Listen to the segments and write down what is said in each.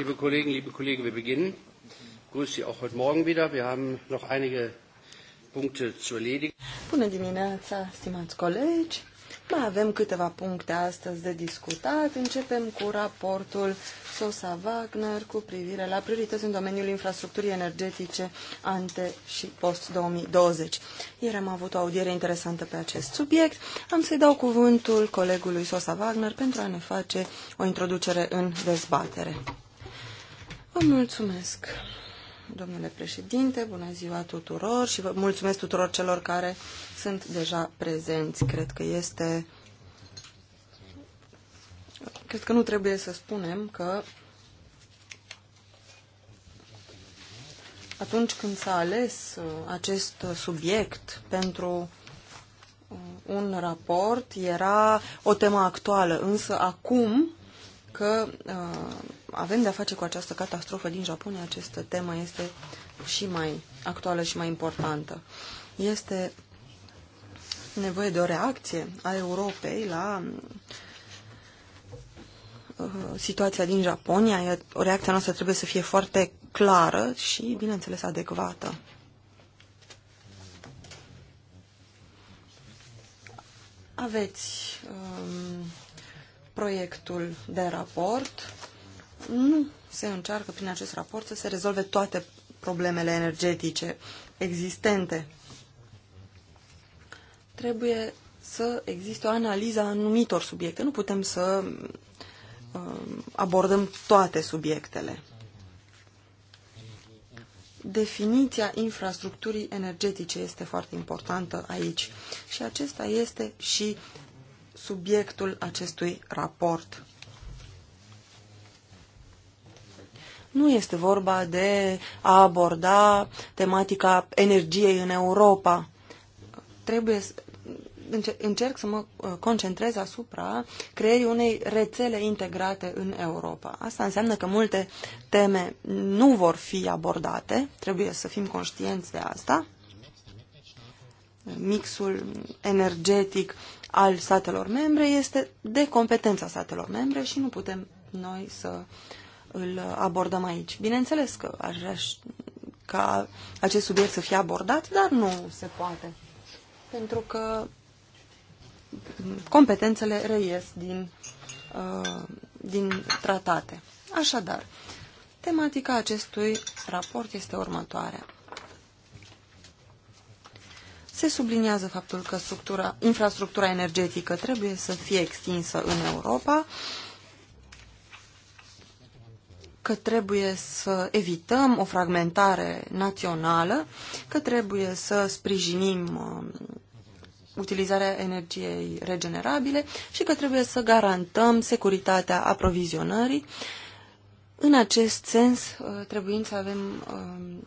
liebe Kolleginnen, liebe Kollegen, wir beginnen. Ich grüße Sie auch heute Morgen wieder. Wir haben noch einige puncte zu erledigen. Bună dimineața, stimați colegi. Mai avem câteva puncte astăzi de discutat. Începem cu raportul Sosa Wagner cu privire la priorități în domeniul infrastructurii energetice ante și post-2020. Ieri am avut o audiere interesantă pe acest subiect. Am să-i dau cuvântul colegului Sosa Wagner pentru a ne face o introducere în dezbatere. Vă mulțumesc, domnule președinte, bună ziua tuturor și vă mulțumesc tuturor celor care sunt deja prezenți. Cred că este... Cred că nu trebuie să spunem că atunci când s-a ales uh, acest subiect pentru uh, un raport, era o temă actuală, însă acum că uh, avem de-a face cu această catastrofă din Japonia, această temă este și mai actuală și mai importantă. Este nevoie de o reacție a Europei la uh, situația din Japonia. O reacția noastră trebuie să fie foarte clară și, bineînțeles, adecvată. Aveți um, proiectul de raport nu se încearcă prin acest raport să se rezolve toate problemele energetice existente. Trebuie să existe o analiză a anumitor subiecte. Nu putem să um, abordăm toate subiectele. Definiția infrastructurii energetice este foarte importantă aici și acesta este și subiectul acestui raport. Nu este vorba de a aborda tematica energiei în Europa. Trebuie să încerc să mă uh, concentrez asupra creierii unei rețele integrate în Europa. Asta înseamnă că multe teme nu vor fi abordate, trebuie să fim conștienți de asta. Mixul energetic al statelor membre este de competența statelor membre și nu putem noi să uh, îl abordăm aici. Bineînțeles că aș ca acest subiect să fie abordat, dar nu se poate. Pentru că competențele reies din, uh, din tratate. Așadar, tematica acestui raport este următoarea. Se subliniază faptul că structura, infrastructura energetică trebuie să fie extinsă în Europa, uh, că trebuie să evităm o fragmentare națională, că trebuie să sprijinim um, utilizarea energiei regenerabile și că trebuie să garantăm securitatea aprovizionării. În acest sens, uh, trebuie să avem um,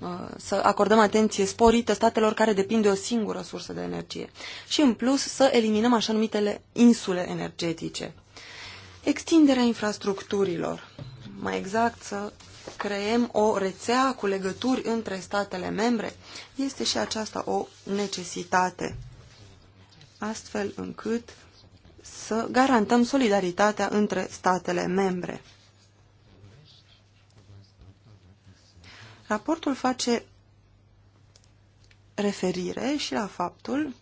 uh, să acordăm atenție sporită statelor care depind de o singură sursă de energie și, în plus, să eliminăm așa numitele insule energetice. Extinderea infrastructurilor. Mai exact, să creăm o rețea cu legături între statele membre, este și aceasta o necesitate, astfel încât să garantăm solidaritatea între statele membre. Raportul face referire și la faptul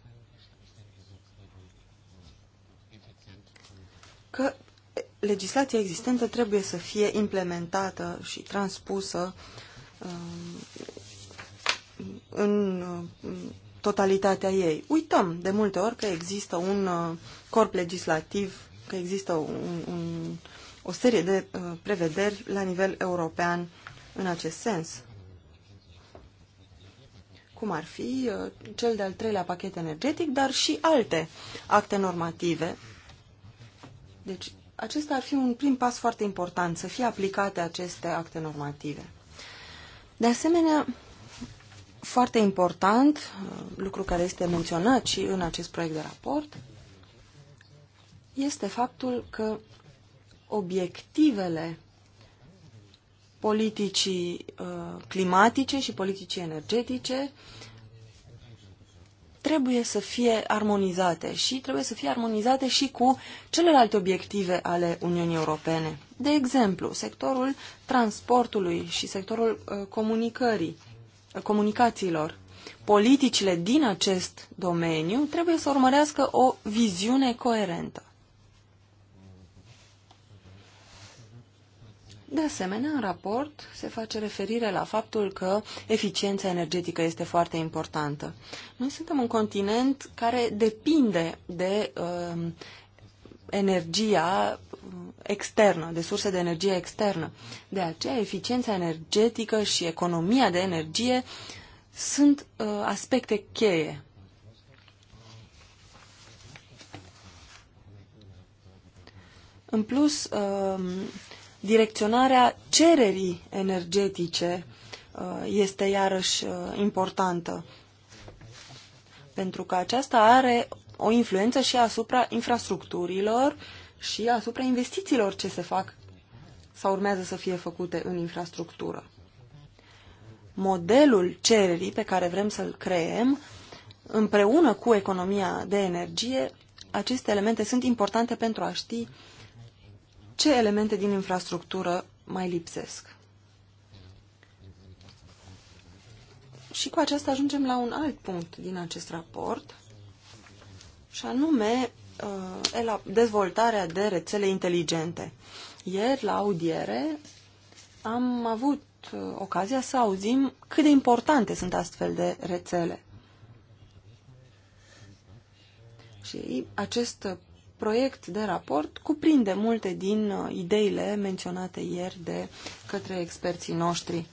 că legislația existentă trebuie să fie implementată și transpusă um, în um, totalitatea ei. Uităm de multe ori că există un uh, corp legislativ, că există un, un, o serie de uh, prevederi la nivel european în acest sens. Cum ar fi uh, cel de-al treilea pachet energetic, dar și alte acte normative. Deci acesta ar fi un prim pas foarte important, să fie aplicate aceste acte normative. De asemenea, foarte important, lucru care este menționat și în acest proiect de raport, este faptul că obiectivele politicii uh, climatice și politicii energetice trebuie să fie armonizate și trebuie să fie armonizate și cu celelalte obiective ale Uniunii Europene. De exemplu, sectorul transportului și sectorul uh, comunicării, uh, comunicațiilor. Politicile din acest domeniu trebuie să urmărească o viziune coerentă. De asemenea, în raport se face referire la faptul că eficiența energetică este foarte importantă. Noi suntem un continent care depinde de uh, energia um, externă, de surse de energie externă. De aceea, eficiența energetică și economia de energie sunt uh, aspecte cheie. În plus, uh, direcționarea cererii energetice uh, este iarăși uh, importantă, pentru că aceasta are o influență și asupra infrastructurilor și asupra investițiilor ce se fac sau urmează să fie făcute în infrastructură. Modelul cererii pe care vrem să-l creem, împreună cu economia de energie, aceste elemente sunt importante pentru a ști ce elemente din infrastructură mai lipsesc. Și cu aceasta ajungem la un alt punct din acest raport, și anume uh, dezvoltarea de rețele inteligente. Ieri, la audiere, am avut uh, ocazia să auzim cât de importante sunt astfel de rețele. Și acest proiect de raport cuprinde multe din uh, ideile menționate ieri de către experții noștri.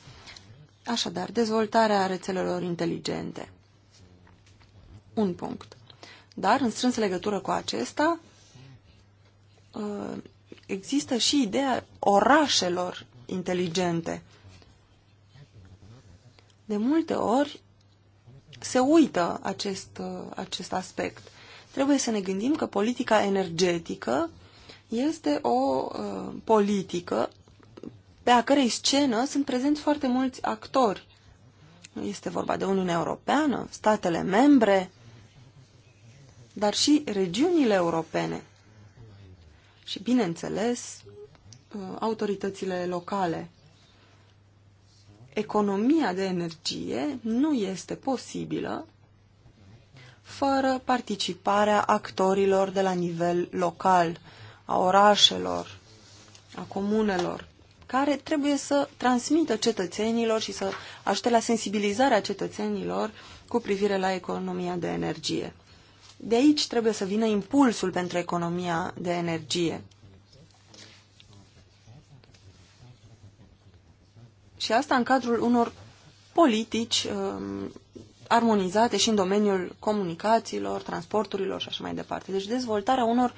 Așadar, dezvoltarea rețelelor inteligente. Un punct. Dar, în strânsă legătură cu acesta, uh, există și ideea orașelor inteligente. De multe ori se uită acest, uh, acest aspect trebuie să ne gândim că politica energetică este o uh, politică pe a cărei scenă sunt prezenți foarte mulți actori. Este vorba de Uniunea Europeană, statele membre, dar și regiunile europene. Și, bineînțeles, uh, autoritățile locale. Economia de energie nu este posibilă fără participarea actorilor de la nivel local, a orașelor, a comunelor, care trebuie să transmită cetățenilor și să ajute la sensibilizarea cetățenilor cu privire la economia de energie. De aici trebuie să vină impulsul pentru economia de energie. Și asta în cadrul unor politici um, armonizate și în domeniul comunicațiilor, transporturilor și așa mai departe. Deci dezvoltarea unor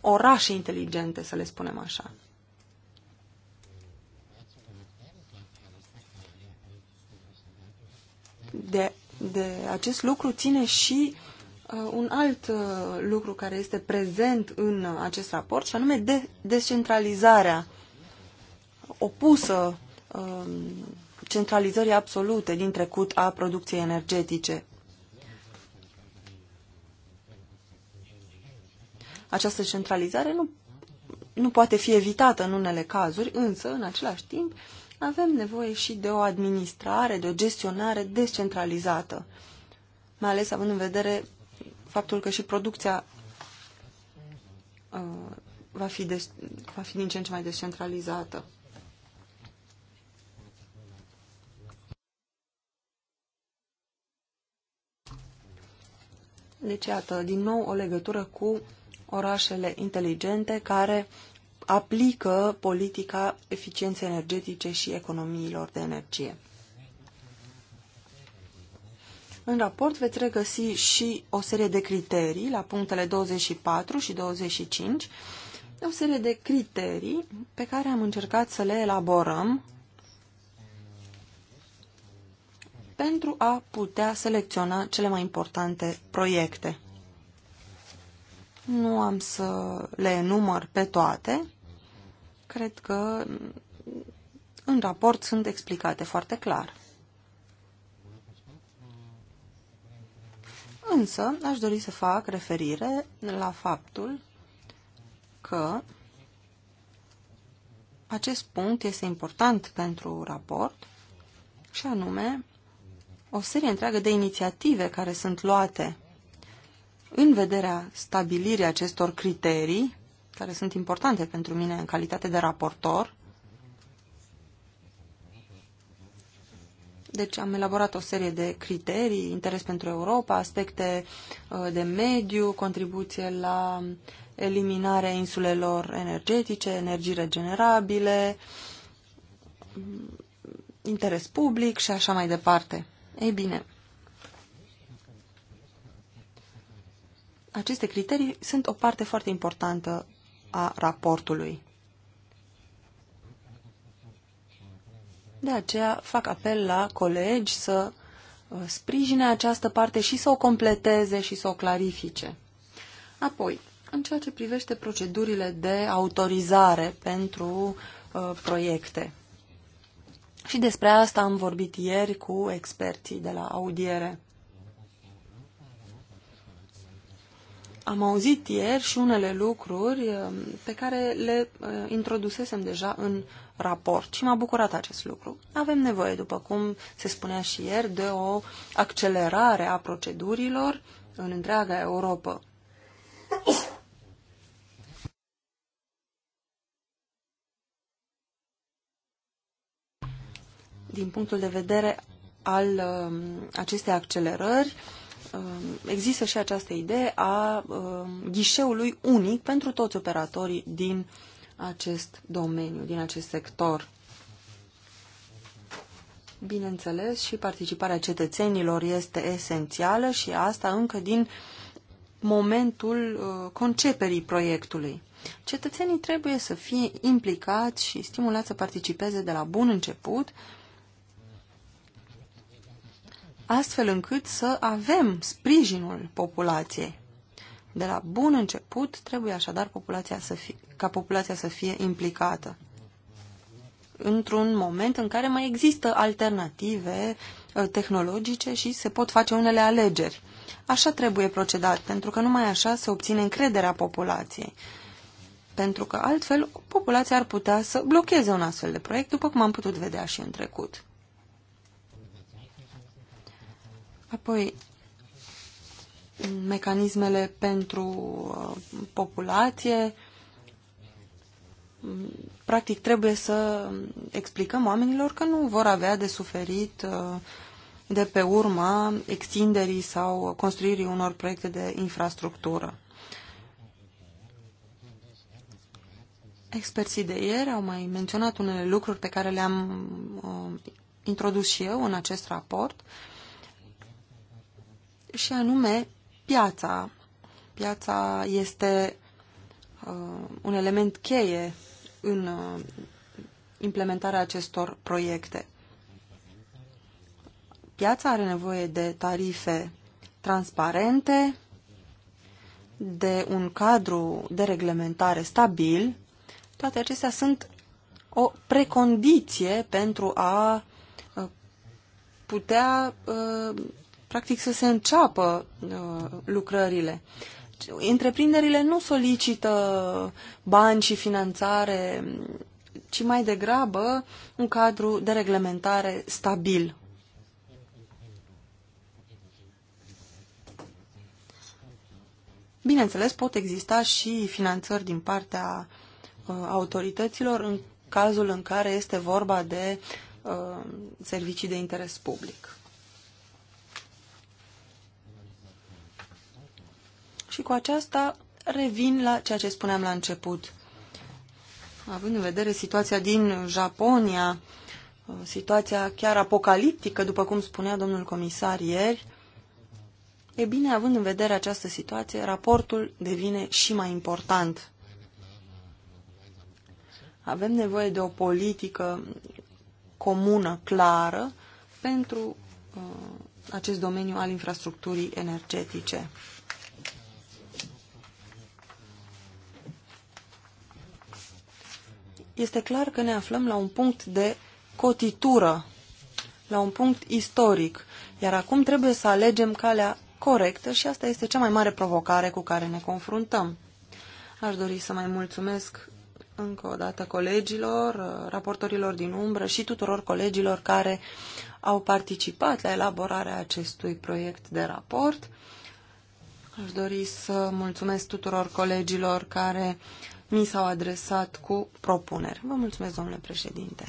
orașe inteligente, să le spunem așa. De, de acest lucru ține și uh, un alt uh, lucru care este prezent în uh, acest raport, și anume de descentralizarea opusă uh, centralizării absolute din trecut a producției energetice. Această centralizare nu, nu poate fi evitată în unele cazuri, însă, în același timp, avem nevoie și de o administrare, de o gestionare descentralizată, mai ales având în vedere faptul că și producția uh, va, fi de, va fi din ce în ce mai descentralizată. Deci, iată, din nou o legătură cu orașele inteligente care aplică politica eficienței energetice și economiilor de energie. În raport veți regăsi și o serie de criterii la punctele 24 și 25, o serie de criterii pe care am încercat să le elaborăm pentru a putea selecționa cele mai importante proiecte. Nu am să le enumăr pe toate. Cred că în raport sunt explicate foarte clar. Însă, aș dori să fac referire la faptul că acest punct este important pentru raport și anume o serie întreagă de inițiative care sunt luate în vederea stabilirii acestor criterii, care sunt importante pentru mine în calitate de raportor. Deci am elaborat o serie de criterii, interes pentru Europa, aspecte uh, de mediu, contribuție la eliminarea insulelor energetice, energii regenerabile, interes public și așa mai departe. Ei bine, aceste criterii sunt o parte foarte importantă a raportului. De aceea fac apel la colegi să uh, sprijine această parte și să o completeze și să o clarifice. Apoi, în ceea ce privește procedurile de autorizare pentru uh, proiecte. Și despre asta am vorbit ieri cu experții de la audiere. Am auzit ieri și unele lucruri um, pe care le uh, introdusesem deja în raport și m-a bucurat acest lucru. Avem nevoie, după cum se spunea și ieri, de o accelerare a procedurilor în întreaga Europa. din punctul de vedere al um, acestei accelerări, um, există și această idee a um, ghișeului unic pentru toți operatorii din acest domeniu, din acest sector. Bineînțeles, și participarea cetățenilor este esențială și asta încă din momentul uh, conceperii proiectului. Cetățenii trebuie să fie implicați și stimulați să participeze de la bun început astfel încât să avem sprijinul populației. De la bun început trebuie așadar populația să fie, ca populația să fie implicată într-un moment în care mai există alternative uh, tehnologice și se pot face unele alegeri. Așa trebuie procedat, pentru că numai așa se obține încrederea populației. Pentru că altfel populația ar putea să blocheze un astfel de proiect, după cum am putut vedea și în trecut. Apoi, mecanismele pentru uh, populație. Practic, trebuie să explicăm oamenilor că nu vor avea de suferit uh, de pe urma extinderii sau construirii unor proiecte de infrastructură. Experții de ieri au mai menționat unele lucruri pe care le-am uh, introdus și eu în acest raport. Uh, și anume piața. Piața este uh, un element cheie în uh, implementarea acestor proiecte. Piața are nevoie de tarife transparente, de un cadru de reglementare stabil. Toate acestea sunt o precondiție pentru a uh, putea uh, practic să se înceapă uh, lucrările. Întreprinderile nu solicită bani și finanțare, ci mai degrabă un cadru de reglementare stabil. Bineînțeles, pot exista și finanțări din partea uh, autorităților în cazul în care este vorba de uh, servicii de interes public. Și cu aceasta revin la ceea ce spuneam la început. Având în vedere situația din Japonia, situația chiar apocaliptică, după cum spunea domnul comisar ieri, e bine, având în vedere această situație, raportul devine și mai important. Avem nevoie de o politică comună, clară, pentru uh, acest domeniu al infrastructurii energetice. este clar că ne aflăm la un punct de cotitură, la un punct istoric, iar acum trebuie să alegem calea corectă și asta este cea mai mare provocare cu care ne confruntăm. Aș dori să mai mulțumesc încă o dată colegilor, raportorilor din umbră și tuturor colegilor care au participat la elaborarea acestui proiect de raport. Aș dori să mulțumesc tuturor colegilor care mi s-au adresat cu propuneri. Vă mulțumesc, domnule președinte.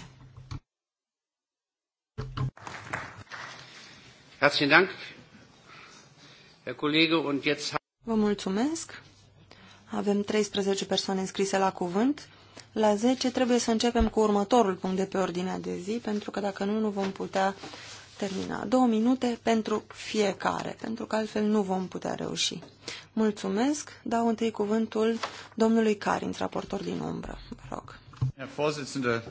Vă mulțumesc. Avem 13 persoane înscrise la cuvânt. La 10 trebuie să începem cu următorul punct de pe ordinea de zi, pentru că dacă nu, nu vom putea termina. Două minute pentru fiecare, pentru că altfel nu vom putea reuși. Mulțumesc. Dau întâi cuvântul domnului Carin, raportor din umbră. Vă rog. Eh,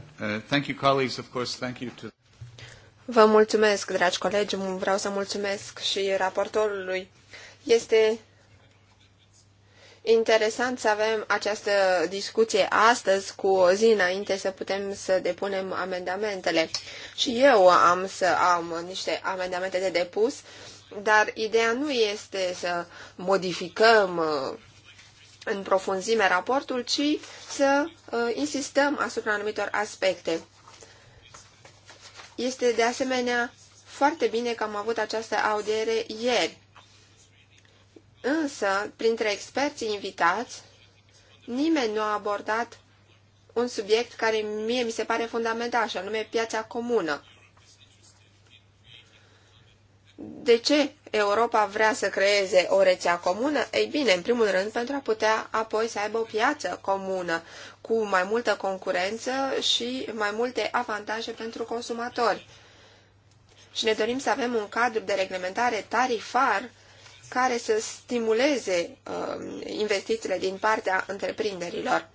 Vă mulțumesc, dragi colegi. Vreau să mulțumesc și raportorului. Este interesant să avem această discuție astăzi cu o zi înainte să putem să depunem amendamentele. Și eu am să am niște amendamente de depus, dar ideea nu este să modificăm uh, în profunzime raportul, ci să uh, insistăm asupra anumitor aspecte. Este de asemenea foarte bine că am avut această audiere ieri Însă, printre experții invitați, nimeni nu a abordat un subiect care mie mi se pare fundamental, și anume piața comună. De ce Europa vrea să creeze o rețea comună? Ei bine, în primul rând, pentru a putea apoi să aibă o piață comună cu mai multă concurență și mai multe avantaje pentru consumatori. Și ne dorim să avem un cadru de reglementare tarifar care să stimuleze uh, investițiile din partea întreprinderilor.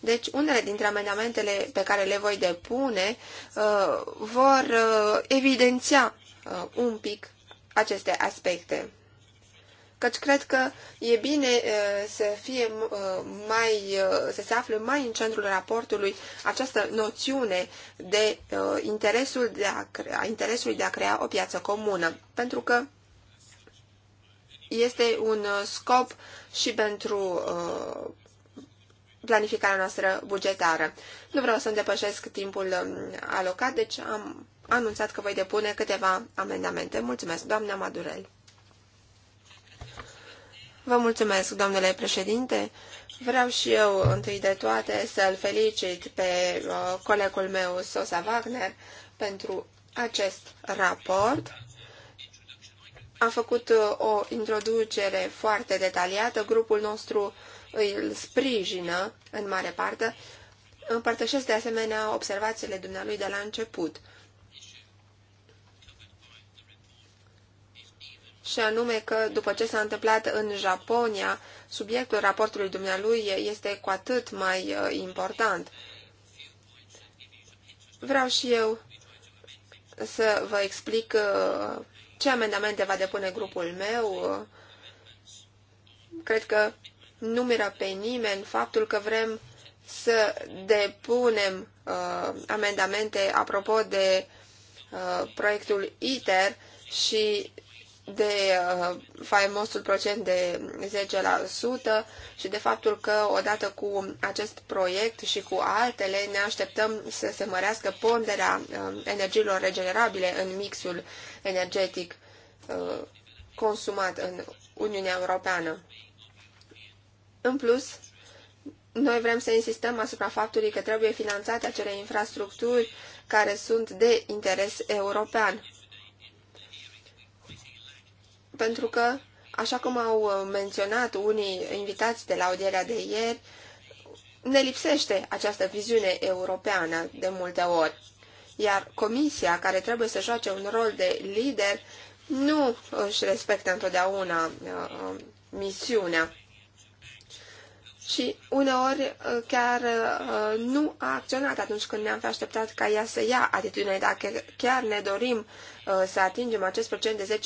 Deci, unele dintre amendamentele pe care le voi depune uh, vor uh, evidenția uh, un pic aceste aspecte. Căci cred că e bine uh, să fie uh, mai, uh, să se afle mai în centrul raportului această noțiune de uh, interesul de a, crea, interesului de a crea o piață comună. Pentru că este un uh, scop și pentru uh, planificarea noastră bugetară. Nu vreau să-mi depășesc timpul um, alocat, deci am anunțat că voi depune câteva amendamente. Mulțumesc, doamna Madurel. Vă mulțumesc, domnule președinte. Vreau și eu, întâi de toate, să-l felicit pe uh, colegul meu, Sosa Wagner, pentru acest raport am făcut uh, o introducere foarte detaliată, grupul nostru îl sprijină în mare parte. Împărtășesc de asemenea observațiile dumnealui de la început. și anume că după ce s-a întâmplat în Japonia, subiectul raportului dumnealui este cu atât mai uh, important. Vreau și eu să vă explic uh, ce amendamente va depune grupul meu. Cred că nu miră pe nimeni faptul că vrem să depunem uh, amendamente apropo de uh, proiectul ITER și de uh, faimosul procent de 10% și de faptul că odată cu acest proiect și cu altele ne așteptăm să se mărească ponderea uh, energiilor regenerabile în mixul energetic uh, consumat în Uniunea Europeană. În plus, noi vrem să insistăm asupra faptului că trebuie finanțate acele infrastructuri care sunt de interes european pentru că, așa cum au uh, menționat unii invitați de la audierea de ieri, ne lipsește această viziune europeană de multe ori. Iar comisia, care trebuie să joace un rol de lider, nu își respectă întotdeauna uh, uh misiunea și uneori uh, chiar nu a acționat atunci când ne-am fi așteptat ca ea să ia atitudine, dacă chiar ne dorim Uh, să atingem acest procent de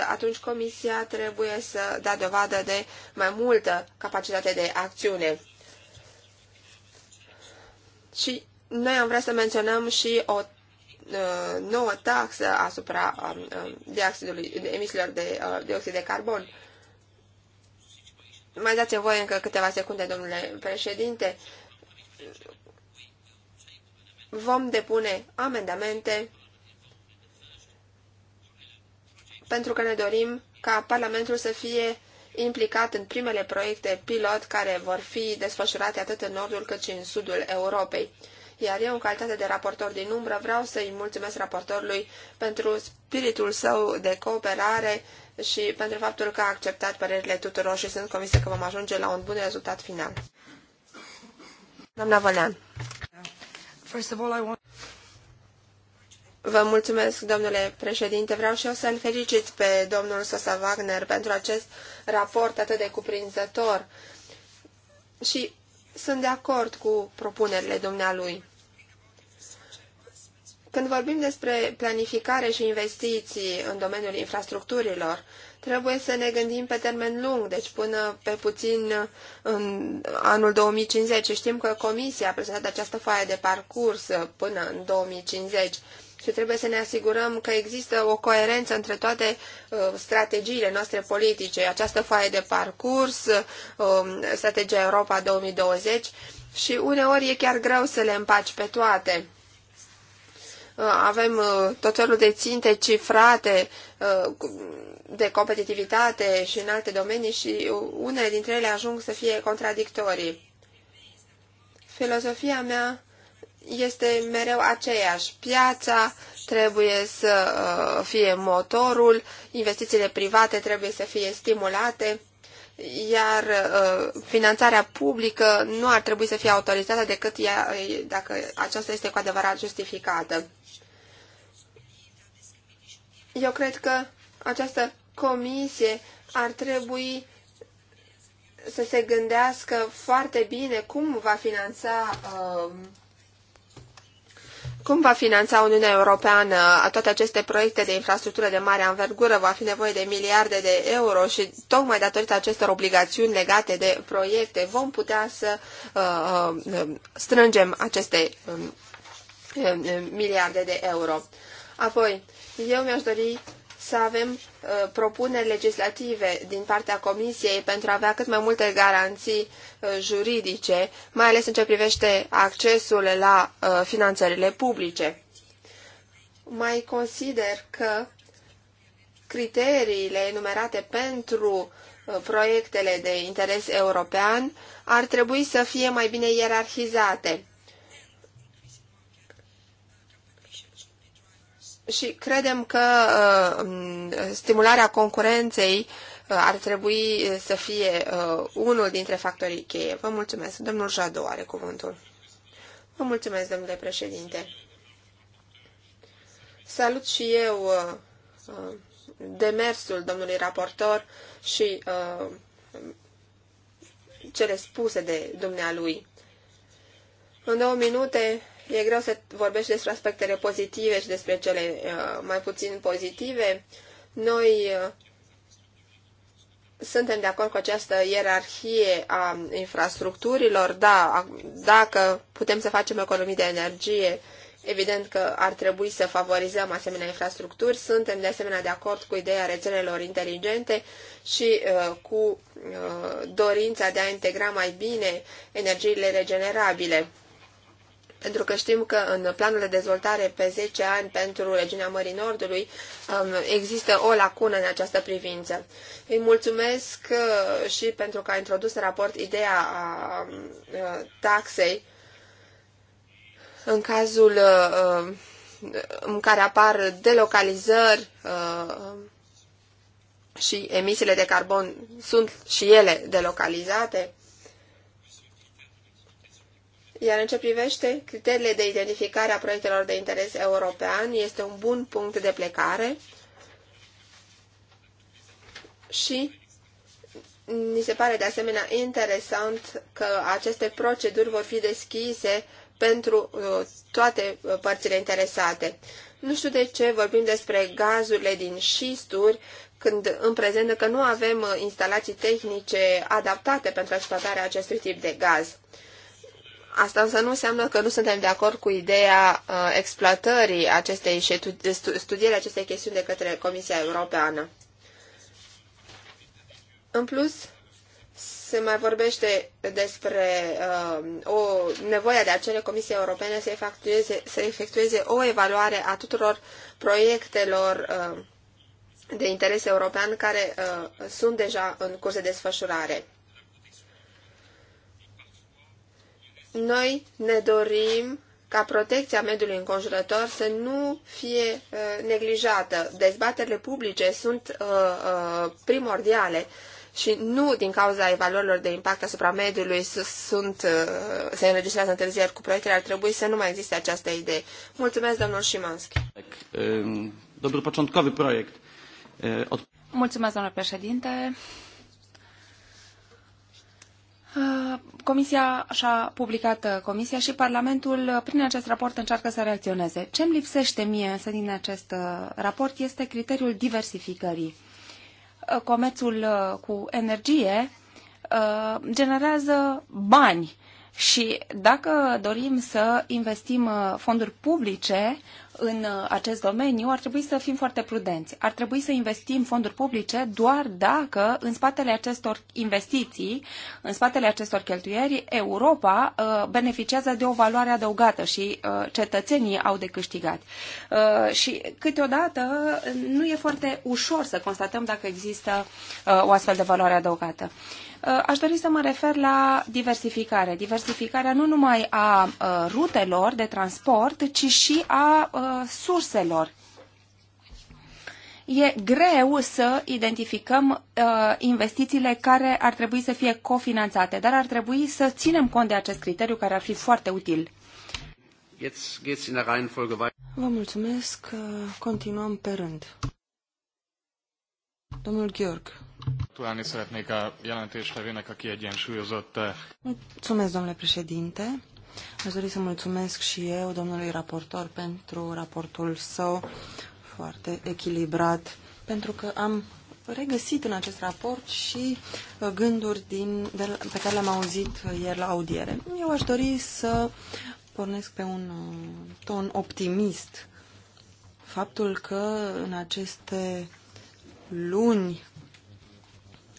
10%, atunci Comisia trebuie să da dovadă de mai multă capacitate de acțiune. Și noi am vrea să menționăm și o uh, nouă taxă asupra um, um, dioxidului, emisiilor de uh, dioxid de carbon. Mai dați voi încă câteva secunde, domnule președinte. Vom depune amendamente pentru că ne dorim ca Parlamentul să fie implicat în primele proiecte pilot care vor fi desfășurate atât în nordul cât și în sudul Europei. Iar eu, în calitate de raportor din umbră, vreau să-i mulțumesc raportorului pentru spiritul său de cooperare și pentru faptul că a acceptat părerile tuturor și sunt convinsă că vom ajunge la un bun rezultat final. Doamna Vălean. First of all, I want... Vă mulțumesc, domnule președinte. Vreau și eu să-l felicit pe domnul Sosa Wagner pentru acest raport atât de cuprinzător. Și sunt de acord cu propunerile dumnealui. Când vorbim despre planificare și investiții în domeniul infrastructurilor, trebuie să ne gândim pe termen lung, deci până pe puțin în anul 2050. Știm că Comisia a prezentat această foaie de parcurs până în 2050 și trebuie să ne asigurăm că există o coerență între toate uh, strategiile noastre politice, această foaie de parcurs, uh, strategia Europa 2020 și uneori e chiar greu să le împaci pe toate. Uh, avem uh, tot felul de ținte cifrate uh, de competitivitate și în alte domenii și uh, unele dintre ele ajung să fie contradictorii. Filozofia mea este mereu aceeași. Piața trebuie să uh, fie motorul, investițiile private trebuie să fie stimulate, iar uh, finanțarea publică nu ar trebui să fie autorizată decât ea, dacă aceasta este cu adevărat justificată. Eu cred că această comisie ar trebui să se gândească foarte bine cum va finanța uh, cum va finanța Uniunea Europeană toate aceste proiecte de infrastructură de mare anvergură? Va fi nevoie de miliarde de euro și tocmai datorită acestor obligațiuni legate de proiecte vom putea să uh, uh, strângem aceste um, uh, miliarde de euro. Apoi, eu mi-aș dori să avem uh, propuneri legislative din partea Comisiei pentru a avea cât mai multe garanții uh, juridice, mai ales în ce privește accesul la uh, finanțările publice. Mai consider că criteriile enumerate pentru uh, proiectele de interes european ar trebui să fie mai bine ierarhizate și credem că uh, stimularea concurenței uh, ar trebui să fie uh, unul dintre factorii cheie. Vă mulțumesc. Domnul Jadou are cuvântul. Vă mulțumesc, domnule președinte. Salut și eu demersul domnului raportor și cele spuse de dumnealui. În două minute E greu să vorbești despre aspectele pozitive și despre cele uh, mai puțin pozitive. Noi uh, suntem de acord cu această ierarhie a infrastructurilor, da, dacă putem să facem economii de energie, evident că ar trebui să favorizăm asemenea infrastructuri, suntem de asemenea de acord cu ideea rețelelor inteligente și uh, cu uh, dorința de a integra mai bine energiile regenerabile pentru că știm că în planul de dezvoltare pe 10 ani pentru regiunea Mării Nordului um, există o lacună în această privință. Îi mulțumesc uh, și pentru că a introdus în raport ideea a um, uh, taxei în cazul uh, um, în care apar delocalizări și emisiile de carbon sunt și ele delocalizate. Iar în ce privește criteriile de identificare a proiectelor de interes european, este un bun punct de plecare și ni se pare de asemenea interesant că aceste proceduri vor fi deschise pentru uh, toate uh, părțile interesate. Nu știu de ce vorbim despre gazurile din șisturi, când în prezent că nu avem uh, instalații tehnice adaptate pentru exploatarea acestui tip de gaz. Asta însă nu înseamnă că nu suntem de acord cu ideea uh, exploatării acestei și studierea acestei chestiuni de către Comisia Europeană. În plus, se mai vorbește despre uh, o nevoie de acele Comisia europene să efectueze, să efectueze o evaluare a tuturor proiectelor uh, de interes european care uh, sunt deja în curs de desfășurare. Noi ne dorim ca protecția mediului înconjurător să nu fie uh, neglijată. Dezbaterile publice sunt uh, uh, primordiale și nu din cauza evaluărilor de impact asupra mediului sunt, uh, se înregistrează întârzieri cu proiectele, ar trebui să nu mai existe această idee. Mulțumesc, domnul Șimanski. Ehm, domnul początkowy proiect. Mulțumesc, domnule președinte. Uh, comisia și-a publicat uh, comisia și Parlamentul uh, prin acest raport încearcă să reacționeze. Ce îmi lipsește mie însă din acest raport este criteriul diversificării. Comerțul cu energie generează bani și dacă dorim să investim fonduri publice, în uh, acest domeniu, ar trebui să fim foarte prudenți. Ar trebui să investim fonduri publice doar dacă în spatele acestor investiții, în spatele acestor cheltuieri, Europa uh, beneficiază de o valoare adăugată și uh, cetățenii au de câștigat. Și câteodată nu e foarte ușor să constatăm dacă există o astfel de valoare adăugată. Aș dori să mă refer la diversificare. Diversificarea nu numai a rutelor de transport, ci și a surselor. E greu să identificăm uh, investițiile care ar trebui să fie cofinanțate, dar ar trebui să ținem cont de acest criteriu care ar fi foarte util. Vă mulțumesc. Uh, continuăm pe rând. Domnul Gheorg. a uh, Mulțumesc, domnule președinte. Aș dori să mulțumesc și eu domnului raportor pentru raportul său foarte echilibrat, pentru că am regăsit în acest raport și uh, gânduri din, de, pe care le-am auzit ieri la audiere. Eu aș dori să pornesc pe un uh, ton optimist. Faptul că în aceste luni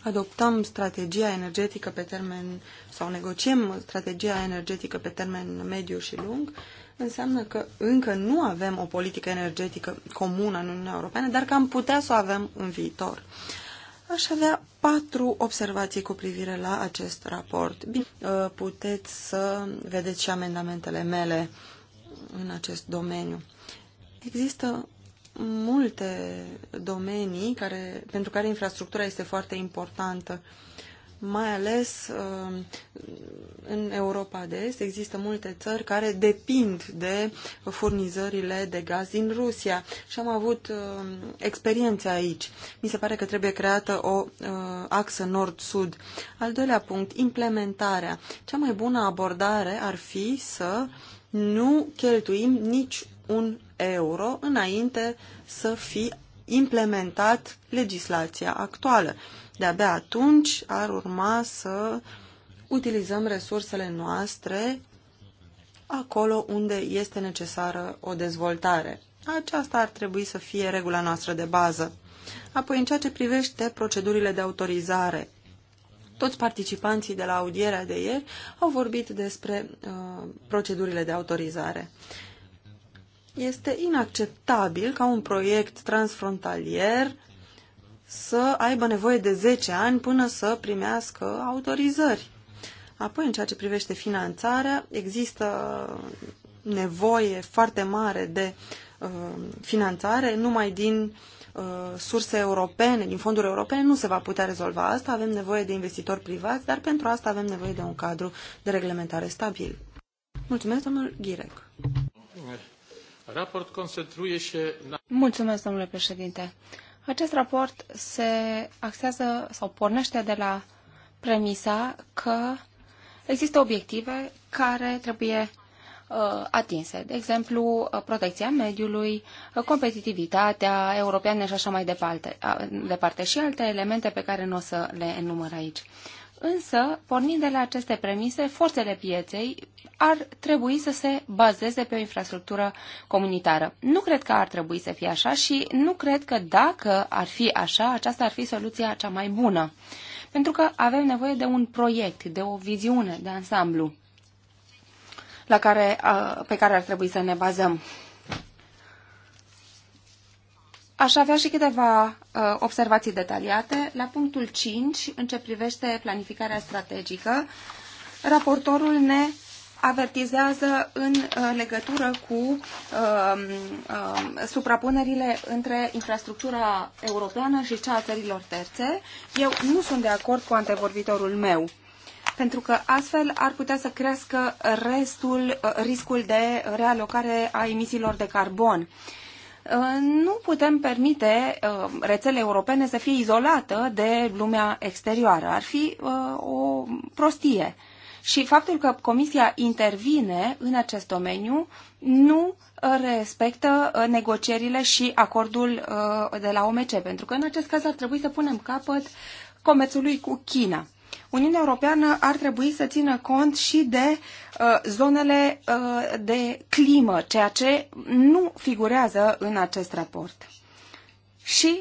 adoptăm strategia energetică pe termen sau negociem strategia energetică pe termen mediu și lung, înseamnă că încă nu avem o politică energetică comună în Uniunea Europeană, dar că am putea să o avem în viitor. Aș avea patru observații cu privire la acest raport. Bine, uh, puteți să vedeți și amendamentele mele în acest domeniu. Există multe domenii care, pentru care infrastructura este foarte importantă. Mai ales um, în Europa de Est există multe țări care depind de furnizările de gaz din Rusia și am avut um, experiențe aici. Mi se pare că trebuie creată o uh, axă nord-sud. Al doilea punct, implementarea. Cea mai bună abordare ar fi să nu cheltuim nici un euro înainte să fi implementat legislația actuală. De-abia atunci ar urma să utilizăm resursele noastre acolo unde este necesară o dezvoltare. Aceasta ar trebui să fie regula noastră de bază. Apoi, în ceea ce privește procedurile de autorizare, toți participanții de la audierea de ieri au vorbit despre uh, procedurile de autorizare. Este inacceptabil ca un proiect transfrontalier să aibă nevoie de 10 ani până să primească autorizări. Apoi, în ceea ce privește finanțarea, există nevoie foarte mare de uh, finanțare, numai din uh, surse europene, din fonduri europene, nu se va putea rezolva asta. Avem nevoie de investitori privați, dar pentru asta avem nevoie de un cadru de reglementare stabil. Mulțumesc, domnul Ghirec. Raport Mulțumesc, domnule președinte. Acest raport se axează sau pornește de la premisa că există obiective care trebuie uh, atinse, de exemplu, uh, protecția mediului, uh, competitivitatea europeană și așa mai departe, departe și alte elemente pe care nu o să le enumăr aici. Însă, pornind de la aceste premise, forțele pieței ar trebui să se bazeze pe o infrastructură comunitară. Nu cred că ar trebui să fie așa și nu cred că dacă ar fi așa, aceasta ar fi soluția cea mai bună. Pentru că avem nevoie de un proiect, de o viziune de ansamblu la care, pe care ar trebui să ne bazăm. Aș avea și câteva uh, observații detaliate. La punctul 5, în ce privește planificarea strategică, raportorul ne avertizează în uh, legătură cu uh, uh, suprapunerile între infrastructura europeană și cea a țărilor terțe. Eu nu sunt de acord cu antevorbitorul meu pentru că astfel ar putea să crească restul, uh, riscul de realocare a emisiilor de carbon. Uh, Uh, nu putem permite uh, rețele europene să fie izolată de lumea exterioară. Ar fi uh, o prostie. Și faptul că Comisia intervine în acest domeniu nu respectă negocierile și acordul de la OMC, pentru că în acest caz ar trebui să punem capăt comerțului cu China. Uniunea Europeană ar trebui să țină cont și de Uh, zonele uh, de climă, ceea ce nu figurează în acest raport. Și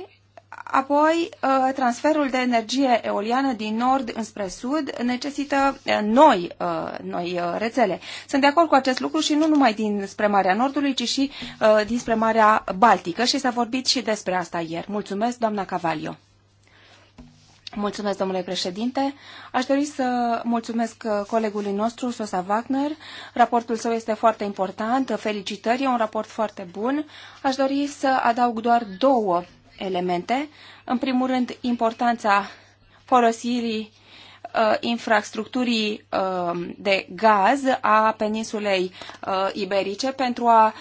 Apoi, uh, transferul de energie eoliană din nord înspre sud necesită noi, noi rețele. Sunt de acord cu acest lucru și nu numai din spre Marea Nordului, ci și dinspre Marea Baltică și s-a vorbit și despre asta ieri. Mulțumesc, doamna Cavalio. Mulțumesc, domnule președinte. Aș dori să mulțumesc uh, colegului nostru, Sosa Wagner. Raportul său este foarte important. Felicitări, e un raport foarte bun. Aș dori să adaug doar două elemente. În primul rând, importanța folosirii uh, Uh, infrastructurii uh, de gaz a peninsulei uh, iberice pentru a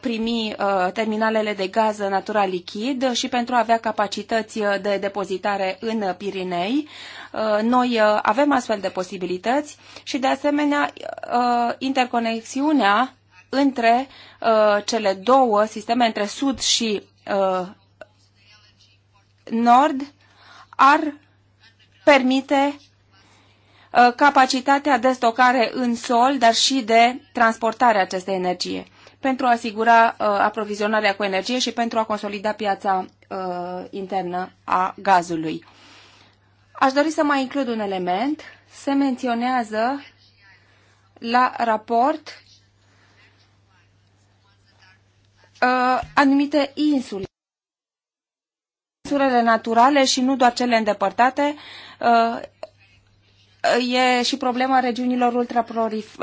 primi terminalele de gaz natural lichid și pentru a avea capacități de depozitare în Pirinei. Noi avem astfel de posibilități și, de asemenea, interconexiunea între cele două sisteme, între sud și nord, ar permite Uh, capacitatea de stocare în sol, dar și de transportare a acestei energie pentru a asigura uh, aprovizionarea cu energie și pentru a consolida piața uh, internă a gazului. Aș dori să mai includ un element. Se menționează la raport uh, anumite insule. Insulele naturale și nu doar cele îndepărtate e și problema regiunilor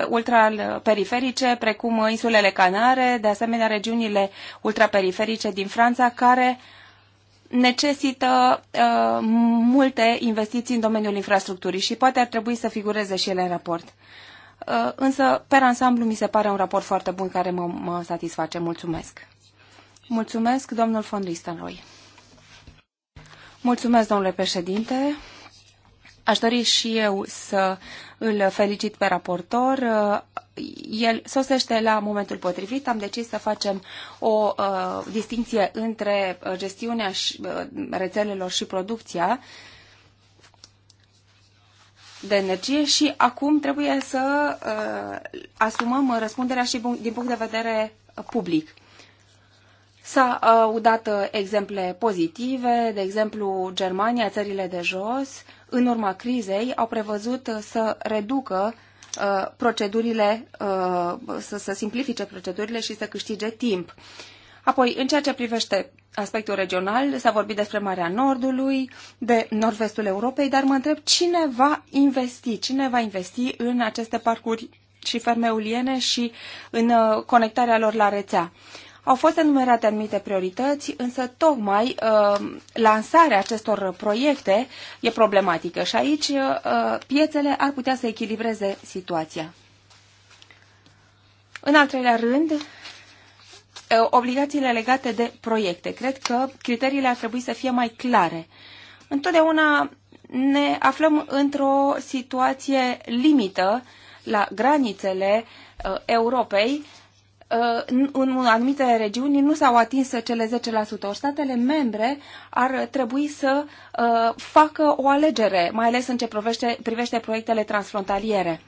ultraperiferice, precum insulele Canare, de asemenea regiunile ultraperiferice din Franța, care necesită uh, multe investiții în domeniul infrastructurii și poate ar trebui să figureze și ele în raport. Uh, însă, per ansamblu, mi se pare un raport foarte bun care mă, mă satisface. Mulțumesc! Mulțumesc, domnul von Listenroy. Mulțumesc, domnule președinte. Aș dori și eu să îl felicit pe raportor. El sosește la momentul potrivit. Am decis să facem o uh, distinție între gestiunea și, uh, rețelelor și producția de energie și acum trebuie să uh, asumăm răspunderea și din punct de vedere public. s au uh, dat uh, exemple pozitive, de exemplu Germania, țările de jos, uh, în urma crizei, au prevăzut uh, să reducă uh, procedurile, uh, să, să simplifice procedurile și să câștige timp. Apoi, în ceea ce privește aspectul regional, s-a vorbit despre Marea Nordului, de nord-vestul Europei, dar mă întreb cine va investi, cine va investi în aceste parcuri și ferme uliene și în conectarea lor la rețea. Uh, au fost enumerate anumite priorități, însă tocmai uh, lansarea acestor proiecte e problematică și aici uh, piețele ar putea să echilibreze situația. În al treilea rând, uh, obligațiile legate de proiecte. Cred că criteriile ar trebui să fie mai clare. Întotdeauna ne aflăm într-o situație limită la granițele uh, Europei Uh, în anumite regiuni nu s-au atins cele 10%. Ori statele membre ar trebui să uh, facă o alegere, mai ales în ce privește, privește proiectele transfrontaliere.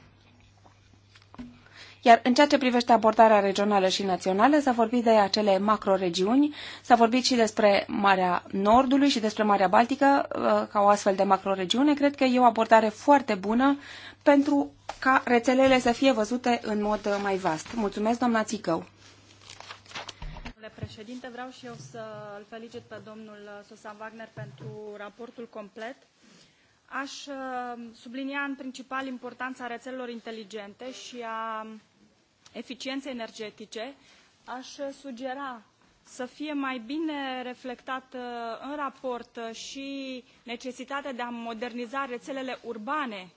Iar în ceea ce privește abordarea regională și națională, s-a vorbit de acele macroregiuni, s-a vorbit și despre Marea Nordului și despre Marea Baltică uh, ca o astfel de macroregiune. Cred că e o abordare foarte bună pentru ca rețelele să fie văzute în mod mai vast. Mulțumesc, doamna Țicău. Domnule președinte, vreau și eu să îl felicit pe domnul Susan Wagner pentru raportul complet. Aș uh, sublinia în principal importanța rețelelor inteligente și a eficienței energetice. Aș uh, sugera să fie mai bine reflectat uh, în raport și necesitatea de a moderniza rețelele urbane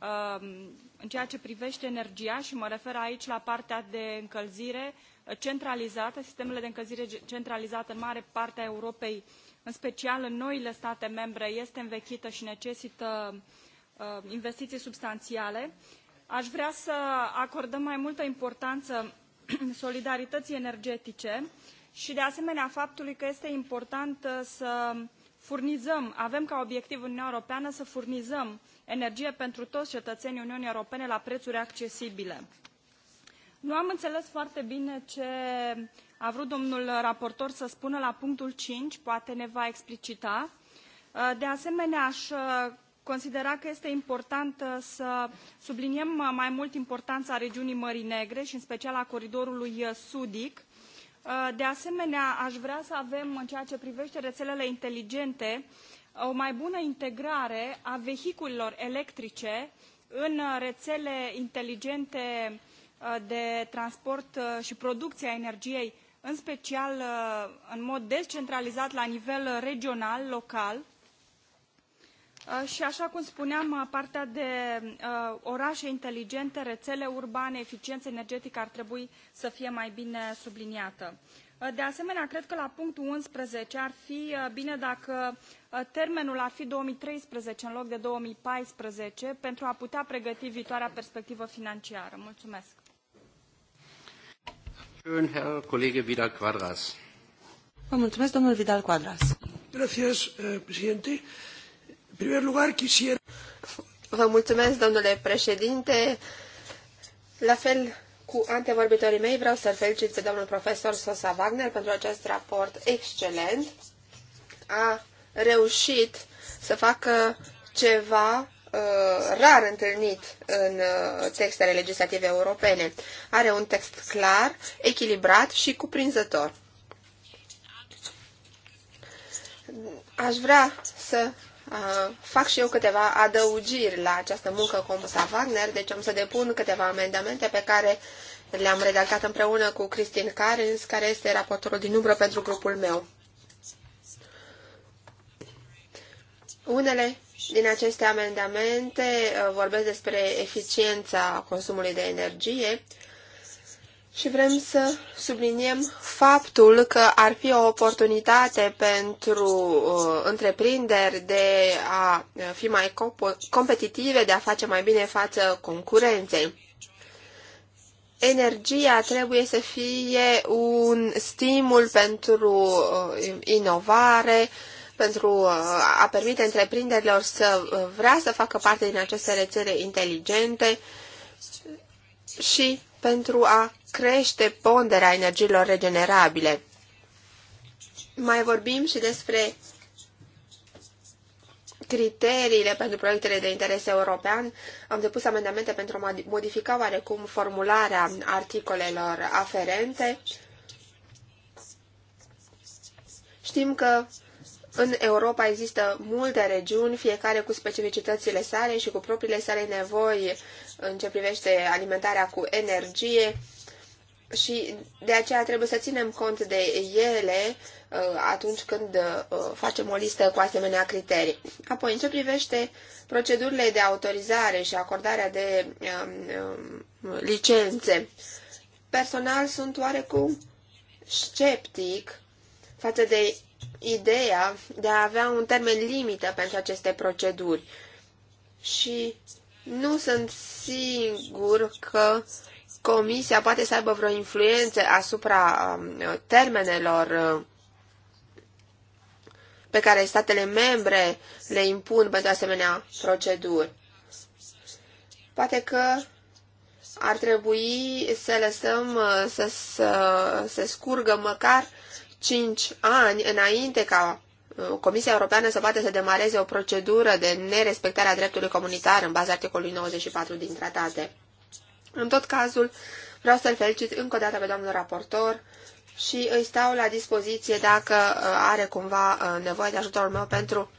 Um, în ceea ce privește energia și mă refer aici la partea de încălzire uh, centralizată, sistemele de încălzire centralizată în mare parte a Europei, în special în noile state membre, este învechită și necesită uh, investiții substanțiale. Aș vrea să acordăm mai multă importanță solidarității energetice și de asemenea faptului că este important uh, să furnizăm, avem ca obiectiv în Uniunea Europeană să furnizăm energie pentru toți cetățenii Uniunii Europene la prețuri accesibile. Nu am înțeles foarte bine ce a vrut domnul raportor să spună la punctul cinci, poate ne va explicita. Uh, de asemenea, aș uh, considera că este important uh, să subliniem mai mult importanța regiunii Mării Negre și în special a coridorului sudic. De asemenea, aș vrea să avem, în ceea ce privește rețelele inteligente, o mai bună integrare a vehiculelor electrice în uh, rețele inteligente uh, de transport uh, și producție a energiei, în special în mod descentralizat la nivel regional, local. Și așa cum spuneam, partea de orașe inteligente, rețele urbane, eficiență energetică ar trebui să fie mai bine subliniată. De asemenea, cred că la punctul 11 ar fi bine dacă Uh, termenul ar fi două mii treisprezece în loc de două mii paisprezece pentru a putea pregăti viitoarea perspectivă financiară. Mulțumesc. Vă mulțumesc, domnul Vidal Quadras. Gracias, eh, presidente. În Primul lugar, quisiera... Vă mulțumesc, domnule președinte. La fel cu antevorbitorii mei, vreau să-l felicit pe domnul profesor Sosa Wagner pentru acest raport excelent. A reușit să facă ceva uh, rar întâlnit în uh, textele legislative europene. Are un text clar, echilibrat și cuprinzător. Aș vrea să uh, fac și eu câteva adăugiri la această muncă compusă Wagner, deci am să depun câteva amendamente pe care le-am redactat împreună cu Cristin Carins, care este raportorul din umbră pentru grupul meu. Unele din aceste amendamente uh, vorbesc despre eficiența consumului de energie și vrem să subliniem faptul că ar fi o oportunitate pentru uh, întreprinderi de a fi mai competitive, de a face mai bine față concurenței energia trebuie să fie un stimul pentru uh, inovare, pentru a permite întreprinderilor să uh, vrea să facă parte din aceste rețele inteligente și pentru a crește ponderea energiilor regenerabile. Mai vorbim și despre criteriile pentru proiectele de interes european. Am depus amendamente pentru a modifica oarecum formularea articolelor aferente. Știm că în Europa există multe regiuni, fiecare cu specificitățile sale și cu propriile sale nevoi în ce privește alimentarea cu energie și de aceea trebuie să ținem cont de ele uh, atunci când uh, facem o listă cu asemenea criterii. Apoi, în ce privește procedurile de autorizare și acordarea de um, um, licențe, personal sunt oarecum sceptic față de ideea de a avea un termen limită pentru aceste proceduri. Și nu sunt sigur că Comisia poate să aibă vreo influență asupra um, termenelor uh, pe care statele membre le impun pentru asemenea proceduri. Poate că ar trebui să lăsăm uh, să, se scurgă măcar Cinci ani înainte ca uh, Comisia Europeană să poată să demareze o procedură de nerespectare a dreptului comunitar în baza articolului 94 din tratate. În tot cazul, vreau să-l felicit încă o dată pe domnul raportor și îi stau la dispoziție dacă uh, are cumva uh, nevoie de ajutorul meu pentru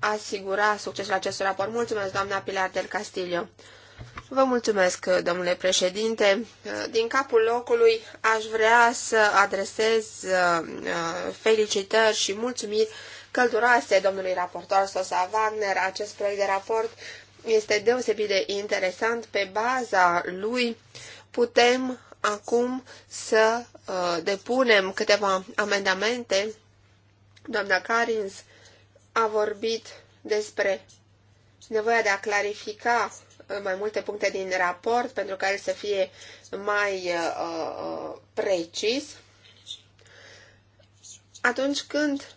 a asigura succesul acestui raport. Mulțumesc, doamna Pilar del Castillo. Vă mulțumesc, domnule președinte. Din capul locului aș vrea să adresez uh, uh, felicitări și mulțumiri călduroase domnului raportor Sosa Wagner. Acest proiect de raport este deosebit de interesant. Pe baza lui putem acum să uh, depunem câteva amendamente. Doamna Carins a vorbit despre nevoia de a clarifica mai multe puncte din raport pentru ca el să fie mai uh, uh, precis. Atunci când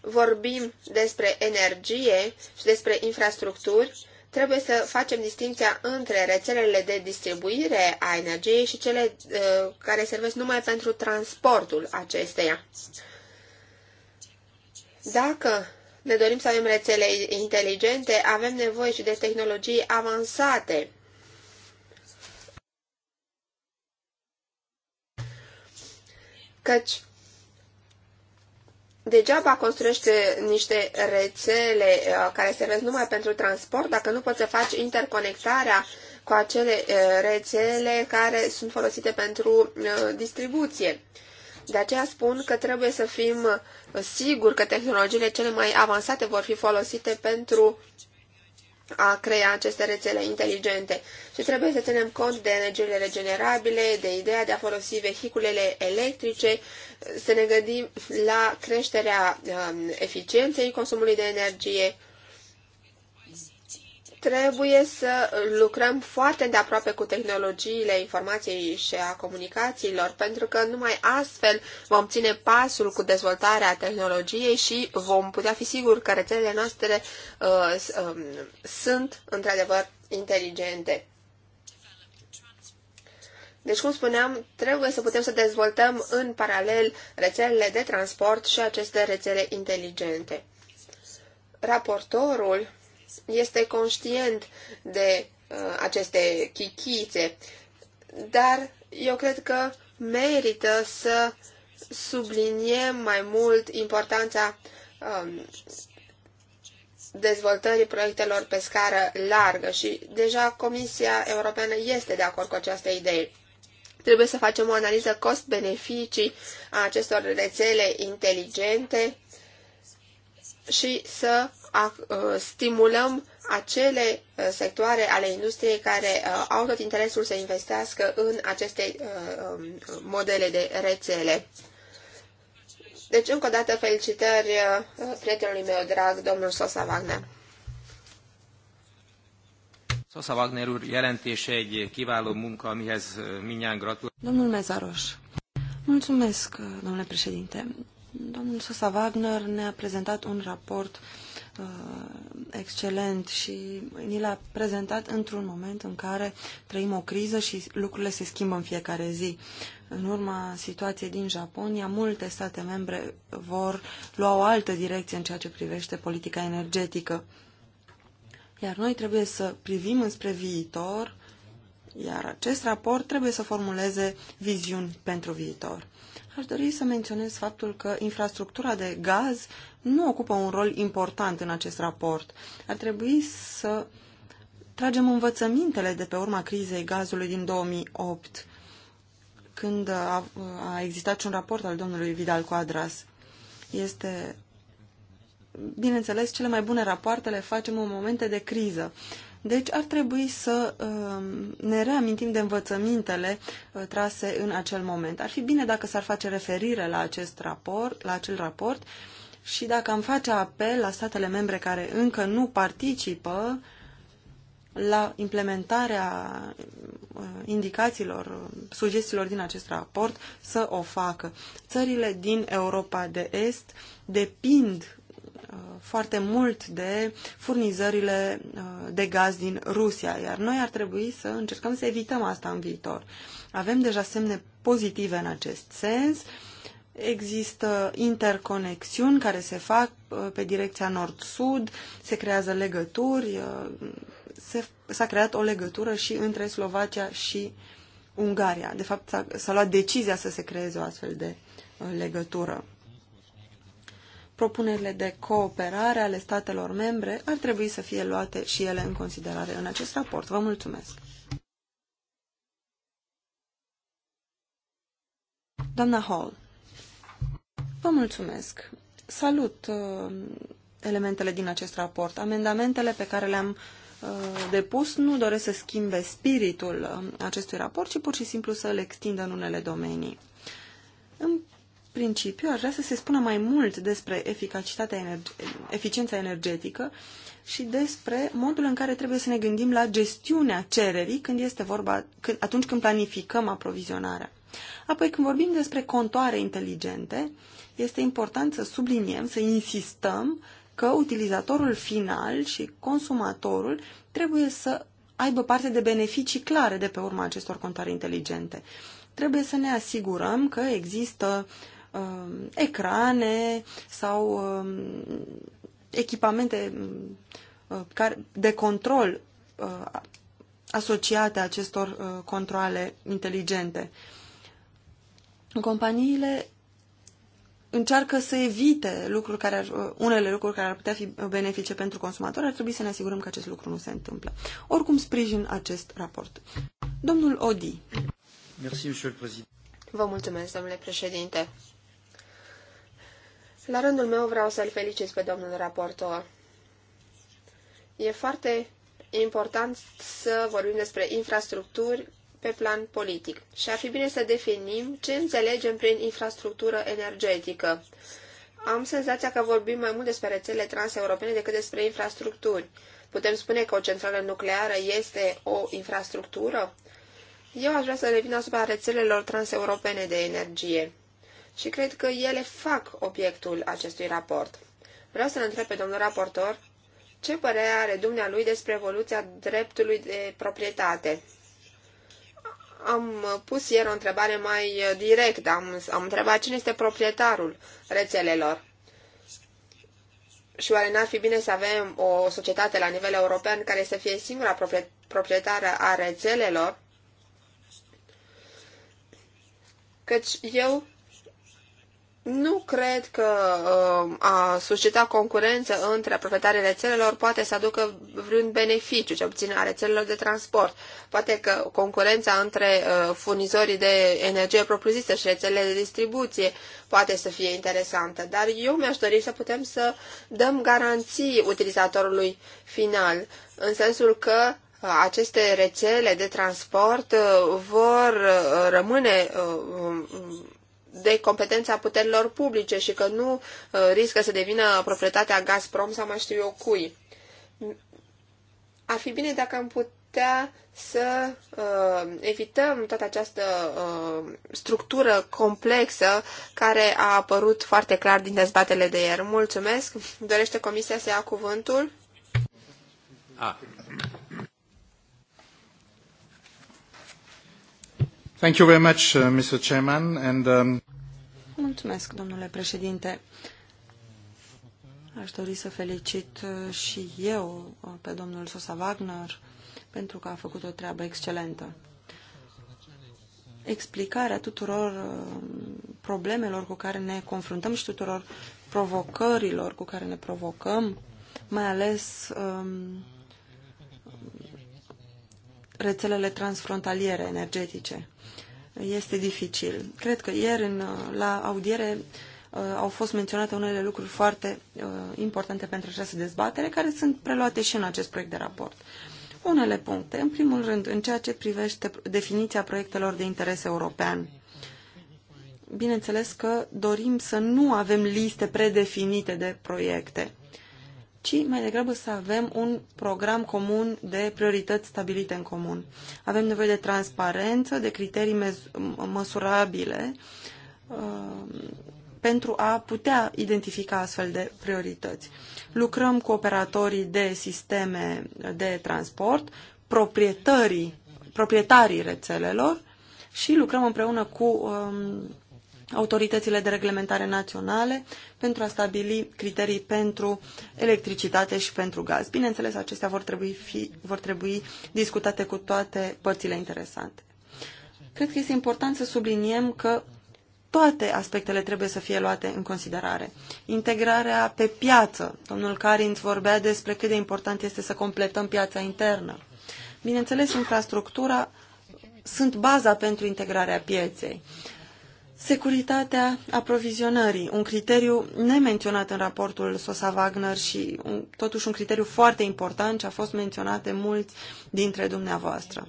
vorbim despre energie și despre infrastructuri, trebuie să facem distinția între rețelele de distribuire a energiei și cele uh, care servesc numai pentru transportul acesteia. Dacă ne dorim să avem rețele inteligente, avem nevoie și de tehnologii avansate. Căci degeaba construiește niște rețele uh, care servesc numai pentru transport dacă nu poți să faci interconectarea cu acele uh, rețele care sunt folosite pentru uh, distribuție. De aceea spun că trebuie să fim siguri că tehnologiile cele mai avansate vor fi folosite pentru a crea aceste rețele inteligente și trebuie să ținem cont de energiile regenerabile, de ideea de a folosi vehiculele electrice, să ne gândim la creșterea um, eficienței consumului de energie Trebuie să lucrăm foarte de aproape cu tehnologiile informației și a comunicațiilor, pentru că numai astfel vom ține pasul cu dezvoltarea tehnologiei și vom putea fi siguri că rețelele noastre uh, uh, sunt într-adevăr inteligente. Deci, cum spuneam, trebuie să putem să dezvoltăm în paralel rețelele de transport și aceste rețele inteligente. Raportorul este conștient de uh, aceste chichițe, dar eu cred că merită să subliniem mai mult importanța um, dezvoltării proiectelor pe scară largă și deja Comisia Europeană este de acord cu această idee. Trebuie să facem o analiză cost-beneficii a acestor rețele inteligente și să Uh, stimulăm acele uh, sectoare ale industriei care uh, au tot interesul să investească în aceste um, modele de rețele. Deci, încă o dată, felicitări prietenului meu drag, domnul Sosa Wagner. Sosa Wagner úr jelentése egy kiváló munka, amihez minnyáján gratulálunk. Domnul Mezaros, mulțumesc, domnule președinte. Domnul Sosa Wagner ne-a prezentat un raport uh, Uh, excelent și ni l-a prezentat într-un moment în care trăim o criză și lucrurile se schimbă în fiecare zi. În urma situației din Japonia, multe state membre vor lua o altă direcție în ceea ce privește politica energetică. Iar noi trebuie să privim înspre viitor iar acest raport trebuie să formuleze viziuni pentru viitor. Aș dori să menționez faptul că infrastructura de gaz nu ocupă un rol important în acest raport. Ar trebui să tragem învățămintele de pe urma crizei gazului din 2008, când a, a existat și un raport al domnului Vidal Coadras. Este bineînțeles, cele mai bune rapoarte le facem în momente de criză. Deci ar trebui să um, ne reamintim de învățămintele uh, trase în acel moment. Ar fi bine dacă s-ar face referire la acest raport, la acel raport și dacă am face apel la statele membre care încă nu participă la implementarea uh, indicațiilor, sugestiilor din acest raport să o facă. Țările din Europa de Est depind Uh, foarte mult de furnizările uh, de gaz din Rusia, iar noi ar trebui să încercăm să evităm asta în viitor. Avem deja semne pozitive în acest sens. Există interconexiuni care se fac uh, pe direcția nord-sud, se creează legături, s-a creat o legătură și între Slovacia și Ungaria. De fapt, s-a luat decizia să se creeze o astfel de legătură propunerile de cooperare ale statelor membre ar trebui să fie luate și ele în considerare în acest raport. Vă mulțumesc! Doamna Hall, vă mulțumesc! Salut uh, elementele din acest raport. Amendamentele pe care le-am uh, depus nu doresc să schimbe spiritul uh, acestui raport, ci pur și simplu să le extindă în unele domenii. În principiu, aș vrea să se spună mai mult despre eficacitatea energe eficiența energetică și despre modul în care trebuie să ne gândim la gestiunea cererii când este vorba, când, atunci când planificăm aprovizionarea. Apoi, când vorbim despre contoare inteligente, este important să subliniem, să insistăm că utilizatorul final și consumatorul trebuie să aibă parte de beneficii clare de pe urma acestor contoare inteligente. Trebuie să ne asigurăm că există uh, uh, ecrane sau um, um, uh, echipamente care, de control uh, asociate acestor uh, controle inteligente. Companiile încearcă să evite lucruri care ar, uh, unele lucruri care ar putea fi benefice pentru consumatori, ar trebui să ne asigurăm că acest lucru nu se întâmplă. Oricum sprijin acest raport. Domnul Odi. Merci, Vă mulțumesc, domnule președinte. La rândul meu vreau să-l felicit pe domnul raportor. E foarte important să vorbim despre infrastructuri pe plan politic și ar fi bine să definim ce înțelegem prin infrastructură energetică. Am senzația că vorbim mai mult despre rețele transeuropene decât despre infrastructuri. Putem spune că o centrală nucleară este o infrastructură? Eu aș vrea să revin asupra rețelelor transeuropene de energie și cred că ele fac obiectul acestui raport. Vreau să-l întreb pe domnul raportor ce părere are dumnealui despre evoluția dreptului de proprietate. Am pus ieri o întrebare mai directă, am, am întrebat cine este proprietarul rețelelor. Și oare n-ar fi bine să avem o societate la nivel european care să fie singura proprietară a rețelelor? Căci eu nu cred că uh, a suscita concurență între proprietarii rețelelor poate să aducă vreun beneficiu ce obține a rețelelor de transport. Poate că concurența între uh, furnizorii de energie propriu-zisă și rețelele de distribuție poate să fie interesantă, dar eu mi-aș dori să putem să dăm garanții utilizatorului final, în sensul că uh, aceste rețele de transport vor rămâne de competența puterilor publice și că nu uh, riscă să devină proprietatea Gazprom sau mai știu eu cui. Ar fi bine dacă am putea să uh, evităm toată această uh, structură complexă care a apărut foarte clar din dezbatele de ieri. Mulțumesc. Dorește Comisia să ia cuvântul? Ah. Uh, um, Mulțumesc, domnule președinte. Aș dori să felicit uh, și eu uh, pe domnul Sosa Wagner pentru că a făcut o treabă excelentă. Explicarea tuturor problemelor cu care ne confruntăm și tuturor provocărilor cu care ne provocăm, mai ales um, rețelele transfrontaliere energetice. Este dificil. Cred că ieri în, la audiere uh, au fost menționate unele lucruri foarte uh, importante pentru această dezbatere, care sunt preluate și în acest proiect de raport. Unele puncte. În primul rând, în ceea ce privește definiția proiectelor de interes european. Bineînțeles că dorim să nu avem liste predefinite de proiecte. Uh, ci mai degrabă să avem un program comun de priorități stabilite în comun. Avem nevoie de transparență, de criterii măsurabile uh, pentru a putea identifica astfel de priorități. Lucrăm cu operatorii de sisteme de transport, proprietarii rețelelor și lucrăm împreună cu um, autoritățile de reglementare naționale pentru a stabili criterii pentru electricitate și pentru gaz. Bineînțeles, acestea vor trebui, fi, vor trebui discutate cu toate părțile interesante. Cred că este important să subliniem că toate aspectele trebuie să fie luate în considerare. Integrarea pe piață. Domnul Carinț vorbea despre cât de important este să completăm piața internă. Bineînțeles, infrastructura sunt baza pentru integrarea pieței Securitatea aprovizionării, un criteriu nemenționat în raportul Sosa Wagner și un, totuși un criteriu foarte important ce a fost menționat de mulți dintre dumneavoastră.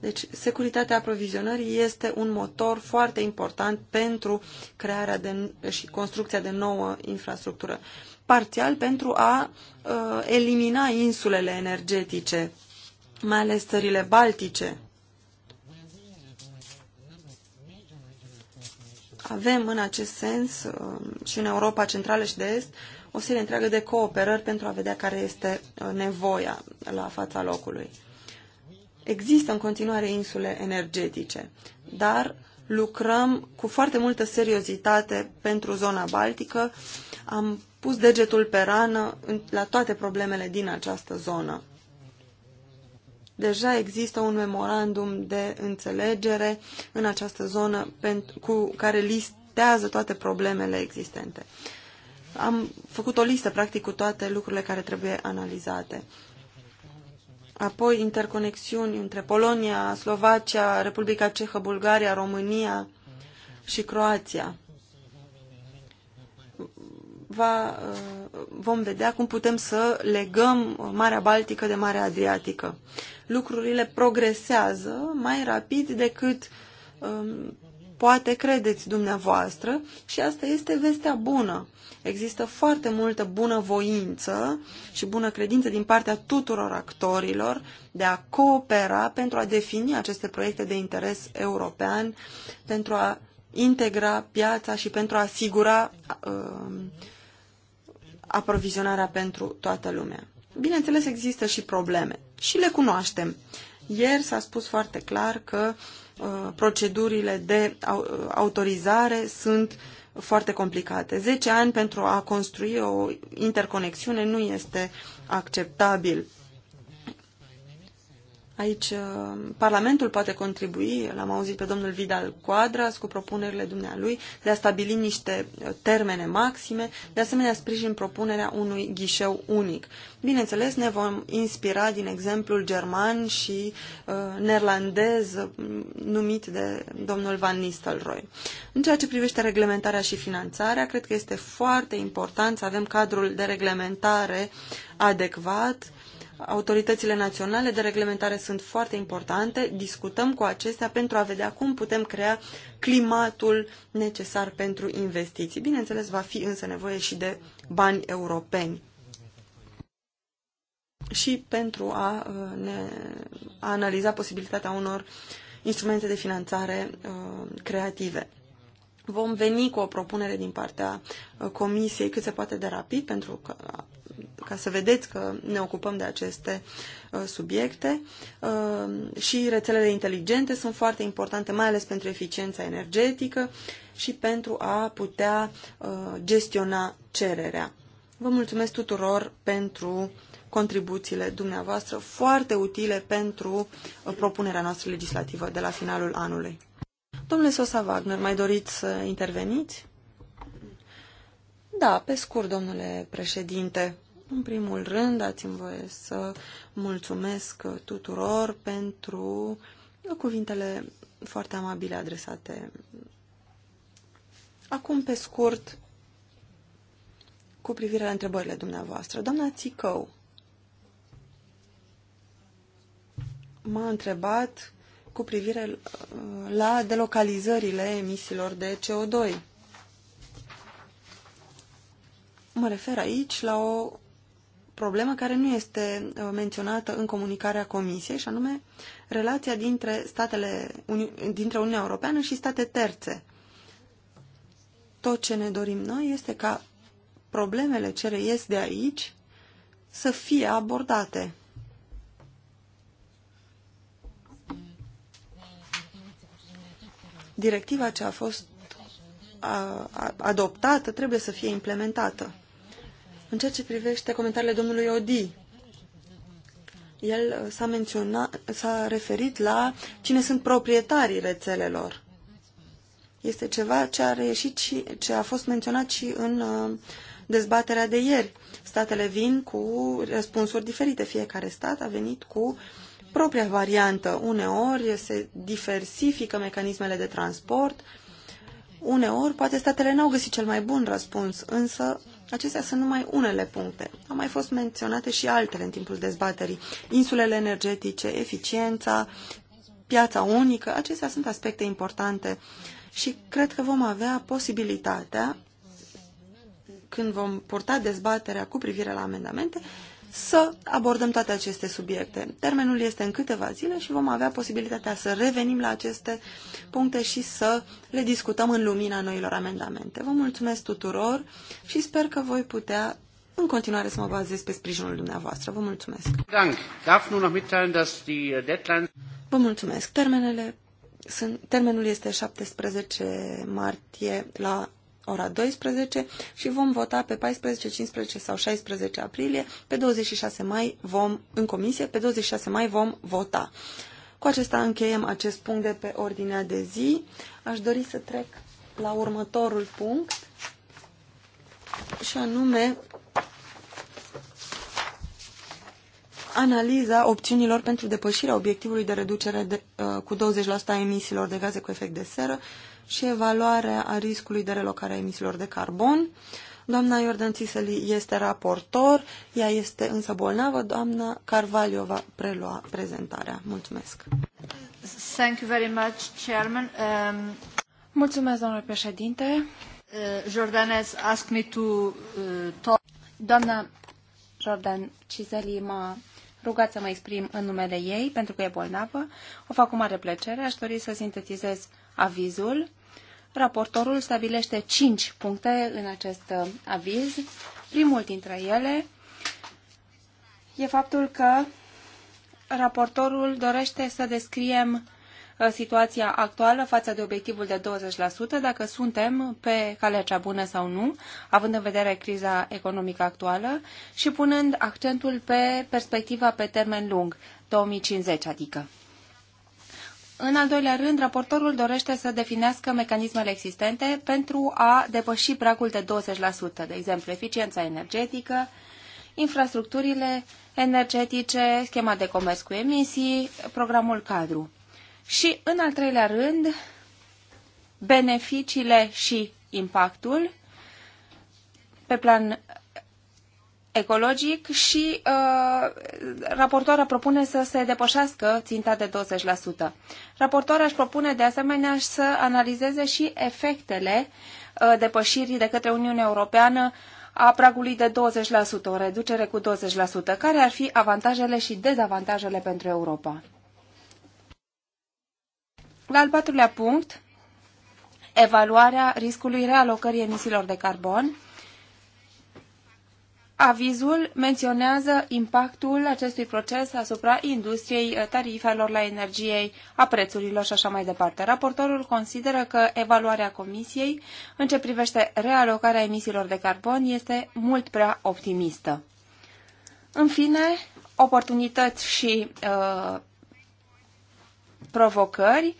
Deci, securitatea aprovizionării este un motor foarte important pentru crearea de, și construcția de nouă infrastructură, parțial pentru a uh, elimina insulele energetice, mai ales țările baltice, Avem în acest sens uh, și în Europa Centrală și de Est o serie întreagă de cooperări pentru a vedea care este uh, nevoia la fața locului. Există în continuare insule energetice, dar lucrăm cu foarte multă seriozitate pentru zona baltică. Am pus degetul pe rană la toate problemele din această zonă. Deja există un memorandum de înțelegere în această zonă cu care listează toate problemele existente. Am făcut o listă, practic, cu toate lucrurile care trebuie analizate. Apoi interconexiuni între Polonia, Slovacia, Republica Cehă, Bulgaria, România și Croația va, uh, vom vedea cum putem să legăm Marea Baltică de Marea Adriatică. Lucrurile progresează mai rapid decât um, poate credeți dumneavoastră și asta este vestea bună. Există foarte multă bună voință și bună credință din partea tuturor actorilor de a coopera pentru a defini aceste proiecte de interes european, pentru a integra piața și pentru a asigura uh, aprovizionarea pentru toată lumea. Bineînțeles, există și probleme și le cunoaștem. Ieri s-a spus foarte clar că uh, procedurile de uh, autorizare sunt foarte complicate. 10 ani pentru a construi o interconexiune nu este acceptabil. Aici uh, Parlamentul poate contribui, l-am auzit pe domnul Vidal Cuadras cu propunerile dumnealui de a stabili niște uh, termene maxime, de asemenea sprijin propunerea unui ghișeu unic. Bineînțeles, ne vom inspira din exemplul german și uh, neerlandez uh, numit de domnul Van Nistelrooy. În ceea ce privește reglementarea și finanțarea, cred că este foarte important să avem cadrul de reglementare adecvat Autoritățile naționale de reglementare sunt foarte importante. Discutăm cu acestea pentru a vedea cum putem crea climatul necesar pentru investiții. Bineînțeles, va fi însă nevoie și de bani europeni și pentru a, uh, ne, a analiza posibilitatea unor instrumente de finanțare uh, creative. Vom veni cu o propunere din partea uh, Comisiei cât se poate de rapid pentru că ca să vedeți că ne ocupăm de aceste uh, subiecte uh, și rețelele inteligente sunt foarte importante, mai ales pentru eficiența energetică și pentru a putea uh, gestiona cererea. Vă mulțumesc tuturor pentru contribuțiile dumneavoastră foarte utile pentru propunerea noastră legislativă de la finalul anului. Domnule Sosa Wagner, mai doriți să interveniți? Da, pe scurt, domnule președinte. În primul rând, dați-mi voie să mulțumesc tuturor pentru cuvintele foarte amabile adresate. Acum, pe scurt, cu privire la întrebările dumneavoastră. Doamna Țicău m-a întrebat cu privire uh, la delocalizările emisiilor de CO2. Mă refer aici la o problemă care nu este uh, menționată în comunicarea Comisiei, și anume relația dintre, statele, dintre Uniunea Europeană și state terțe. Tot ce ne dorim noi este ca problemele ce ies de aici să fie abordate. Directiva ce a fost a, a, adoptată trebuie să fie implementată. În ceea ce privește comentariile domnului Odi, el uh, s-a menționat, s-a referit la cine sunt proprietarii rețelelor. Este ceva ce a reieșit și ce a fost menționat și în uh, dezbaterea de ieri. Statele vin cu răspunsuri diferite. Fiecare stat a venit cu propria variantă. Uneori se diversifică mecanismele de transport, uneori poate statele n-au găsit cel mai bun răspuns, însă Acestea sunt numai unele puncte. Au mai fost menționate și altele în timpul dezbaterii. Insulele energetice, eficiența, piața unică, acestea sunt aspecte importante și cred că vom avea posibilitatea, când vom purta dezbaterea cu privire la amendamente, să abordăm toate aceste subiecte. Termenul este în câteva zile și vom avea posibilitatea să revenim la aceste puncte și să le discutăm în lumina noilor amendamente. Vă mulțumesc tuturor și sper că voi putea în continuare să mă bazez pe sprijinul dumneavoastră. Vă mulțumesc. Äh, Vă mulțumesc. Termenele sunt, termenul este 17 martie la ora 12 și vom vota pe 14, 15 sau 16 aprilie. Pe 26 mai vom, în comisie, pe 26 mai vom vota. Cu acesta încheiem acest punct de pe ordinea de zi. Aș dori să trec la următorul punct și anume analiza opțiunilor pentru depășirea obiectivului de reducere de, uh, cu 20% a emisiilor de gaze cu efect de seră și evaluarea a riscului de relocare a emisiilor de carbon. Doamna Iordan Țiseli este raportor, ea este însă bolnavă. Doamna Carvalho va prelua prezentarea. Mulțumesc! Thank you very much, Chairman. Um... Mulțumesc, domnule președinte. Uh, Jordanes asked me to uh, talk. Doamna Jordan Cizeli m-a rugat să mă exprim în numele ei, pentru că e bolnavă. O fac cu mare plăcere. Aș dori să sintetizez avizul Raportorul stabilește cinci puncte în acest uh, aviz. Primul dintre ele e faptul că raportorul dorește să descriem uh, situația actuală față de obiectivul de 20%, dacă suntem pe calea cea bună sau nu, având în vedere criza economică actuală și punând accentul pe perspectiva pe termen lung, 2050 adică. În al doilea rând, raportorul dorește să definească mecanismele existente pentru a depăși pragul de 20%, de exemplu, eficiența energetică, infrastructurile energetice, schema de comerț cu emisii, programul cadru. Și, în al treilea rând, beneficiile și impactul pe plan ecologic și uh, raportoarea propune să se depășească ținta de 20%. Raportoarea își propune de asemenea să analizeze și efectele uh, depășirii de către Uniunea Europeană a pragului de 20%, o reducere cu 20%. Care ar fi avantajele și dezavantajele pentru Europa? La al patrulea punct, evaluarea riscului realocării emisiilor de carbon Avizul menționează impactul acestui proces asupra industriei, uh, tarifelor la energiei, a prețurilor și așa mai departe. Raportorul consideră că evaluarea Comisiei în ce privește realocarea emisiilor de carbon este mult prea optimistă. În fine, oportunități și uh, provocări.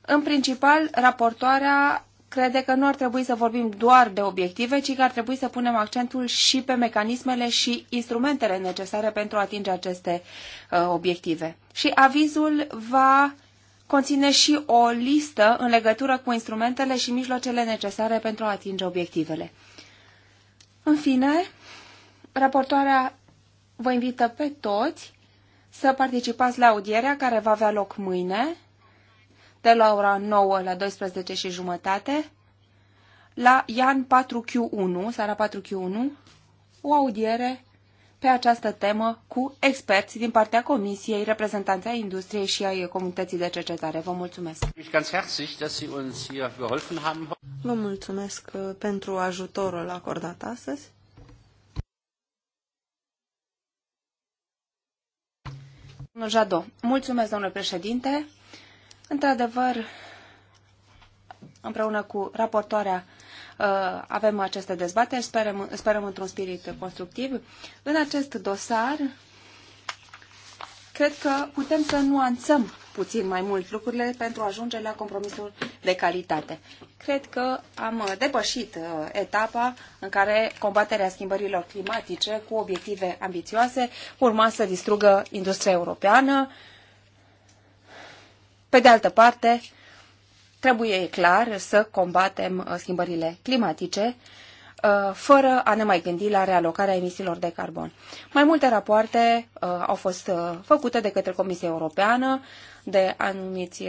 În principal, raportoarea crede că nu ar trebui să vorbim doar de obiective, ci că ar trebui să punem accentul și pe mecanismele și instrumentele necesare pentru a atinge aceste uh, obiective. Și avizul va conține și o listă în legătură cu instrumentele și mijloacele necesare pentru a atinge obiectivele. În fine, raportoarea vă invită pe toți să participați la audierea care va avea loc mâine de la ora 9 la 12 și jumătate, la Ian 4Q1, seara 4Q1, o audiere pe această temă cu experți din partea Comisiei, reprezentanța industriei și ai comunității de cercetare. Vă mulțumesc! Vă mulțumesc uh, pentru ajutorul acordat astăzi. Jado. Mulțumesc, domnule președinte. Într-adevăr, împreună cu raportoarea uh, avem aceste dezbateri, sperăm, sperăm într-un spirit constructiv. În acest dosar, cred că putem să nuanțăm puțin mai mult lucrurile pentru a ajunge la compromisul de calitate. Cred că am depășit uh, etapa în care combaterea schimbărilor climatice cu obiective ambițioase urma să distrugă industria europeană, pe de altă parte, trebuie clar să combatem uh, schimbările climatice uh, fără a ne mai gândi la realocarea emisiilor de carbon. Mai multe rapoarte uh, au fost făcute de către Comisia Europeană, de anumiți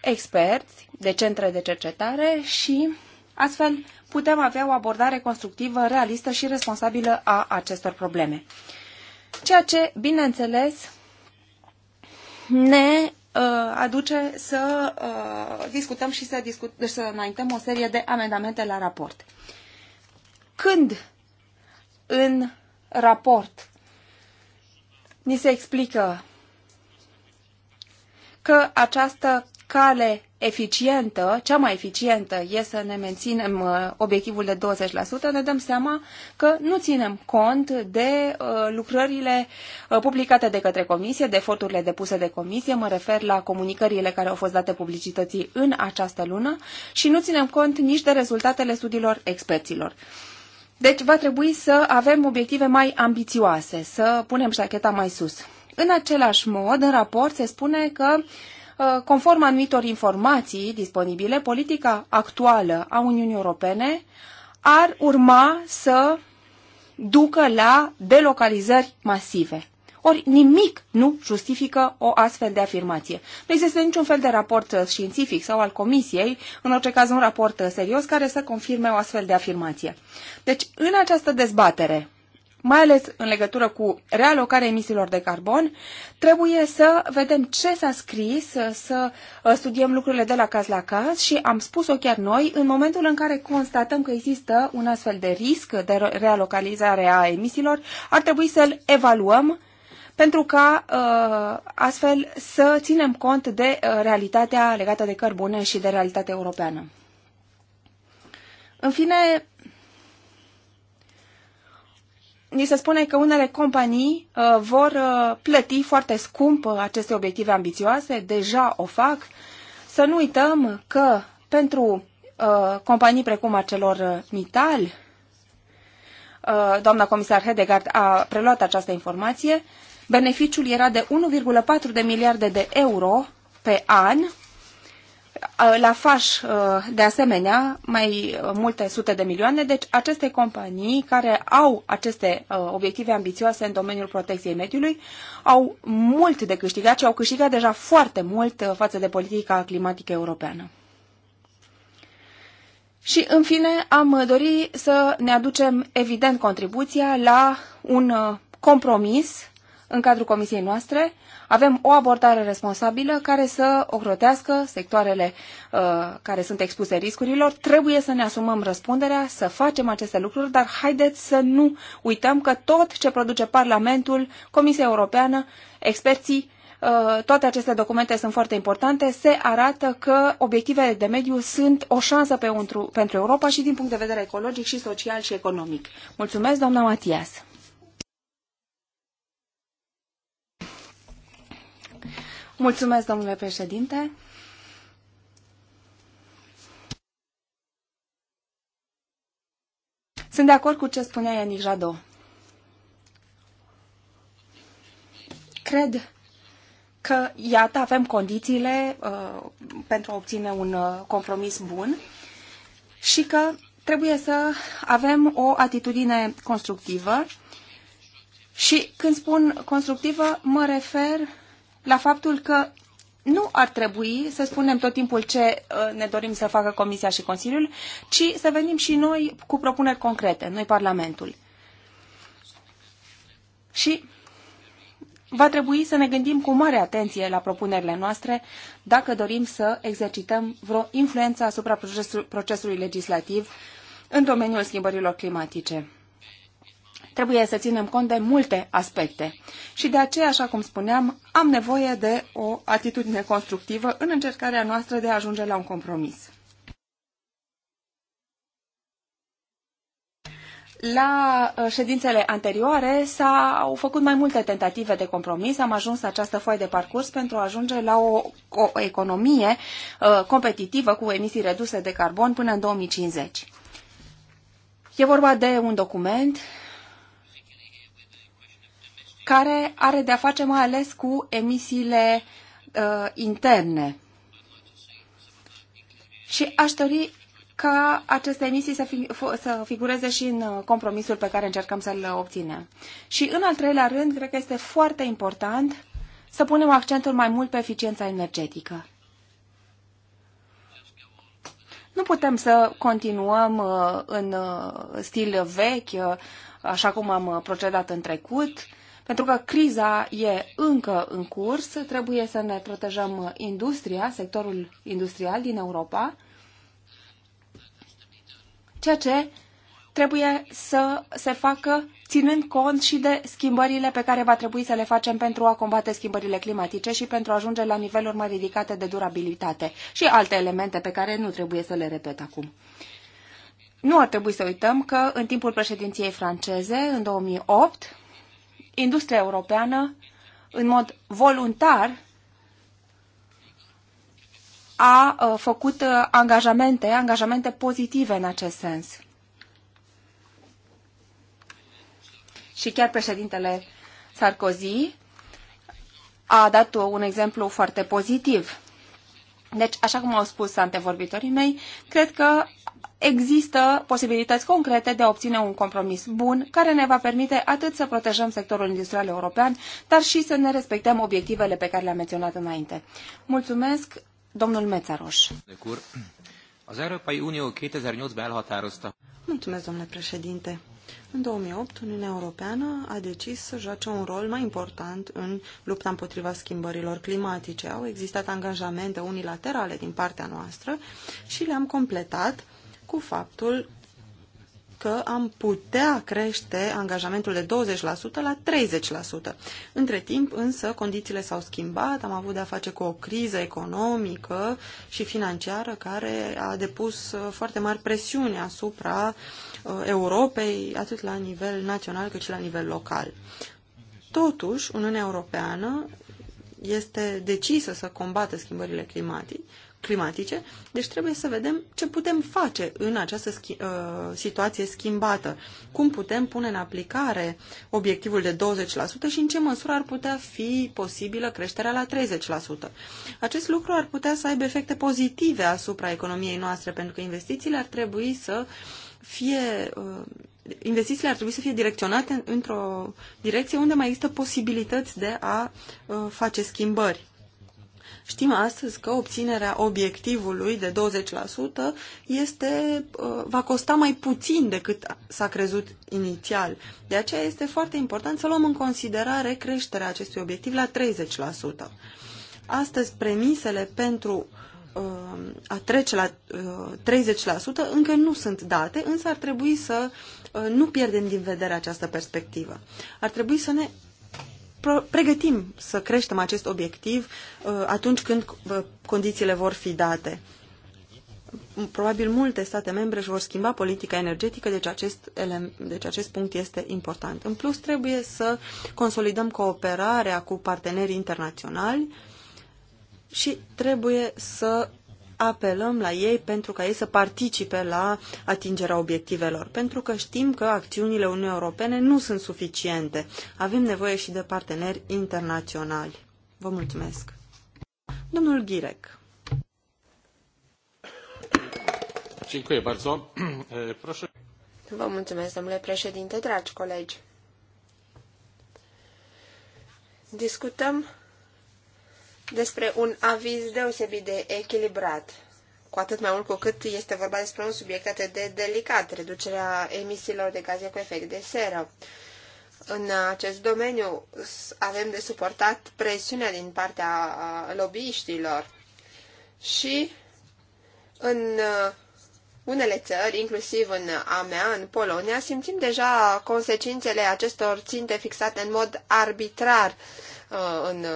experți, de centre de cercetare și astfel putem avea o abordare constructivă, realistă și responsabilă a acestor probleme. Ceea ce, bineînțeles, ne Uh, aduce să uh, discutăm și să, discut, să înaintăm o serie de amendamente la raport. Când în raport ni se explică că această cale eficientă, cea mai eficientă e să ne menținem uh, obiectivul de 20%, ne dăm seama că nu ținem cont de uh, lucrările uh, publicate de către comisie, de eforturile depuse de comisie, mă refer la comunicările care au fost date publicității în această lună și nu ținem cont nici de rezultatele studiilor experților. Deci va trebui să avem obiective mai ambițioase, să punem șacheta mai sus. În același mod, în raport se spune că uh, Uh, conform anumitor informații disponibile, politica actuală a Uniunii Europene ar urma să ducă la delocalizări masive. Ori nimic nu justifică o astfel de afirmație. Nu există niciun fel de raport științific sau al comisiei, în orice caz un raport serios, care să confirme o astfel de afirmație. Deci, în această dezbatere, mai ales în legătură cu realocarea emisiilor de carbon, trebuie să vedem ce s-a scris, să uh, studiem lucrurile de la caz la caz și am spus-o chiar noi, în momentul în care constatăm că există un astfel de risc de realocalizare a emisiilor, ar trebui să-l evaluăm pentru ca uh, astfel să ținem cont de uh, realitatea legată de cărbune și de realitatea europeană. În fine, ni se spune că unele companii uh, vor uh, plăti foarte scump uh, aceste obiective ambițioase, deja o fac. Să nu uităm că pentru uh, companii precum acelor uh, Mittal, uh, doamna comisar Hedegaard a preluat această informație, beneficiul era de 1,4 de miliarde de euro pe an la faș, de asemenea, mai multe sute de milioane. Deci, aceste companii care au aceste obiective ambițioase în domeniul protecției mediului au mult de câștigat și au câștigat deja foarte mult față de politica climatică europeană. Și, în fine, am dori să ne aducem, evident, contribuția la un compromis în cadrul comisiei noastre avem o abordare responsabilă care să ocrotească sectoarele uh, care sunt expuse riscurilor. Trebuie să ne asumăm răspunderea, să facem aceste lucruri, dar haideți să nu uităm că tot ce produce Parlamentul, Comisia Europeană, experții, uh, toate aceste documente sunt foarte importante, se arată că obiectivele de mediu sunt o șansă pentru, pentru Europa și din punct de vedere ecologic și social și economic. Mulțumesc, doamna Matias! Mulțumesc, domnule președinte. Sunt de acord cu ce spunea Ianic Jado. Cred că, iată, avem condițiile uh, pentru a obține un uh, compromis bun și că trebuie să avem o atitudine constructivă și când spun constructivă, mă refer la faptul că nu ar trebui să spunem tot timpul ce uh, ne dorim să facă Comisia și Consiliul, ci să venim și noi cu propuneri concrete, noi Parlamentul. Și va trebui să ne gândim cu mare atenție la propunerile noastre dacă dorim să exercităm vreo influență asupra procesului legislativ în domeniul schimbărilor climatice trebuie să ținem cont de multe aspecte. Și de aceea, așa cum spuneam, am nevoie de o atitudine constructivă în încercarea noastră de a ajunge la un compromis. La uh, ședințele anterioare s-au făcut mai multe tentative de compromis. Am ajuns la această foaie de parcurs pentru a ajunge la o, o economie uh, competitivă cu emisii reduse de carbon până în 2050. E vorba de un document care are de-a face mai ales cu emisiile uh, interne. Și aș dori ca aceste emisii să, fi, să figureze și în uh, compromisul pe care încercăm să-l obținem. Și în al treilea rând, cred că este foarte important să punem accentul mai mult pe eficiența energetică. Nu putem să continuăm uh, în uh, stil vechi, așa cum am procedat în trecut, pentru că criza e încă în curs, trebuie să ne protejăm industria, sectorul industrial din Europa, ceea ce trebuie să se facă ținând cont și de schimbările pe care va trebui să le facem pentru a combate schimbările climatice și pentru a ajunge la niveluri mai ridicate de durabilitate și alte elemente pe care nu trebuie să le repet acum. Nu ar trebui să uităm că în timpul președinției franceze, în 2008, industria europeană, în mod voluntar, a uh, făcut uh, angajamente, angajamente pozitive în acest sens. Și chiar președintele Sarkozy a dat un exemplu foarte pozitiv. Deci, așa cum au spus antevorbitorii mei, cred că există posibilități concrete de a obține un compromis bun care ne va permite atât să protejăm sectorul industrial european, dar și să ne respectăm obiectivele pe care le-am menționat înainte. Mulțumesc, domnul Mețaroș. Az Európai Unió 2008-ban elhatározta. Mulțumesc, domnule președinte. În 2008, Uniunea Europeană a decis să joace un rol mai important în lupta împotriva schimbărilor climatice. Au existat angajamente unilaterale din partea noastră și le-am completat cu faptul că am putea crește angajamentul de 20% la 30%. Între timp, însă, condițiile s-au schimbat, am avut de-a face cu o criză economică și financiară care a depus uh, foarte mari presiuni asupra uh, Europei, atât la nivel național cât și la nivel local. Totuși, Uniunea Europeană este decisă să combată schimbările climatice climatice, deci trebuie să vedem ce putem face în această schi uh, situație schimbată, cum putem pune în aplicare obiectivul de 20% și în ce măsură ar putea fi posibilă creșterea la 30%. Acest lucru ar putea să aibă efecte pozitive asupra economiei noastre, pentru că investițiile ar trebui să fie uh, investițiile ar trebui să fie direcționate într-o direcție unde mai există posibilități de a uh, face schimbări. Știm astăzi că obținerea obiectivului de 20% este, uh, va costa mai puțin decât s-a crezut inițial. De aceea este foarte important să luăm în considerare creșterea acestui obiectiv la 30%. Astăzi, premisele pentru uh, a trece la 30% uh, încă nu sunt date, însă ar trebui să nu pierdem din vedere această perspectivă. Ar trebui să ne pregătim să creștem acest obiectiv uh, atunci când uh, condițiile vor fi date. Probabil multe state membre își vor schimba politica energetică, deci acest, deci acest punct este important. În plus, trebuie să consolidăm cooperarea cu partenerii internaționali și trebuie să apelăm la ei pentru ca ei să participe la atingerea obiectivelor, pentru că știm că acțiunile Uniunii Europene nu sunt suficiente. Avem nevoie și de parteneri internaționali. Vă mulțumesc. Domnul Ghirec. Vă mulțumesc, domnule președinte, dragi colegi. Discutăm despre un aviz deosebit de echilibrat, cu atât mai mult cu cât este vorba despre un subiect atât de delicat, reducerea emisiilor de gaze cu efect de seră. În acest domeniu avem de suportat presiunea din partea lobbyiștilor și în unele țări, inclusiv în a mea, în Polonia, simțim deja consecințele acestor ținte fixate în mod arbitrar în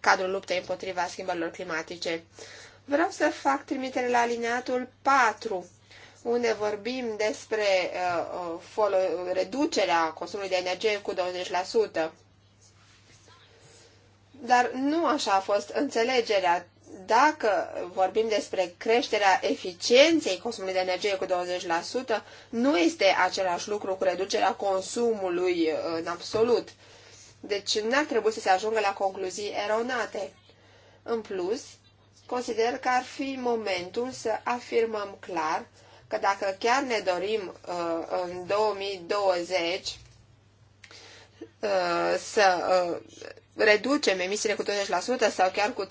cadrul luptei împotriva schimbărilor climatice. Vreau să fac trimitere la alineatul 4, unde vorbim despre uh, uh reducerea consumului de energie cu 20%. Dar nu așa a fost înțelegerea. Dacă vorbim despre creșterea eficienței consumului de energie cu 20%, nu este același lucru cu reducerea consumului uh, în absolut. Deci n-ar trebui să se ajungă la concluzii eronate. În plus, consider că ar fi momentul să afirmăm clar că dacă chiar ne dorim uh, în 2020 uh, să uh, reducem emisiile cu 20% sau chiar cu 30%,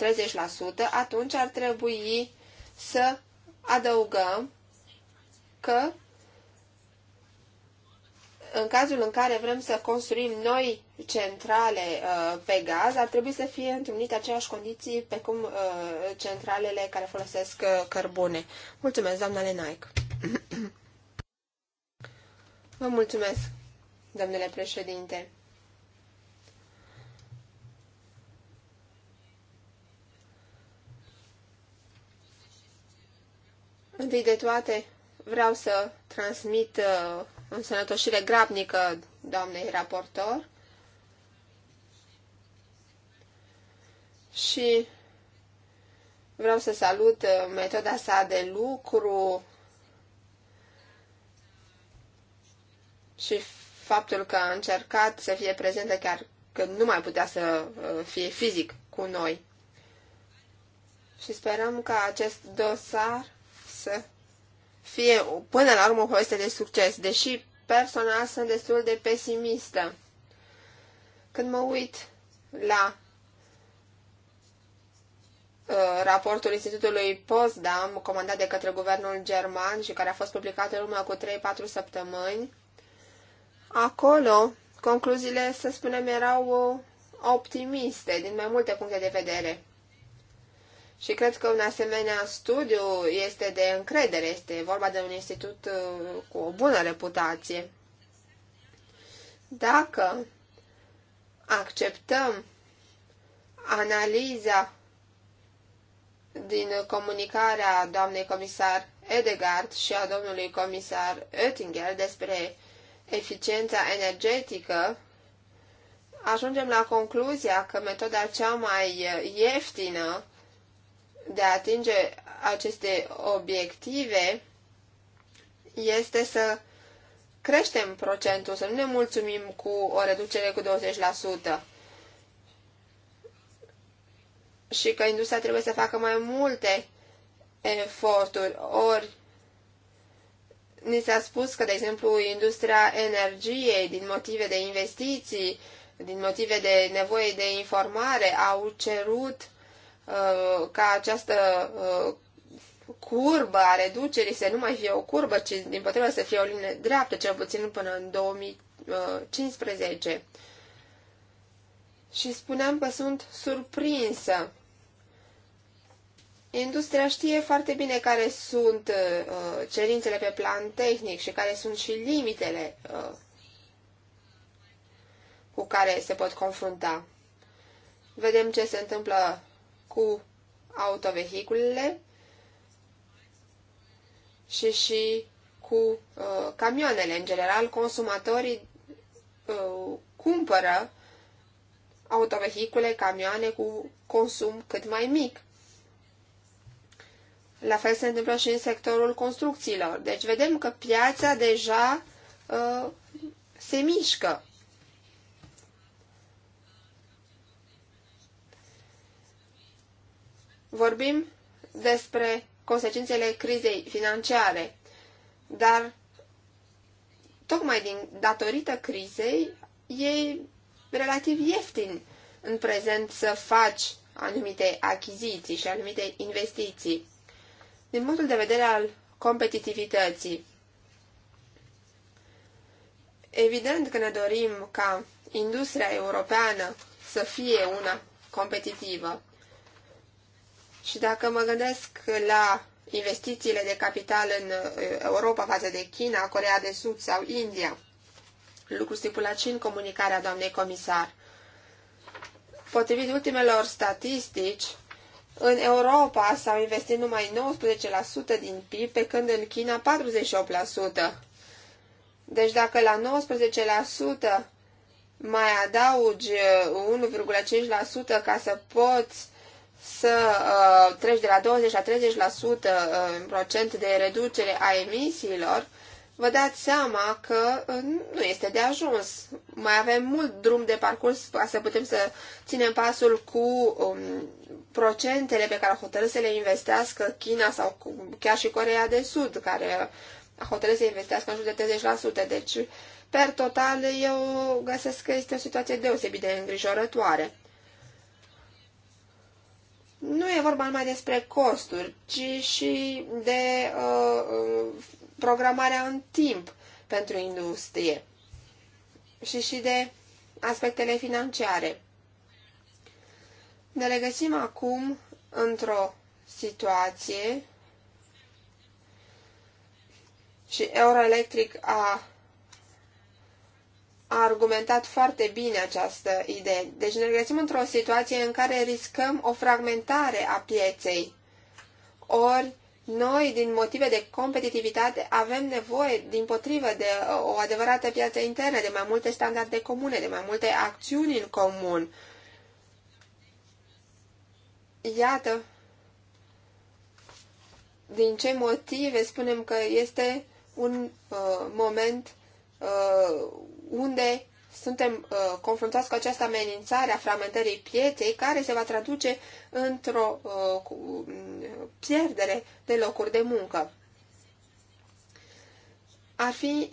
atunci ar trebui să adăugăm că în cazul în care vrem să construim noi centrale uh, pe gaz, ar trebui să fie întrunite aceeași condiții pe cum uh, centralele care folosesc uh, cărbune. Mulțumesc, doamna Lenaic. Vă mulțumesc, domnule președinte. Întâi de toate, vreau să transmit uh, însănătoșire grabnică doamnei raportor și vreau să salut uh, metoda sa de lucru și faptul că a încercat să fie prezentă chiar când nu mai putea să uh, fie fizic cu noi. Și sperăm ca acest dosar să fie până la urmă o poveste de succes, deși personal sunt destul de pesimistă. Când mă uit la uh, raportul Institutului Postdam, comandat de către guvernul german și care a fost publicat în urmă cu 3-4 săptămâni, acolo concluziile, să spunem, erau uh, optimiste din mai multe puncte de vedere. Și cred că un asemenea studiu este de încredere, este vorba de un institut uh, cu o bună reputație. Dacă acceptăm analiza din comunicarea doamnei comisar Edegard și a domnului comisar Oettinger despre eficiența energetică, ajungem la concluzia că metoda cea mai ieftină de a atinge aceste obiective este să creștem procentul, să nu ne mulțumim cu o reducere cu 20% și că industria trebuie să facă mai multe eforturi. Ori, ni s-a spus că, de exemplu, industria energiei, din motive de investiții, din motive de nevoie de informare, au cerut Uh, ca această uh, curbă a reducerii să nu mai fie o curbă, ci din potrivă să fie o linie dreaptă, cel puțin până în 2015. Și spuneam că sunt surprinsă. Industria știe foarte bine care sunt uh, cerințele pe plan tehnic și care sunt și limitele uh, cu care se pot confrunta. Vedem ce se întâmplă cu autovehiculele și și cu uh, camioanele. În general, consumatorii uh, cumpără autovehicule, camioane cu consum cât mai mic. La fel se întâmplă și în sectorul construcțiilor. Deci vedem că piața deja uh, se mișcă. Vorbim despre consecințele crizei financiare, dar tocmai din datorită crizei e relativ ieftin în prezent să faci anumite achiziții și anumite investiții. Din punctul de vedere al competitivității, evident că ne dorim ca industria europeană să fie una competitivă. Și dacă mă gândesc la investițiile de capital în uh, Europa față de China, Corea de Sud sau India, lucru stipulat și în comunicarea doamnei comisar. Potrivit ultimelor statistici, în Europa s-au investit numai 19% din PIB, pe când în China 48%. Deci dacă la 19% mai adaugi 1,5% uh, ca să poți să uh, treci de la 20 la 30% uh, procent de reducere a emisiilor, vă dați seama că uh, nu este de ajuns. Mai avem mult drum de parcurs ca să putem să ținem pasul cu um, procentele pe care hotărât să le investească China sau cu, chiar și Corea de Sud, care a hotărât să investească în jur de 30%. Deci, per total, eu găsesc că este o situație deosebit de îngrijorătoare nu e vorba numai despre costuri, ci și de uh, uh, programarea în timp pentru industrie și și de aspectele financiare. Ne regăsim acum într-o situație și Euroelectric a a argumentat foarte bine această idee. Deci ne regăsim într-o situație în care riscăm o fragmentare a pieței. Ori noi, din motive de competitivitate, avem nevoie, din potrivă, de o adevărată piață internă, de mai multe standarde comune, de mai multe acțiuni în comun. Iată din ce motive spunem că este un uh, moment uh, unde suntem uh, confruntați cu această amenințare a fragmentării pieței care se va traduce într-o uh, pierdere de locuri de muncă. Ar fi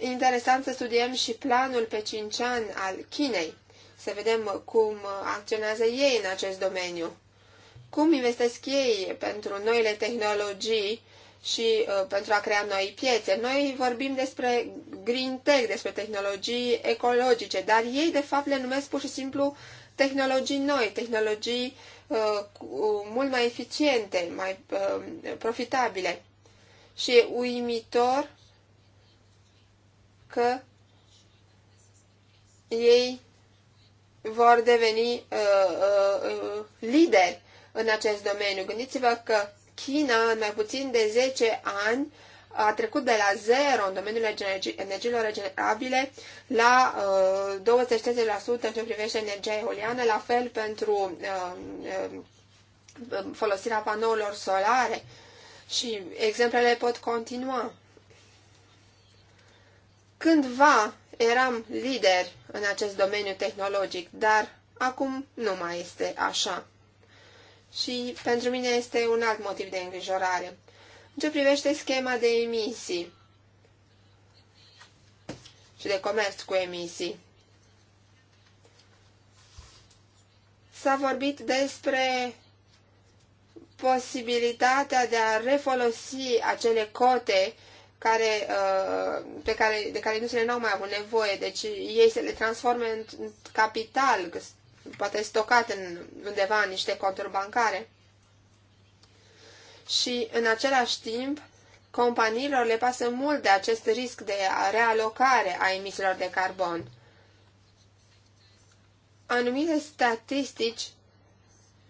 interesant să studiem și planul pe 5 ani al Chinei, să vedem cum acționează ei în acest domeniu, cum investesc ei pentru noile tehnologii și uh, pentru a crea noi piețe. Noi vorbim despre green tech, despre tehnologii ecologice, dar ei de fapt le numesc pur și simplu tehnologii noi, tehnologii uh, mult mai eficiente, mai uh, profitabile. Și e uimitor că ei vor deveni uh, uh, uh lideri în acest domeniu. Gândiți-vă că China, în mai puțin de 10 ani, a trecut de la zero în domeniul energiilor regenerabile la uh, 20-30% în ce privește energia eoliană, la fel pentru uh, uh, folosirea panourilor solare și exemplele pot continua. Cândva eram lider în acest domeniu tehnologic, dar acum nu mai este așa și pentru mine este un alt motiv de îngrijorare. În ce privește schema de emisii și de comerț cu emisii, s-a vorbit despre posibilitatea de a refolosi acele cote care, uh, pe care, de care industriile nu au mai avut nevoie, deci ei se le transforme în capital, poate stocat în, undeva în niște conturi bancare. Și în același timp, companiilor le pasă mult de acest risc de realocare a emisiilor de carbon. Anumite statistici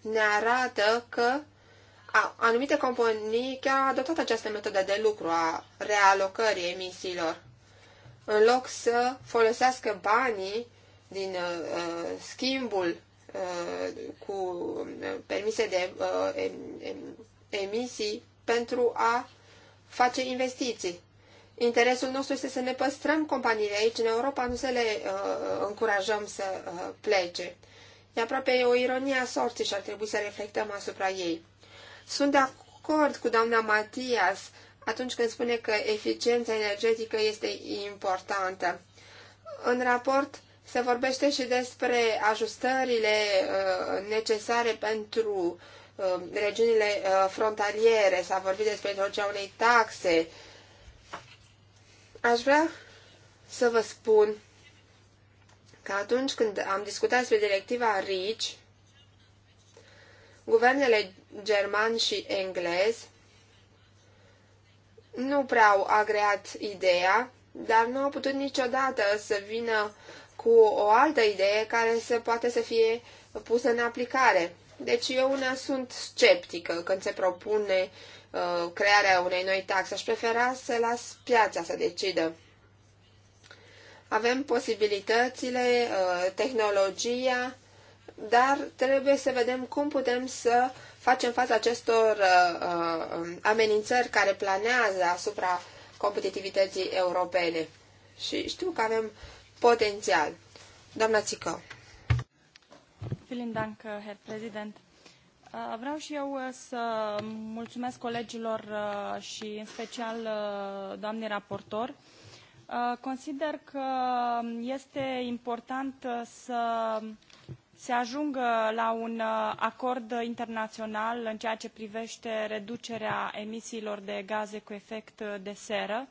ne arată că anumite companii chiar au adoptat această metodă de lucru a realocării emisiilor. În loc să folosească banii din uh, uh, schimbul uh, cu uh, permise de uh, emisii pentru a face investiții. Interesul nostru este să ne păstrăm companiile aici, în Europa, nu să le uh, încurajăm să uh, plece. E aproape o ironie a sorții și ar trebui să reflectăm asupra ei. Sunt de acord cu doamna Matias atunci când spune că eficiența energetică este importantă. În raport se vorbește și despre ajustările uh, necesare pentru uh, regiunile uh, frontaliere. S-a vorbit despre introducerea unei taxe. Aș vrea să vă spun că atunci când am discutat despre directiva RICI, guvernele german și englez nu prea au agreat ideea, dar nu au putut niciodată să vină cu o altă idee care să poate să fie pusă în aplicare. Deci eu una sunt sceptică când se propune uh, crearea unei noi taxe. Aș prefera să las piața să decidă. Avem posibilitățile, uh, tehnologia, dar trebuie să vedem cum putem să facem față acestor uh, uh amenințări care planează asupra competitivității europene. Și știu că avem uh, potențial. Doamna uh, uh, Vreau și eu uh, să mulțumesc colegilor și în special doamnei raportor. Consider că este important să se ajungă la un acord internațional în ceea ce privește reducerea emisiilor de gaze cu efect de seră,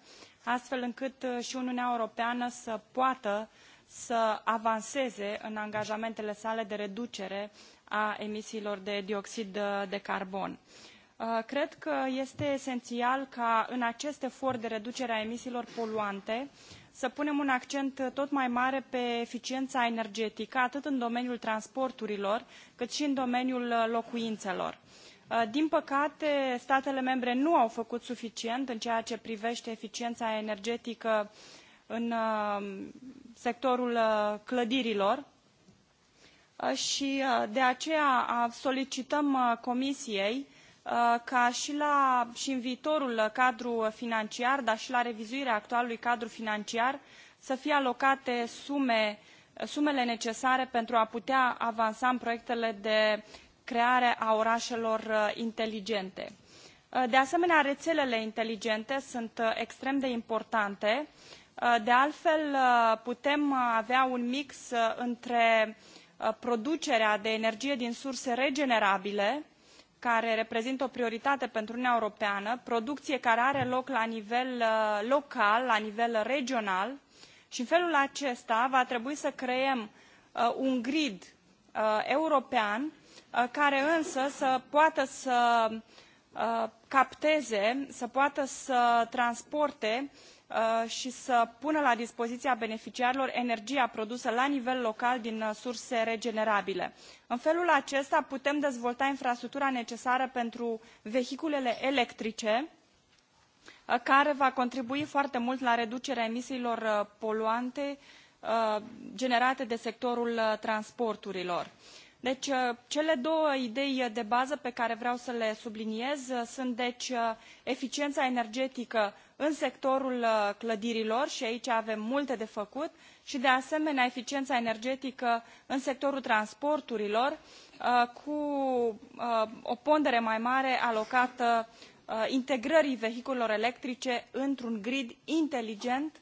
astfel încât uh, și Uniunea Europeană să poată să avanseze în angajamentele sale de reducere a emisiilor de dioxid uh, de carbon. Uh, cred că este esențial ca în acest efort de reducere a emisiilor poluante să punem un accent tot mai mare pe eficiența energetică, atât în domeniul transporturilor, cât și în domeniul locuințelor. Uh, din păcate, statele membre nu au făcut suficient în ceea ce privește eficiența energetică în uh, sectorul uh, clădirilor și de aceea solicităm Comisiei ca și, la, și în viitorul cadru financiar, dar și la revizuirea actualului cadru financiar, să fie alocate sume, sumele necesare pentru a putea avansa în proiectele de creare a orașelor uh, inteligente. Uh, de asemenea, rețelele inteligente sunt uh, extrem de importante. De altfel, putem avea un mix între producerea de energie din surse regenerabile, care reprezintă o prioritate pentru Uniunea Europeană, producție care are loc la nivel local, la nivel regional și în felul acesta va trebui să creăm un grid european Uh, care însă să poată să uh, capteze, să poată să transporte uh, și să pună la dispoziția beneficiarilor energia produsă la nivel local din surse regenerabile. În felul acesta putem dezvolta infrastructura necesară pentru vehiculele electrice, care va contribui foarte mult la reducerea emisiilor poluante generate de sectorul transporturilor. Deci, uh, cele două idei de bază pe care vreau să le subliniez uh, sunt, deci, uh, eficiența energetică în sectorul clădirilor și aici avem multe de făcut și, de asemenea, eficiența energetică în sectorul transporturilor cu o pondere mai mare alocată integrării vehiculelor electrice într-un grid inteligent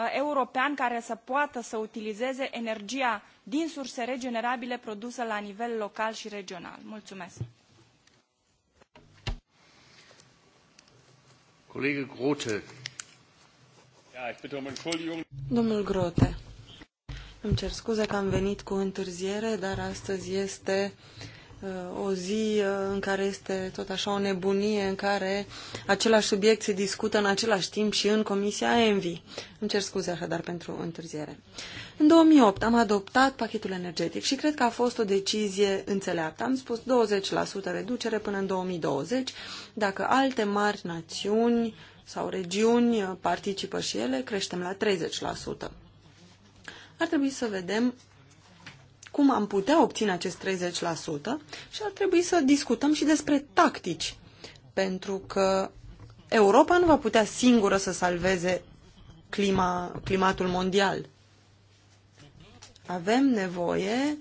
Uh, european care să poată să utilizeze energia din surse regenerabile produsă la nivel local și regional. Mulțumesc! Colegă Grote. Um Domnul Grote, îmi cer scuze că am venit cu întârziere, dar astăzi este o zi uh, în care este tot așa o nebunie, în care același subiect se discută în același timp și în Comisia ENVI. Îmi cer scuze așadar pentru întârziere. În 2008 am adoptat pachetul energetic și cred că a fost o decizie înțeleaptă. Am spus 20% reducere până în 2020. Dacă alte mari națiuni sau regiuni participă și ele, creștem la 30%. Ar trebui să vedem cum am putea obține acest 30% și ar trebui să discutăm și despre tactici, pentru că Europa nu va putea singură să salveze clima, climatul mondial. Avem nevoie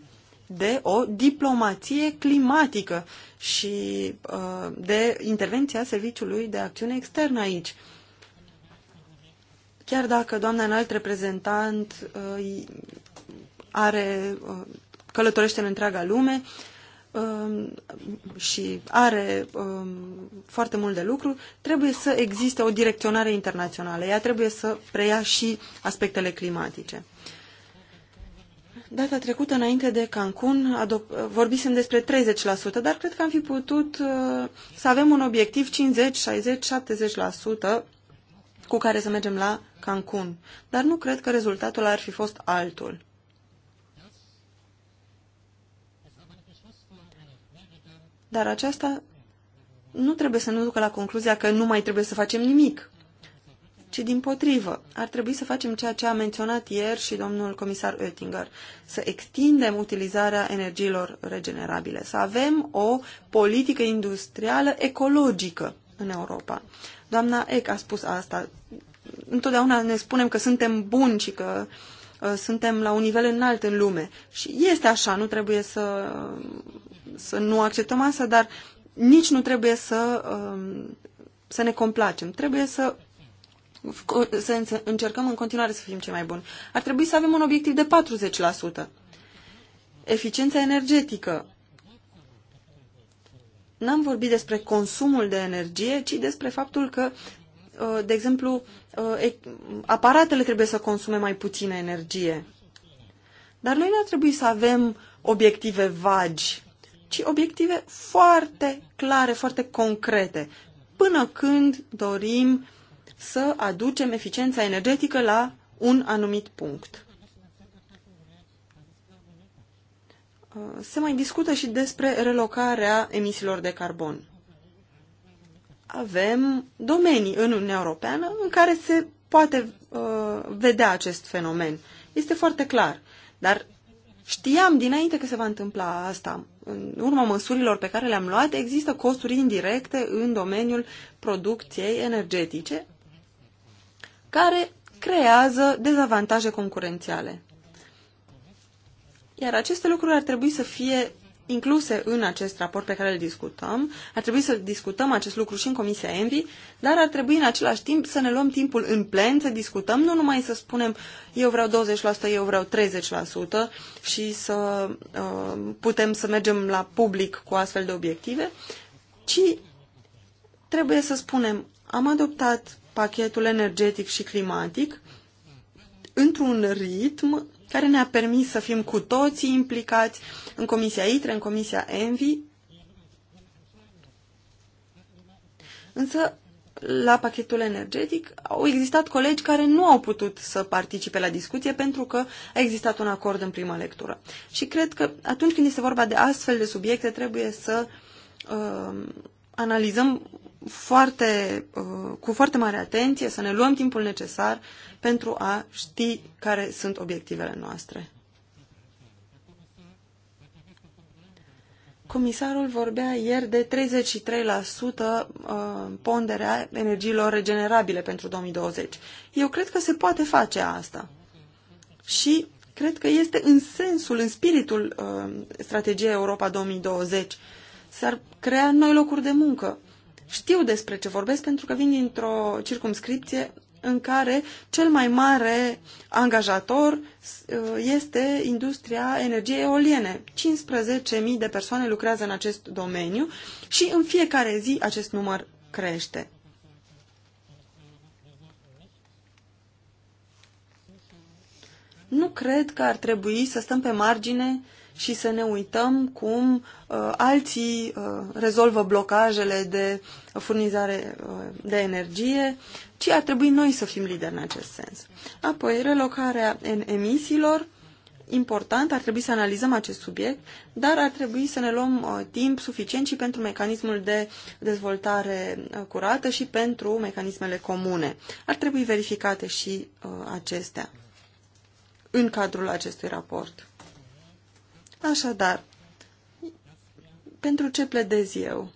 de o diplomație climatică și uh, de intervenția Serviciului de Acțiune Externă aici. Chiar dacă doamna înalt reprezentant uh, are, uh, călătorește în întreaga lume um, și are um, foarte mult de lucru, trebuie să existe o direcționare internațională. Ea trebuie să preia și aspectele climatice. Data trecută, înainte de Cancun, vorbisem despre 30%, dar cred că am fi putut uh, să avem un obiectiv 50, 60, 70% cu care să mergem la Cancun. Dar nu cred că rezultatul ar fi fost altul. Dar aceasta nu trebuie să nu ducă la concluzia că nu mai trebuie să facem nimic, ci din potrivă, ar trebui să facem ceea ce a menționat ieri și domnul comisar Oettinger, să extindem utilizarea energiilor regenerabile, să avem o politică industrială ecologică în Europa. Doamna Eck a spus asta. Întotdeauna ne spunem că suntem buni și că uh, suntem la un nivel înalt în lume. Și este așa, nu trebuie să să nu acceptăm asta, dar nici nu trebuie să, um, să ne complacem. Trebuie să, să încercăm în continuare să fim cei mai buni. Ar trebui să avem un obiectiv de 40%. Eficiența energetică. N-am vorbit despre consumul de energie, ci despre faptul că, uh, de exemplu, uh, aparatele trebuie să consume mai puțină energie. Dar noi nu ar trebui să avem obiective vagi ci obiective foarte clare, foarte concrete, până când dorim să aducem eficiența energetică la un anumit punct. Se mai discută și despre relocarea emisiilor de carbon. Avem domenii în Uniunea Europeană în care se poate uh, vedea acest fenomen. Este foarte clar. Dar Știam dinainte că se va întâmpla asta. În urma măsurilor pe care le-am luat, există costuri indirecte în domeniul producției energetice care creează dezavantaje concurențiale. Iar aceste lucruri ar trebui să fie incluse în acest raport pe care îl discutăm. Ar trebui să discutăm acest lucru și în Comisia Envi, dar ar trebui în același timp să ne luăm timpul în plen, să discutăm, nu numai să spunem eu vreau 20%, eu vreau 30% și să uh, putem să mergem la public cu astfel de obiective, ci trebuie să spunem am adoptat pachetul energetic și climatic într-un ritm care ne-a permis să fim cu toții implicați în Comisia ITRE, în Comisia ENVI. Însă, la pachetul energetic au existat colegi care nu au putut să participe la discuție pentru că a existat un acord în prima lectură. Și cred că atunci când este vorba de astfel de subiecte trebuie să uh, analizăm foarte, uh, cu foarte mare atenție, să ne luăm timpul necesar pentru a ști care sunt obiectivele noastre. Comisarul vorbea ieri de 33% uh, ponderea energiilor regenerabile pentru 2020. Eu cred că se poate face asta. Și cred că este în sensul, în spiritul uh, strategiei Europa 2020 s-ar crea noi locuri de muncă. Știu despre ce vorbesc pentru că vin dintr-o circumscripție în care cel mai mare angajator uh, este industria energiei eoliene. 15.000 de persoane lucrează în acest domeniu și în fiecare zi acest număr crește. Nu cred că ar trebui să stăm pe margine și să ne uităm cum uh, alții uh, rezolvă blocajele de furnizare uh, de energie, ci ar trebui noi să fim lideri în acest sens. Apoi, relocarea în emisiilor, important, ar trebui să analizăm acest subiect, dar ar trebui să ne luăm uh, timp suficient și pentru mecanismul de dezvoltare uh, curată și pentru mecanismele comune. Ar trebui verificate și uh, acestea în cadrul acestui raport. Așadar, pentru ce pledez eu?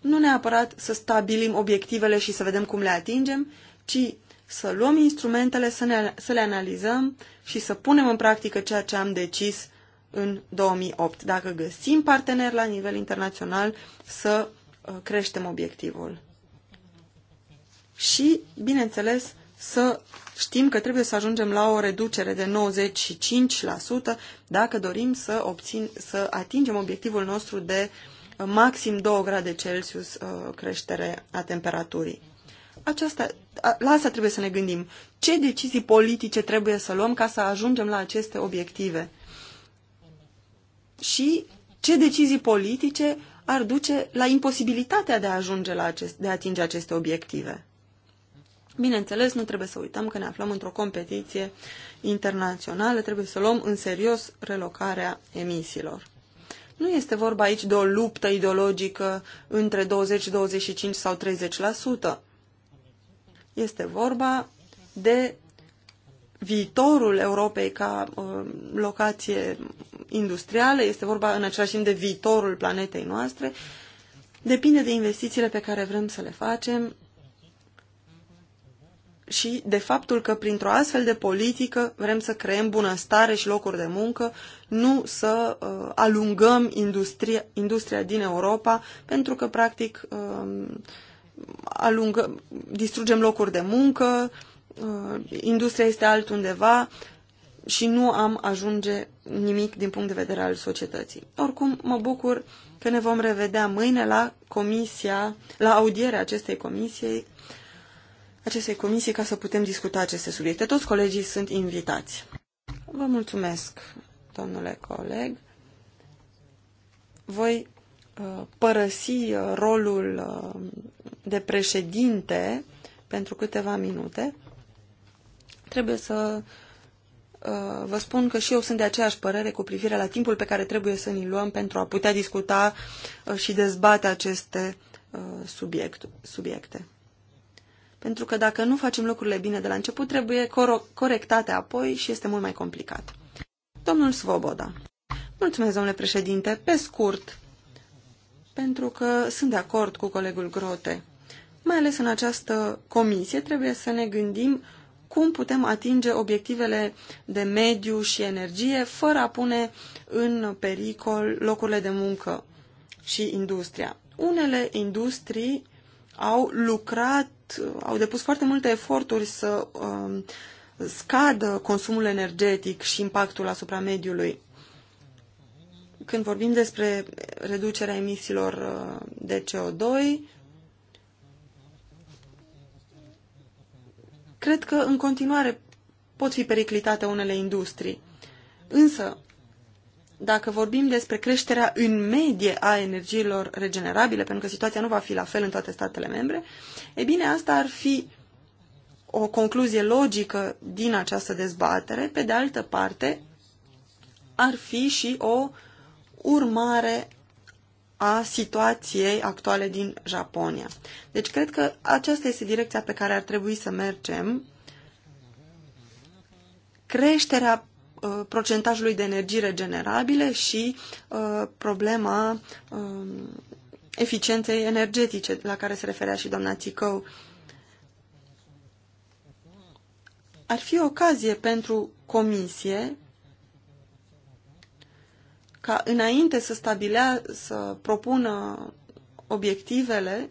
Nu neapărat să stabilim obiectivele și să vedem cum le atingem, ci să luăm instrumentele, să, ne, să le analizăm și să punem în practică ceea ce am decis în 2008. Dacă găsim parteneri la nivel internațional, să uh, creștem obiectivul. Și, bineînțeles, să Știm că trebuie să ajungem la o reducere de 95% dacă dorim să, obțin, să atingem obiectivul nostru de uh, maxim 2 grade Celsius uh, creștere a temperaturii. Aceasta, la asta trebuie să ne gândim. Ce decizii politice trebuie să luăm ca să ajungem la aceste obiective? Și ce decizii politice ar duce la imposibilitatea de a ajunge la acest, de a atinge aceste obiective? Bineînțeles, nu trebuie să uităm că ne aflăm într-o competiție internațională, trebuie să luăm în serios relocarea emisiilor. Nu este vorba aici de o luptă ideologică între 20, 25 sau 30%. Este vorba de viitorul Europei ca uh, locație industrială, este vorba în același timp de viitorul planetei noastre, depinde de investițiile pe care vrem să le facem, și de faptul că printr-o astfel de politică vrem să creăm bunăstare și locuri de muncă, nu să uh, alungăm industria, industria din Europa, pentru că, practic, uh, alungă, distrugem locuri de muncă, uh, industria este altundeva și nu am ajunge nimic din punct de vedere al societății. Oricum, mă bucur că ne vom revedea mâine la comisia, la audierea acestei comisiei acestei comisii ca să putem discuta aceste subiecte. Toți colegii sunt invitați. Vă mulțumesc, domnule coleg. Voi uh, părăsi uh, rolul uh, de președinte pentru câteva minute. Trebuie să vă spun că și eu sunt de aceeași părere cu privire la timpul pe care trebuie să ni luăm pentru a putea discuta și dezbate aceste subiect, subiecte pentru că dacă nu facem lucrurile bine de la început, trebuie corectate apoi și este mult mai complicat. Domnul Svoboda. Mulțumesc, domnule președinte. Pe scurt, pentru că sunt de acord cu colegul Grote. Mai ales în această comisie trebuie să ne gândim cum putem atinge obiectivele de mediu și energie fără a pune în pericol locurile de muncă și industria. Unele industrii au lucrat au depus foarte multe eforturi să um, scadă consumul energetic și impactul asupra mediului. Când vorbim despre reducerea emisiilor uh, de CO2, cred că în continuare pot fi periclitate unele industrii. Însă, dacă vorbim despre creșterea în medie a energiilor regenerabile, pentru că situația nu va fi la fel în toate statele membre, e bine, asta ar fi o concluzie logică din această dezbatere. Pe de altă parte, ar fi și o urmare a situației actuale din Japonia. Deci cred că aceasta este direcția pe care ar trebui să mergem. Creșterea Uh, procentajului de energii regenerabile și uh, problema um, eficienței energetice, la care se referea și doamna Țicău. Ar fi ocazie pentru comisie ca înainte să stabilea, să propună obiectivele,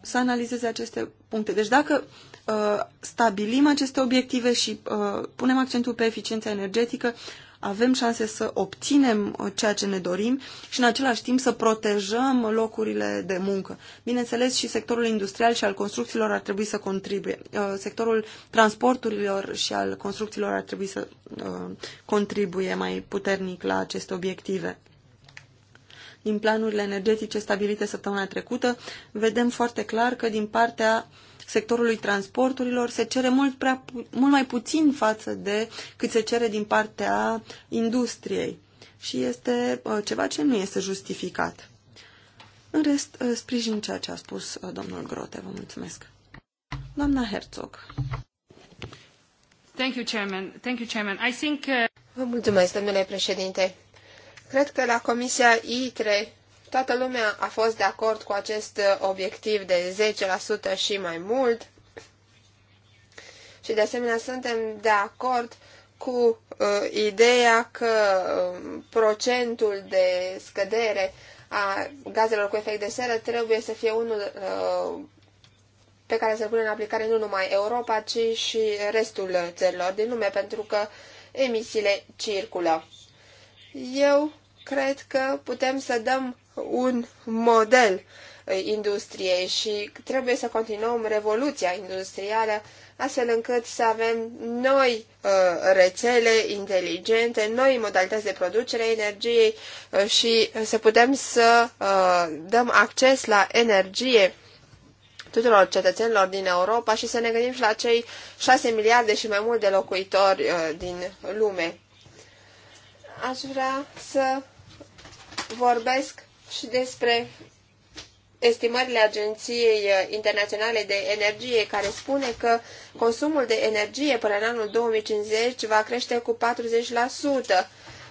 să analizeze aceste puncte. Deci dacă uh, Uh, stabilim aceste obiective și uh, punem accentul pe eficiența energetică, avem șanse să obținem uh, ceea ce ne dorim și în același timp să protejăm locurile de muncă. Bineînțeles, și sectorul industrial și al construcțiilor ar trebui să contribuie. Sectorul transporturilor și al construcțiilor ar trebui să contribuie mai puternic la aceste obiective. Din planurile energetice stabilite săptămâna trecută, vedem foarte clar că din partea sectorului transporturilor se cere mult, prea, mult mai puțin față de cât se cere din partea industriei. Și este uh, ceva ce nu este justificat. În rest, uh, sprijin ceea ce a spus uh, domnul Grote. Vă mulțumesc. Doamna Herzog. Thank you, Chairman. Thank you, Chairman. I think, uh... Vă mulțumesc, domnule președinte. Cred că la Comisia ITRE Toată lumea a fost de acord cu acest uh, obiectiv de 10% și mai mult. Și de asemenea suntem de acord cu uh, ideea că uh, procentul de scădere a gazelor cu efect de seră trebuie să fie unul uh, pe care să-l pune în aplicare nu numai Europa, ci și restul uh, țărilor din lume, pentru că emisiile circulă. Eu cred că putem să dăm un model uh, industriei și trebuie să continuăm revoluția industrială astfel încât să avem noi uh, rețele inteligente, noi modalități de producere a energiei uh, și să putem să dăm acces la energie tuturor cetățenilor din Europa și să ne gândim și la cei 6 miliarde și mai mult de locuitori din lume. Aș vrea să vorbesc și despre estimările Agenției Internaționale de Energie, care spune că consumul de energie până în anul 2050 va crește cu 40%,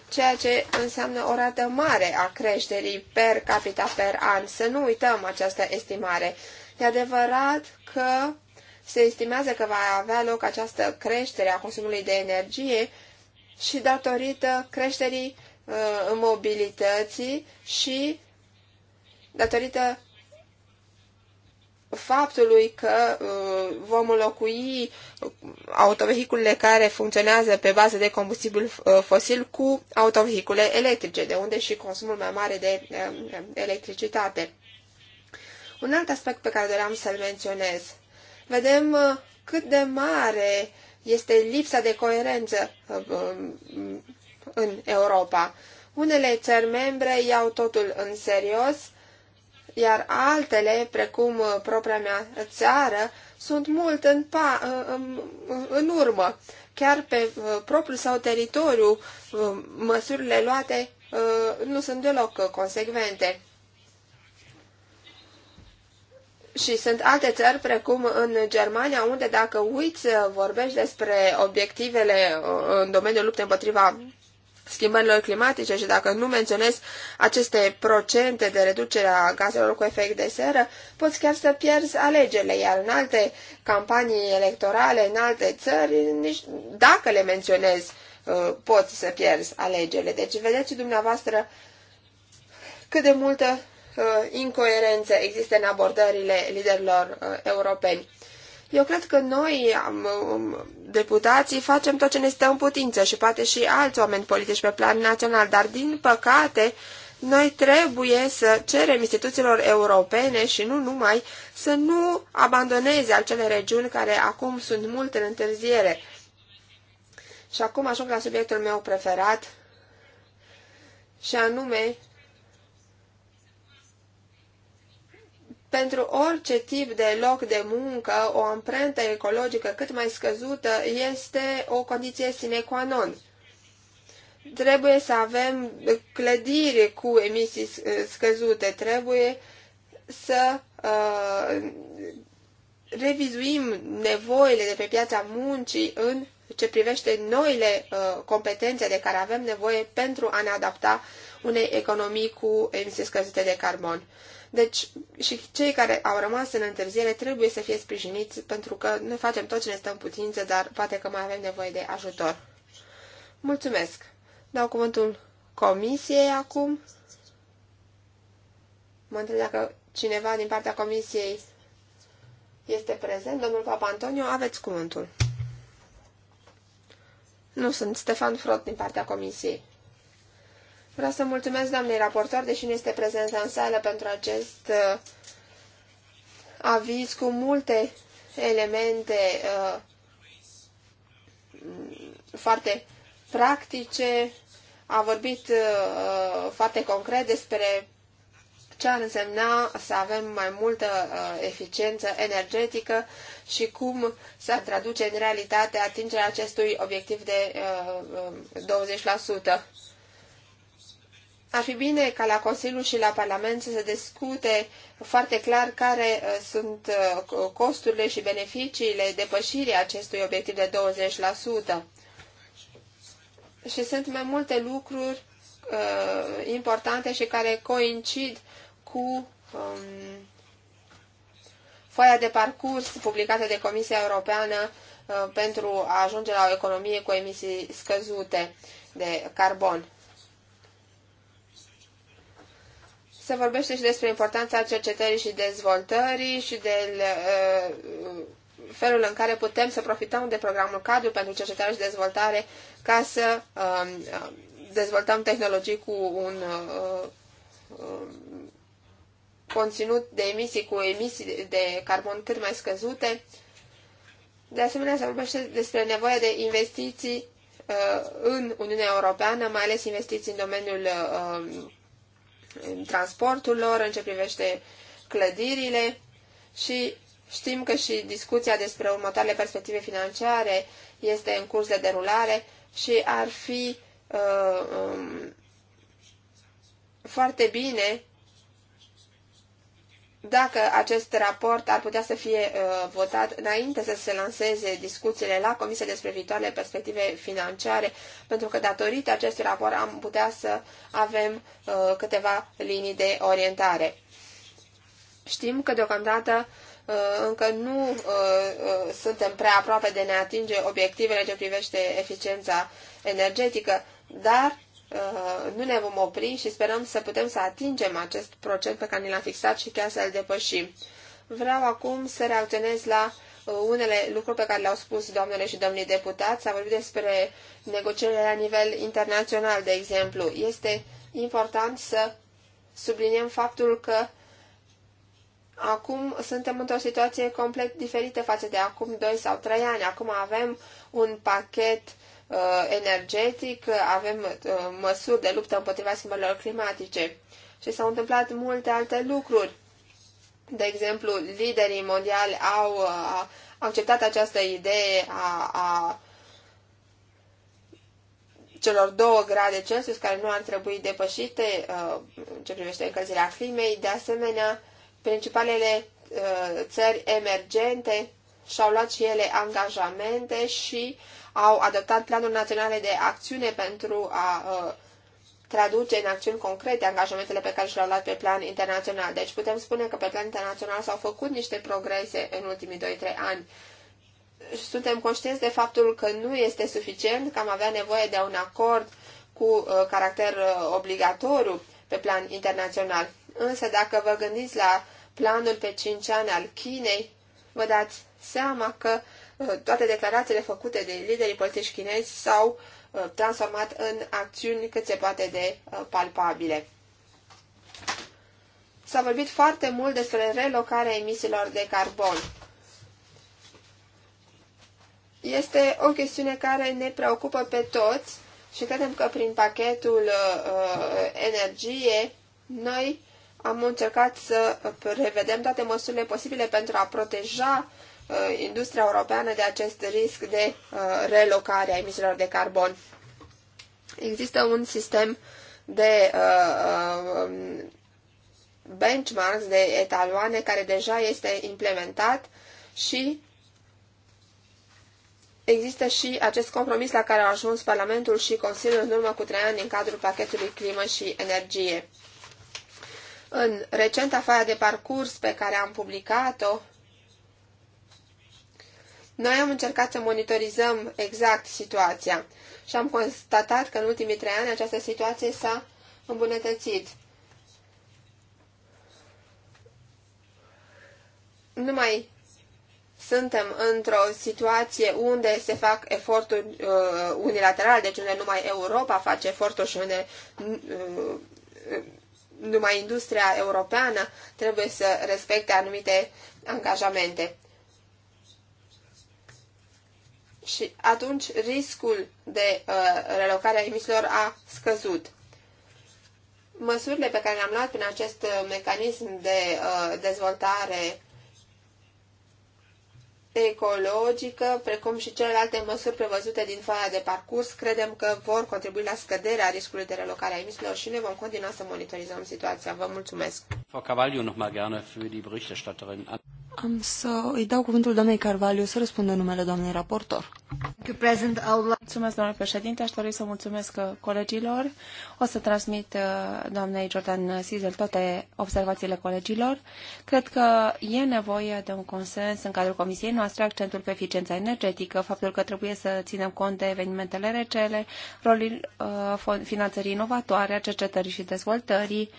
ceea ce înseamnă o rată mare a creșterii per capita per an. Să nu uităm această estimare. E adevărat că se estimează că va avea loc această creștere a consumului de energie și datorită creșterii uh, mobilității și datorită faptului că uh, vom înlocui uh, autovehiculele care funcționează pe bază de combustibil uh, fosil cu autovehicule electrice, de unde și consumul mai mare de uh, electricitate. Un alt aspect pe care doream să-l menționez. Vedem uh, cât de mare este lipsa de coerență uh, în Europa. Unele țări membre iau totul în serios, iar altele, precum uh, propria mea țară, sunt mult în, pa, uh, în, uh, în urmă. Chiar pe propriul sau teritoriu, măsurile luate nu sunt deloc consecvente. Și sunt alte țări, precum în Germania, unde dacă uiți, vorbești despre obiectivele în domeniul luptei împotriva schimbărilor climatice și dacă nu menționez aceste procente de reducere a gazelor cu efect de seră, poți chiar să pierzi alegerile, iar în alte campanii electorale, în alte țări, nici dacă le menționez, uh, poți să pierzi alegerile. Deci vedeți dumneavoastră cât de multă uh, incoerență există în abordările liderilor uh, europeni. Eu cred că noi, um, deputații, facem tot ce ne stă în putință și poate și alți oameni politici pe plan național, dar din păcate noi trebuie să cerem instituțiilor europene și nu numai să nu abandoneze acele regiuni care acum sunt mult în întârziere. Și acum ajung la subiectul meu preferat și anume Pentru orice tip de loc de muncă, o amprentă ecologică cât mai scăzută este o condiție sine qua non. Trebuie să avem clădiri cu emisii scăzute, trebuie să uh, revizuim nevoile de pe piața muncii în ce privește noile uh, competențe de care avem nevoie pentru a ne adapta unei economii cu emisii scăzute de carbon. Deci și cei care au rămas în întârziere trebuie să fie sprijiniți pentru că noi facem tot ce ne stă în putință, dar poate că mai avem nevoie de ajutor. Mulțumesc! Dau cuvântul comisiei acum. Mă întreb dacă cineva din partea comisiei este prezent. Domnul Papa Antonio, aveți cuvântul. Nu sunt Stefan Frot din partea comisiei. Vreau să mulțumesc doamnei raportor, deși nu este prezentă în sală, pentru acest uh, aviz cu multe elemente uh, foarte practice. A vorbit uh, uh foarte concret despre ce ar însemna să avem mai multă uh, eficiență energetică și cum să traduce în realitate atingerea acestui obiectiv de uh, 20%. Uh, ar fi bine ca la Consiliu și la Parlament să se discute foarte clar care uh, sunt uh, costurile și beneficiile depășirii acestui obiectiv de 20%. Și sunt mai multe lucruri uh, importante și care coincid cu um, foaia de parcurs publicată de Comisia Europeană uh, pentru a ajunge la o economie cu emisii scăzute de carbon. Se vorbește și despre importanța cercetării și dezvoltării și de uh, felul în care putem să profităm de programul cadru pentru cercetare și dezvoltare ca să um, uh, dezvoltăm tehnologii cu un uh, um, conținut de emisii cu emisii de carbon cât mai scăzute. De asemenea, se vorbește despre nevoia de investiții uh, în Uniunea Europeană, mai ales investiții în domeniul uh, transportul lor, în ce privește clădirile și știm că și discuția despre următoarele perspective financiare este în curs de derulare și ar fi uh, um, foarte bine dacă acest raport ar putea să fie uh, votat înainte să se lanseze discuțiile la Comisie despre viitoarele perspective financiare, pentru că datorită acestui raport am putea să avem uh, câteva linii de orientare. Știm că deocamdată uh, încă nu uh, uh, suntem prea aproape de ne atinge obiectivele ce privește eficiența energetică, dar Uh, nu ne vom opri și sperăm să putem să atingem acest procent pe care ni l-am fixat și chiar să-l depășim. Vreau acum să reacționez la uh, unele lucruri pe care le-au spus doamnele și domnii deputați. S-a vorbit despre negocierile la nivel internațional, de exemplu. Este important să subliniem faptul că acum suntem într-o situație complet diferită față de acum 2 sau 3 ani. Acum avem un pachet Uh, energetic, avem uh, măsuri de luptă împotriva schimbărilor climatice și s-au întâmplat multe alte lucruri. De exemplu, liderii mondiali au uh, acceptat această idee a, a celor două grade Celsius care nu ar trebui depășite în ce privește încălzirea climei. De asemenea, principalele țări emergente și-au luat și ele angajamente și uh, au adoptat planuri naționale de acțiune pentru a uh, traduce în acțiuni concrete angajamentele pe care și le-au luat pe plan internațional. Deci putem spune că pe plan internațional s-au făcut niște progrese în ultimii 2-3 ani. Suntem conștienți de faptul că nu este suficient, că am avea nevoie de un acord cu uh, caracter uh, obligatoriu pe plan internațional. Însă dacă vă gândiți la planul pe 5 ani al Chinei, vă dați seama că Uh, toate declarațiile făcute de liderii politici chinezi s-au uh, transformat în acțiuni cât se poate de uh, palpabile. S-a vorbit foarte mult despre relocarea emisiilor de carbon. Este o chestiune care ne preocupă pe toți și credem că prin pachetul uh, energie noi am încercat să revedem toate măsurile posibile pentru a proteja uh, Uh, industria europeană de acest risc de uh, relocare a emisiilor de carbon. Există un sistem de uh, um, benchmarks, de etaloane care deja este implementat și Există și acest compromis la care au ajuns Parlamentul și Consiliul în urmă cu trei ani în cadrul pachetului climă și energie. În recenta faia de parcurs pe care am publicat-o noi am încercat să monitorizăm exact situația și am constatat că în ultimii trei ani această situație s-a îmbunătățit. Nu mai suntem într-o situație unde se fac eforturi uh, unilaterale, deci unde numai Europa face eforturi și unde uh, uh numai industria europeană trebuie să respecte anumite angajamente și atunci riscul de uh, relocare a emisiilor a scăzut. Măsurile pe care le-am luat prin acest uh, mecanism de uh, dezvoltare ecologică, precum și celelalte măsuri prevăzute din foaia de parcurs, credem că vor contribui la scăderea riscului de relocare a emisiilor și ne vom continua să monitorizăm situația. Vă mulțumesc! Am să îi dau cuvântul doamnei Carvaliu să răspundă numele doamnei raportor. Mulțumesc, domnule președinte. Aș dori să mulțumesc uh, colegilor. O să transmit uh, doamnei Jordan Sizel toate observațiile colegilor. Cred că e nevoie de un consens în cadrul Comisiei noastre accentul pe eficiența energetică, faptul că trebuie să ținem cont de evenimentele recele, rolul uh, finanțării inovatoare, a cercetării și dezvoltării,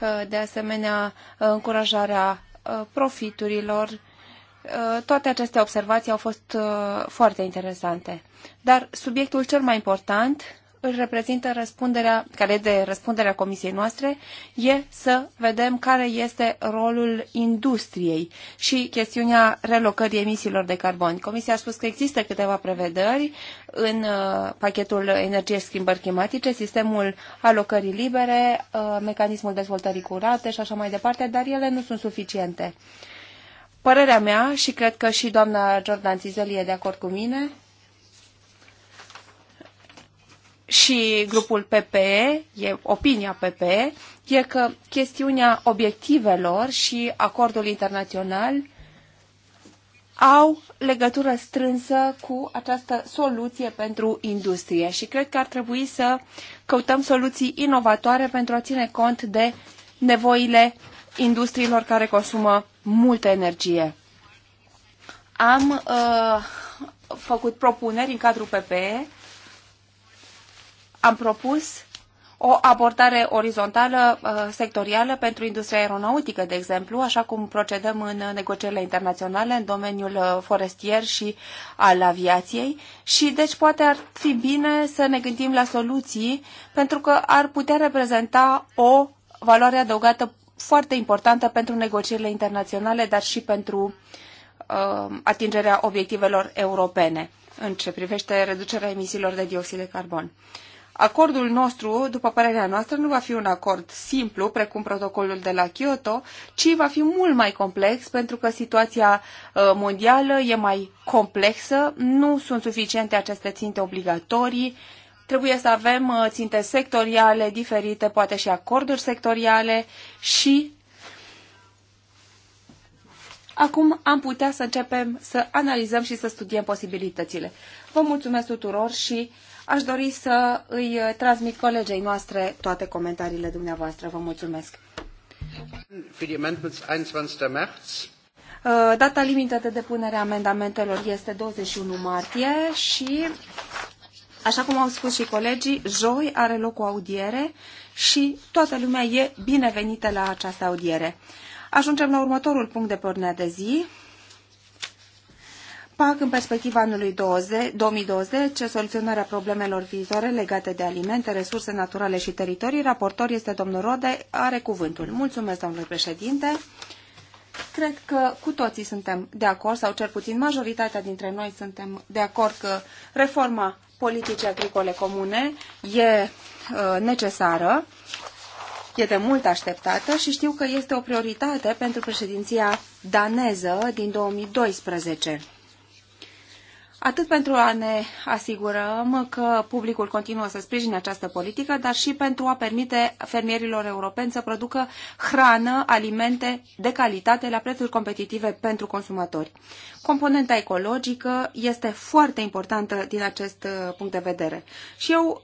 uh, de asemenea uh, încurajarea uh, profiturilor. Uh, toate aceste observații au fost uh, foarte interesante. Dar subiectul cel mai important își reprezintă răspunderea, care e de răspunderea comisiei noastre, e să vedem care este rolul industriei și chestiunea relocării emisiilor de carbon. Comisia a spus că există câteva prevederi în uh, pachetul energie schimbări climatice, sistemul alocării libere, uh, mecanismul dezvoltării curate și așa mai departe, dar ele nu sunt suficiente. Părerea mea, și cred că și doamna Jordan Țizeli e de acord cu mine, și grupul PPE, e opinia PPE, e că chestiunea obiectivelor și acordul internațional au legătură strânsă cu această soluție pentru industrie și cred că ar trebui să căutăm soluții inovatoare pentru a ține cont de nevoile industriilor care consumă multă energie. Am uh, făcut propuneri în cadrul PPE am propus o abordare orizontală uh, sectorială pentru industria aeronautică, de exemplu, așa cum procedăm în negocierile internaționale în domeniul uh, forestier și al aviației și deci poate ar fi bine să ne gândim la soluții pentru că ar putea reprezenta o valoare adăugată foarte importantă pentru negocierile internaționale, dar și pentru uh, atingerea obiectivelor europene în ce privește reducerea emisiilor de dioxid de carbon. Uh, Acordul nostru, după părerea noastră, nu va fi un acord simplu, precum protocolul de la Kyoto, ci va fi mult mai complex, pentru că situația ă, mondială e mai complexă, nu sunt suficiente aceste ținte obligatorii, trebuie să avem ă, ținte sectoriale diferite, poate și acorduri sectoriale și Acum am putea să începem să analizăm și să studiem posibilitățile. Vă mulțumesc tuturor și Aș dori să îi transmit colegei noastre toate comentariile dumneavoastră. Vă mulțumesc. Uh, data limită de depunere a amendamentelor este 21 martie și, așa cum au spus și colegii, joi are loc o audiere și toată lumea e binevenită la această audiere. Ajungem la următorul punct de pornire de zi, PAC în perspectiva anului 2020, 2020, soluționarea problemelor viitoare legate de alimente, resurse naturale și teritorii. Raportor este domnul Rode, are cuvântul. Mulțumesc, domnule președinte. Cred că cu toții suntem de acord, sau cel puțin majoritatea dintre noi suntem de acord că reforma politicii agricole comune e uh, necesară, e de mult așteptată și știu că este o prioritate pentru președinția daneză din 2012 atât pentru a ne asigurăm că publicul continuă să sprijine această politică, dar și pentru a permite fermierilor europeni să producă hrană, alimente de calitate la prețuri competitive pentru consumatori. Componenta ecologică este foarte importantă din acest uh, punct de vedere. Și eu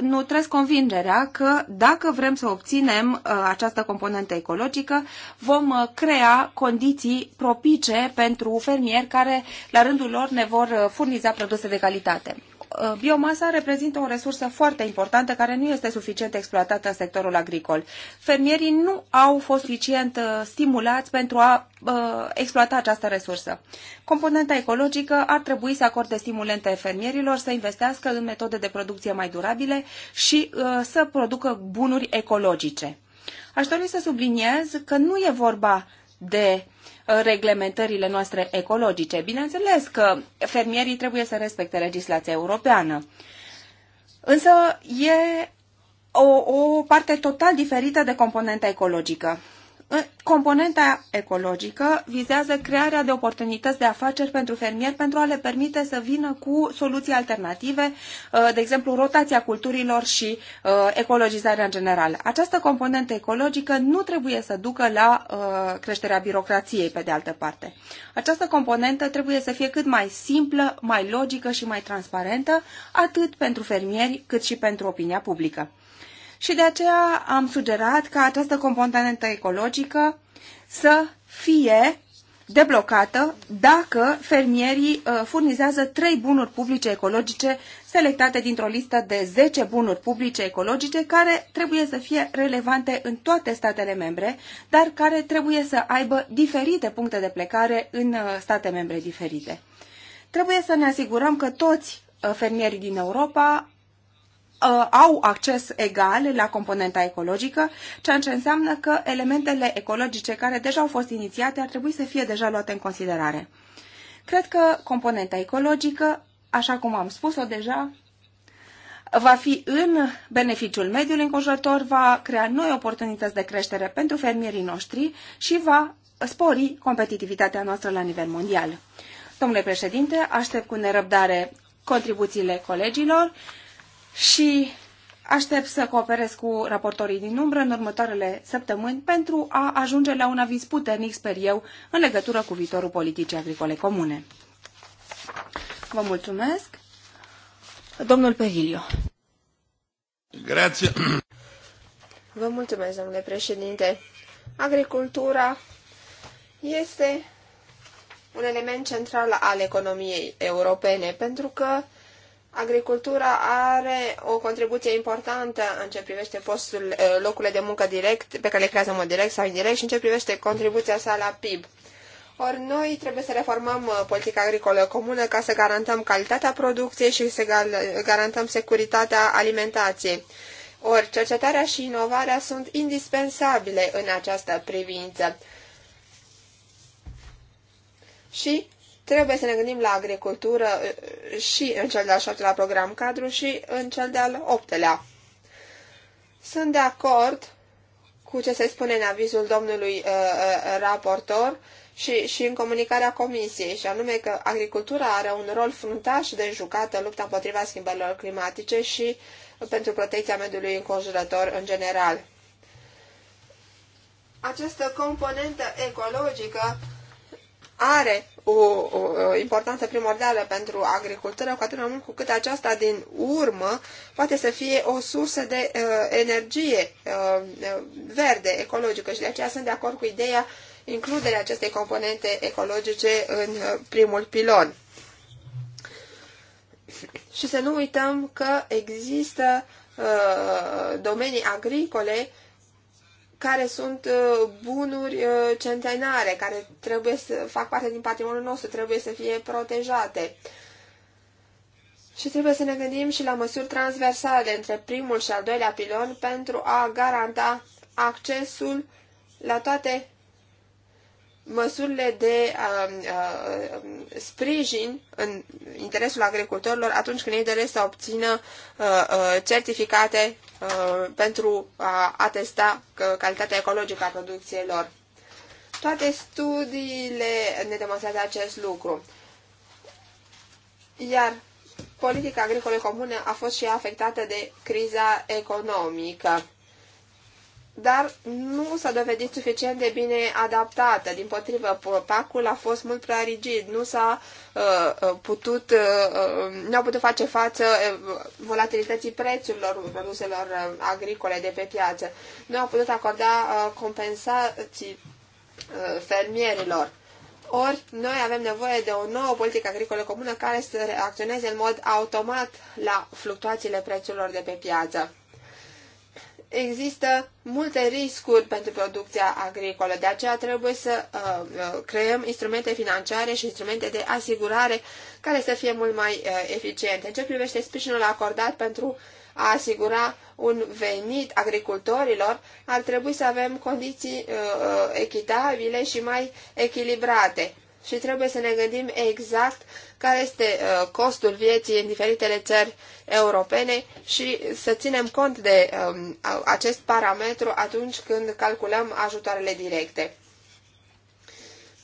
nutresc convingerea că dacă vrem să obținem uh, această componentă ecologică, vom uh, crea condiții propice pentru fermieri care, la rândul lor, ne vor uh, furniza produse de calitate. Uh, biomasa reprezintă o resursă foarte importantă care nu este suficient exploatată în sectorul agricol. Fermierii nu au fost suficient uh, stimulați pentru a uh, exploata această resursă. Componenta ecologică ar trebui să acorde stimulente fermierilor să investească în metode de producție mai durabile și să producă bunuri ecologice. Aș dori să subliniez că nu e vorba de reglementările noastre ecologice. Bineînțeles că fermierii trebuie să respecte legislația europeană. Însă e o, o parte total diferită de componenta ecologică. Componenta ecologică vizează crearea de oportunități de afaceri pentru fermieri pentru a le permite să vină cu soluții alternative, uh, de exemplu rotația culturilor și uh, ecologizarea în general. Această componentă ecologică nu trebuie să ducă la uh, creșterea birocrației, pe de altă parte. Această componentă trebuie să fie cât mai simplă, mai logică și mai transparentă, atât pentru fermieri cât și pentru opinia publică și de aceea am sugerat ca această componentă ecologică să fie deblocată dacă fermierii uh, furnizează trei bunuri publice ecologice selectate dintr-o listă de 10 bunuri publice ecologice care trebuie să fie relevante în toate statele membre, dar care trebuie să aibă diferite puncte de plecare în uh, state membre diferite. Trebuie să ne asigurăm că toți uh, fermierii din Europa Uh, au acces egal la componenta ecologică, ceea ce înseamnă că elementele ecologice care deja au fost inițiate ar trebui să fie deja luate în considerare. Cred că componenta ecologică, așa cum am spus-o deja, va fi în beneficiul mediului înconjurător, va crea noi oportunități de creștere pentru fermierii noștri și va spori competitivitatea noastră la nivel mondial. Domnule președinte, aștept cu nerăbdare contribuțiile colegilor și aștept să cooperez cu raportorii din umbră în următoarele săptămâni pentru a ajunge la un aviz puternic, sper eu, în legătură cu viitorul politicii agricole comune. Vă mulțumesc. Domnul Perilio. Grație. Vă mulțumesc, domnule președinte. Agricultura este un element central al economiei europene, pentru că Agricultura are o contribuție importantă în ce privește postul, eh, locurile de muncă direct, pe care le creează în mod direct sau indirect, și în ce privește contribuția sa la PIB. Ori noi trebuie să reformăm eh, politica agricolă comună ca să garantăm calitatea producției și să garantăm securitatea alimentației. Ori cercetarea și inovarea sunt indispensabile în această privință. Și Trebuie să ne gândim la agricultură și în cel de-al șaptelea program cadru și în cel de-al optelea. Sunt de acord cu ce se spune în avizul domnului uh, uh, raportor și, și în comunicarea comisiei, și anume că agricultura are un rol fruntaș de jucat în lupta împotriva schimbărilor climatice și pentru protecția mediului înconjurător în general. Această componentă ecologică are o, o, o importanță primordială pentru agricultură, cu atât mai mult cu cât aceasta din urmă poate să fie o sursă de uh, energie uh, uh verde, ecologică și de aceea sunt de acord cu ideea includerea acestei componente ecologice în uh, primul pilon. Și să nu uităm că există uh, domenii agricole uh, care sunt uh, bunuri uh, centenare, care trebuie să fac parte din patrimoniul nostru, trebuie să fie protejate. Și trebuie să ne gândim și la măsuri transversale între primul și al doilea pilon pentru a garanta accesul la toate măsurile de um, uh, uh, sprijin în interesul agricultorilor atunci când ei doresc să obțină uh, uh, certificate uh, pentru a atesta uh, calitatea ecologică a producției lor. Toate studiile ne demonstrează acest lucru. Iar politica agricolă comună a fost și afectată de criza economică dar nu s-a dovedit suficient de bine adaptată. Din potrivă, pacul a fost mult prea rigid, nu s-a uh, uh putut, uh, uh nu a putut face față uh, volatilității prețurilor produselor agricole de pe piață. Nu a putut acorda uh, compensații uh, fermierilor. Ori noi avem nevoie de o nouă politică agricolă comună care să reacționeze în mod automat la fluctuațiile prețurilor de pe piață există multe riscuri pentru producția agricolă, de aceea trebuie să uh, uh, creăm instrumente financiare și instrumente de asigurare care să fie mult mai uh, eficiente. În ce privește sprijinul acordat pentru a asigura un venit agricultorilor, ar trebui să avem condiții uh, uh echitabile și mai echilibrate și trebuie să ne gândim exact care este uh, costul vieții în diferitele țări europene și să ținem cont de um, acest parametru atunci când calculăm ajutoarele directe.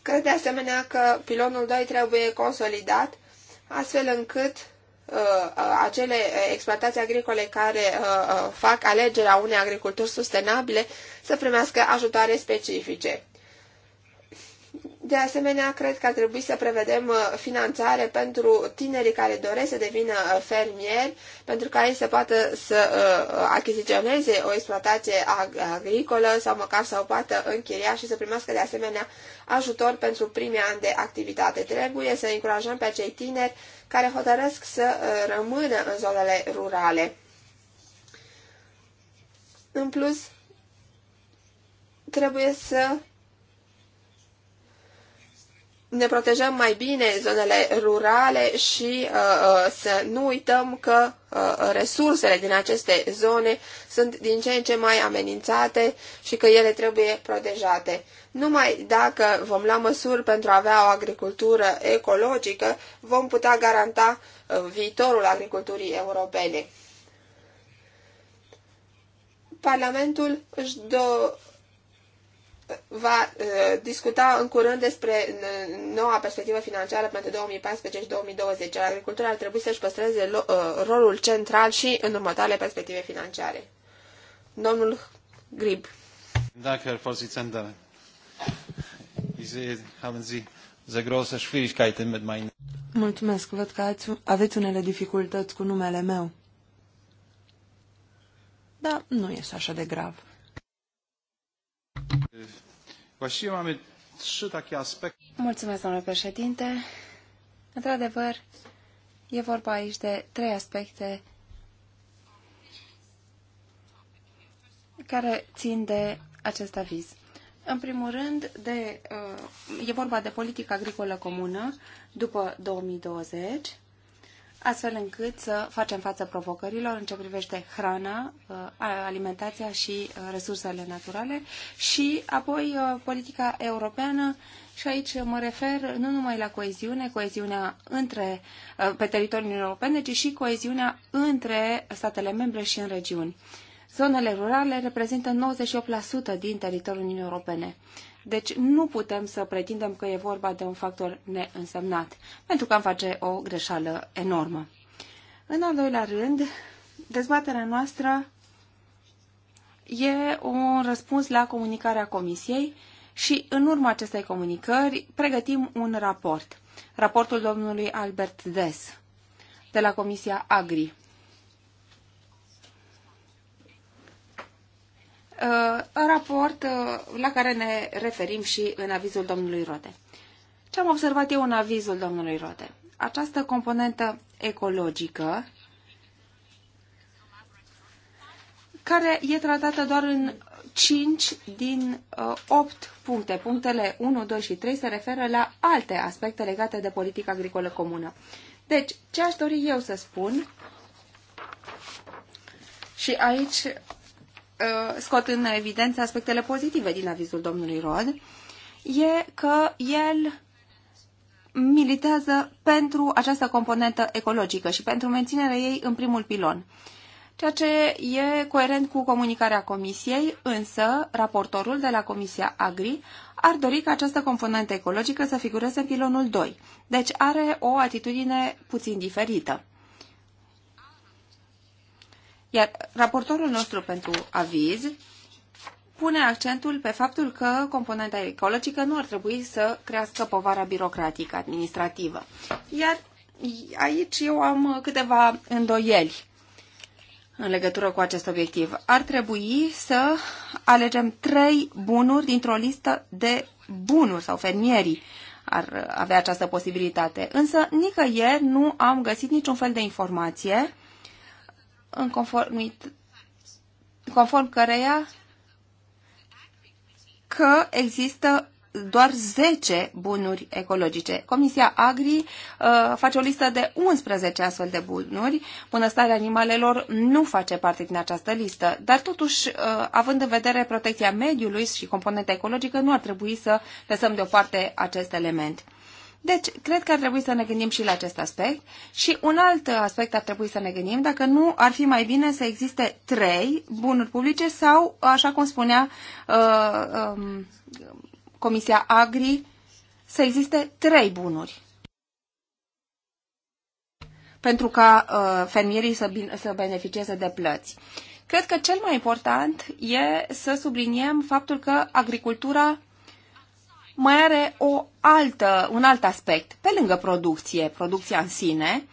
Cred de asemenea că pilonul 2 trebuie consolidat astfel încât uh, uh, acele exploatații agricole care fac alegerea unei agriculturi sustenabile să primească ajutoare specifice. De asemenea, cred că ar trebui să prevedem uh, finanțare pentru tinerii care doresc să devină uh, fermieri, pentru ca ei să poată să uh, achiziționeze o exploatație agricolă sau măcar să o poată închiria și să primească de asemenea ajutor pentru primii ani de activitate. Trebuie să încurajăm pe acei tineri care hotărăsc să rămână în zonele rurale. În plus, trebuie să ne protejăm mai bine zonele rurale și uh, uh, să nu uităm că uh, resursele din aceste zone sunt din ce în ce mai amenințate și că ele trebuie protejate. Numai dacă vom lua măsuri pentru a avea o agricultură ecologică, vom putea garanta uh, viitorul agriculturii europene. Parlamentul își do- va uh, discuta în curând despre uh, noua perspectivă financiară pentru 2014 și 2020. Agricultura ar trebui să-și păstreze uh, rolul central și în următoarele perspective financiare. Domnul Grib. Danke, Herr Vorsitzender. Mulțumesc, văd că ați, aveți unele dificultăți cu numele meu. Dar nu este așa de grav. Właściwie mamy trzy takie aspecte. Mulțumesc, domnule președinte. Într-adevăr, e vorba aici de trei aspecte care țin de acest aviz. În primul rând, de, uh, e vorba de politica agricolă comună după 2020 astfel încât să facem față provocărilor în ce privește hrana, uh, alimentația și uh, resursele naturale și apoi uh, politica europeană și aici mă refer nu numai la coeziune, coeziunea între, pe teritoriul Uniunii Europene, ci și coeziunea între statele membre și în regiuni. Zonele rurale reprezintă 98% din teritoriul Uniunii Europene. Deci nu putem să pretindem că e vorba de un factor neînsemnat, pentru că am face o greșeală enormă. În al doilea rând, dezbaterea noastră e un răspuns la comunicarea Comisiei și în urma acestei comunicări pregătim un raport. Raportul domnului Albert Des de la Comisia Agri în uh, raport uh, la care ne referim și în avizul domnului Rote. Ce am observat eu în avizul domnului Rote? Această componentă ecologică care e tratată doar în 5 din 8 uh, puncte. Punctele 1, 2 și 3 se referă la alte aspecte legate de politica agricolă comună. Deci, ce aș dori eu să spun, și aici Uh, scot în evidență aspectele pozitive din avizul domnului Rod, e că el militează pentru această componentă ecologică și pentru menținerea ei în primul pilon. Ceea ce e coerent cu comunicarea Comisiei, însă raportorul de la Comisia Agri ar dori ca această componentă ecologică să figureze în pilonul 2, deci are o atitudine puțin diferită. Iar raportorul nostru pentru aviz pune accentul pe faptul că componenta ecologică nu ar trebui să crească povara birocratică administrativă. Iar aici eu am câteva îndoieli în legătură cu acest obiectiv. Ar trebui să alegem trei bunuri dintr-o listă de bunuri sau fermierii ar avea această posibilitate. Însă nicăieri nu am găsit niciun fel de informație în conform, conform căreia că există doar 10 bunuri ecologice. Comisia Agri uh, face o listă de 11 astfel de bunuri. Bunăstarea animalelor nu face parte din această listă, dar totuși, uh, având în vedere protecția mediului și componenta ecologică, nu ar trebui să lăsăm deoparte acest element. Deci, cred că ar trebui să ne gândim și la acest aspect. Și un alt aspect ar trebui să ne gândim, dacă nu, ar fi mai bine să existe trei bunuri publice sau, așa cum spunea uh, um, Comisia Agri, să existe trei bunuri. Pentru ca uh, fermierii să, să beneficieze de plăți. Cred că cel mai important e să subliniem faptul că agricultura mai are o altă, un alt aspect. Pe lângă producție, producția în sine,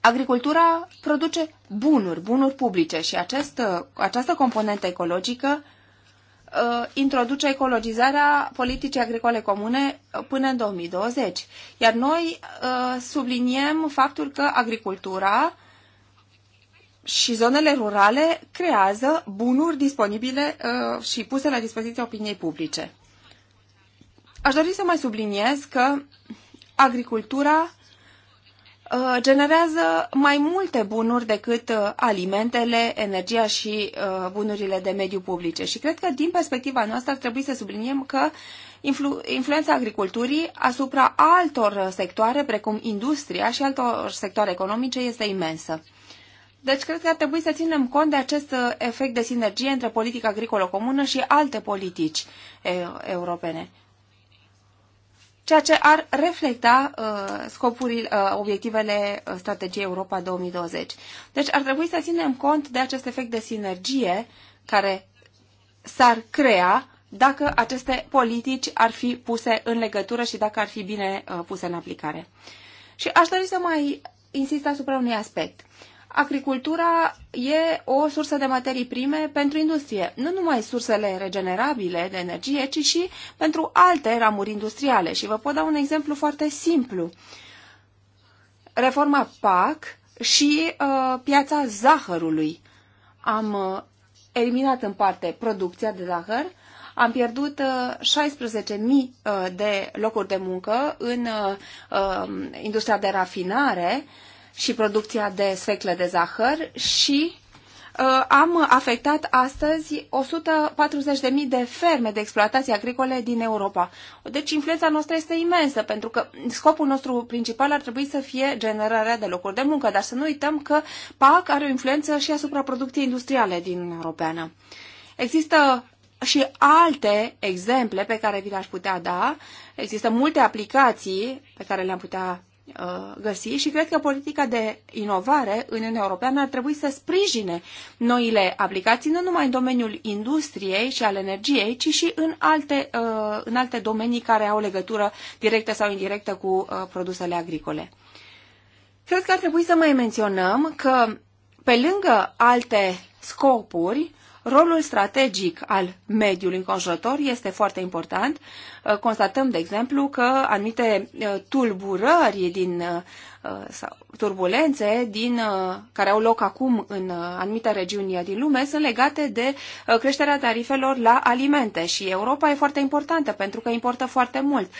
agricultura produce bunuri, bunuri publice și această, această componentă ecologică uh, introduce ecologizarea politicii agricole comune uh, până în 2020. Iar noi uh, subliniem faptul că agricultura și zonele rurale creează bunuri disponibile și puse la dispoziție opiniei publice. Aș dori să mai subliniez că agricultura uh, generează mai multe bunuri decât uh, alimentele, energia și uh, bunurile de mediu publice. Și cred că din perspectiva noastră ar trebui să subliniem că influ- influența agriculturii asupra altor sectoare, precum industria și altor sectoare economice, este imensă. Deci cred că ar trebui să ținem cont de acest efect de sinergie între politica agricolă comună și alte politici europene ceea ce ar reflecta uh, scopurile, uh, obiectivele uh, strategiei Europa 2020. Deci ar trebui să ținem cont de acest efect de sinergie care s-ar crea dacă aceste politici ar fi puse în legătură și dacă ar fi bine uh, puse în aplicare. Și aș dori să mai insist asupra unui aspect. Uh, agricultura e o sursă de materii prime pentru industrie. Nu numai sursele regenerabile de energie, ci și pentru alte ramuri industriale. Și vă pot da un exemplu foarte simplu. Reforma PAC și uh, piața zahărului. Am uh, eliminat în parte producția de zahăr, am pierdut 16.000 uh, uh, de locuri de muncă în uh, industria de rafinare, și producția de sfeclă de zahăr și uh, am afectat astăzi 140.000 de ferme de exploatații agricole din Europa. Deci influența noastră este imensă, pentru că scopul nostru principal ar trebui să fie generarea de locuri de muncă, dar să nu uităm că PAC are o influență și asupra producției industriale din Europeană. Există și alte exemple pe care vi le-aș putea da. Există multe aplicații pe care le-am putea Uh, găsi și cred că politica de inovare în Uniunea Europeană ar trebui să sprijine noile aplicații, nu numai în domeniul industriei și al energiei, ci și în alte, uh, în alte domenii care au legătură directă sau indirectă cu uh, produsele agricole. Cred că ar trebui să mai menționăm că pe lângă alte scopuri, Rolul strategic al mediului înconjurător este foarte important. Uh, constatăm, de exemplu, că anumite uh, tulburări din uh, turbulențe din, care au loc acum în anumite regiuni din lume sunt legate de creșterea tarifelor la alimente și Europa e foarte importantă pentru că importă foarte mult. 70%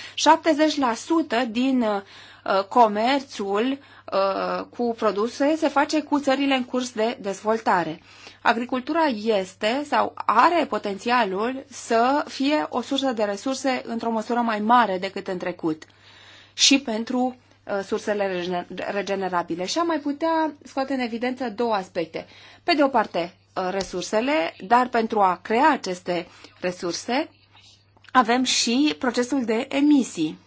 din uh, Uh, comerțul uh, cu produse se face cu țările în curs de dezvoltare. Agricultura este sau are potențialul să fie o sursă de resurse într-o măsură mai mare decât în trecut și pentru uh, sursele regenerabile. Și am mai putea scoate în evidență două aspecte. Pe de o parte, resursele, dar pentru a crea aceste resurse avem și procesul de emisii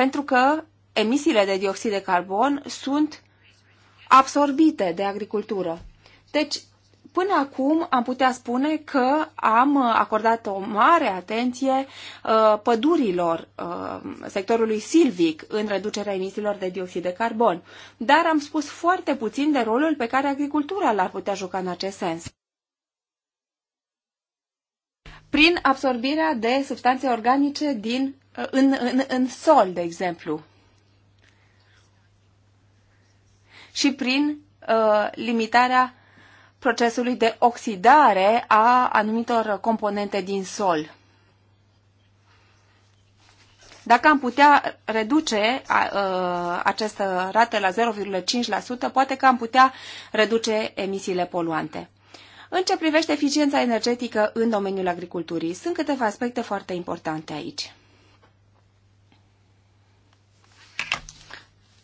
pentru că emisiile de dioxid de carbon sunt absorbite de agricultură. Deci, până acum am putea spune că am acordat o mare atenție uh, pădurilor, uh, sectorului silvic în reducerea emisiilor de dioxid de carbon, dar am spus foarte puțin de rolul pe care agricultura l-ar putea juca în acest sens prin absorbirea de substanțe organice din, în, în, în sol, de exemplu, și prin uh, limitarea procesului de oxidare a anumitor componente din sol. Dacă am putea reduce a, uh, această rată la 0,5%, poate că am putea reduce emisiile poluante. În ce privește eficiența energetică în domeniul agriculturii, sunt câteva aspecte foarte importante aici.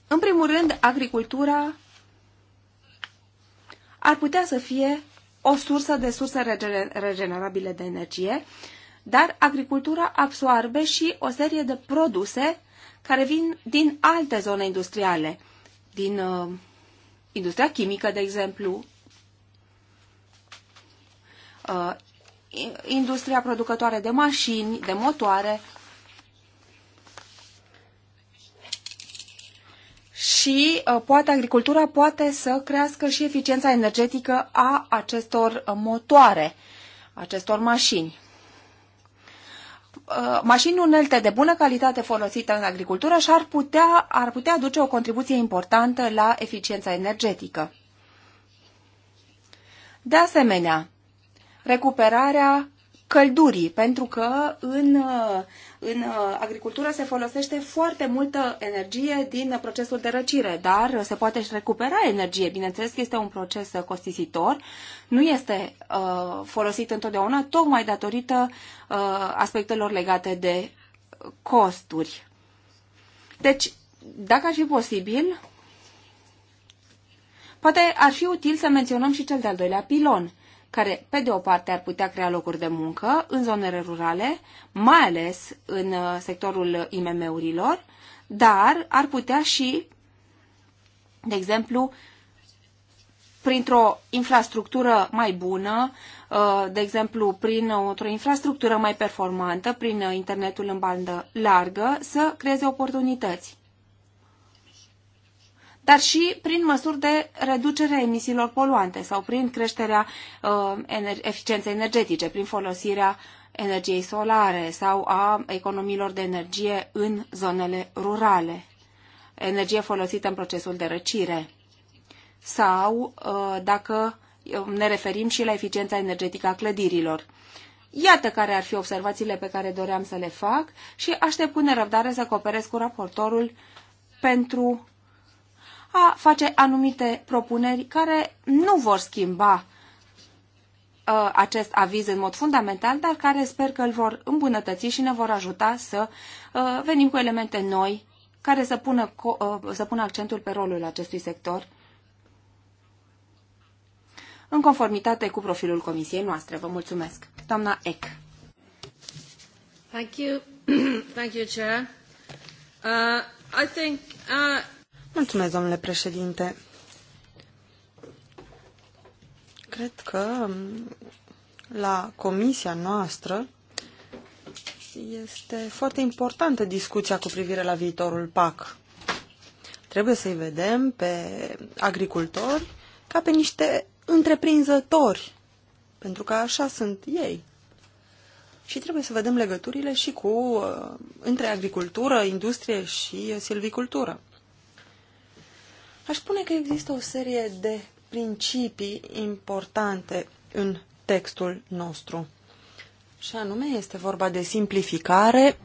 În primul rând, agricultura ar putea să fie o sursă de surse regenerabile de energie, dar agricultura absoarbe și o serie de produse care vin din alte zone industriale, din uh, industria chimică, de exemplu, Uh, industria producătoare de mașini, de motoare și uh, poate agricultura poate să crească și eficiența energetică a acestor uh, motoare, acestor mașini mașini unelte de bună calitate folosite în agricultură și ar putea, ar putea aduce o contribuție importantă la eficiența energetică. De asemenea, recuperarea căldurii, pentru că în, în agricultură se folosește foarte multă energie din procesul de răcire, dar se poate și recupera energie. Bineînțeles că este un proces costisitor, nu este uh, folosit întotdeauna, tocmai datorită uh, aspectelor legate de costuri. Deci, dacă ar fi posibil, poate ar fi util să menționăm și cel de-al doilea pilon – care, pe de o parte, ar putea crea locuri de muncă în zonele rurale, mai ales în uh, sectorul IMM-urilor, dar ar putea și, de exemplu, printr-o infrastructură mai bună, uh, de exemplu, prin uh, o infrastructură mai performantă, prin internetul în bandă largă, să creeze oportunități dar și prin măsuri de reducere a emisiilor poluante sau prin creșterea uh, ener eficienței energetice, prin folosirea energiei solare sau a economiilor de energie în zonele rurale, energie folosită în procesul de răcire sau uh, dacă uh, ne referim și la eficiența energetică a clădirilor. Iată care ar fi observațiile pe care doream să le fac și aștept cu nerăbdare să cooperez cu raportorul pentru a face anumite propuneri care nu vor schimba uh, acest aviz în mod fundamental, dar care sper că îl vor îmbunătăți și ne vor ajuta să uh, venim cu elemente noi care să pună, uh, să pună accentul pe rolul acestui sector în conformitate cu profilul comisiei noastre. Vă mulțumesc. Doamna Eck. Thank you. Thank you, Chair. Uh, I think uh, Mulțumesc, domnule președinte. Cred că um, la comisia noastră este foarte importantă discuția cu privire la viitorul PAC. Trebuie să-i vedem pe agricultori ca pe niște întreprinzători, pentru că așa sunt ei. Și trebuie să vedem legăturile și cu uh, între agricultură, industrie și silvicultură. Aș spune că există o serie de principii importante în textul nostru. Și anume este vorba de simplificare,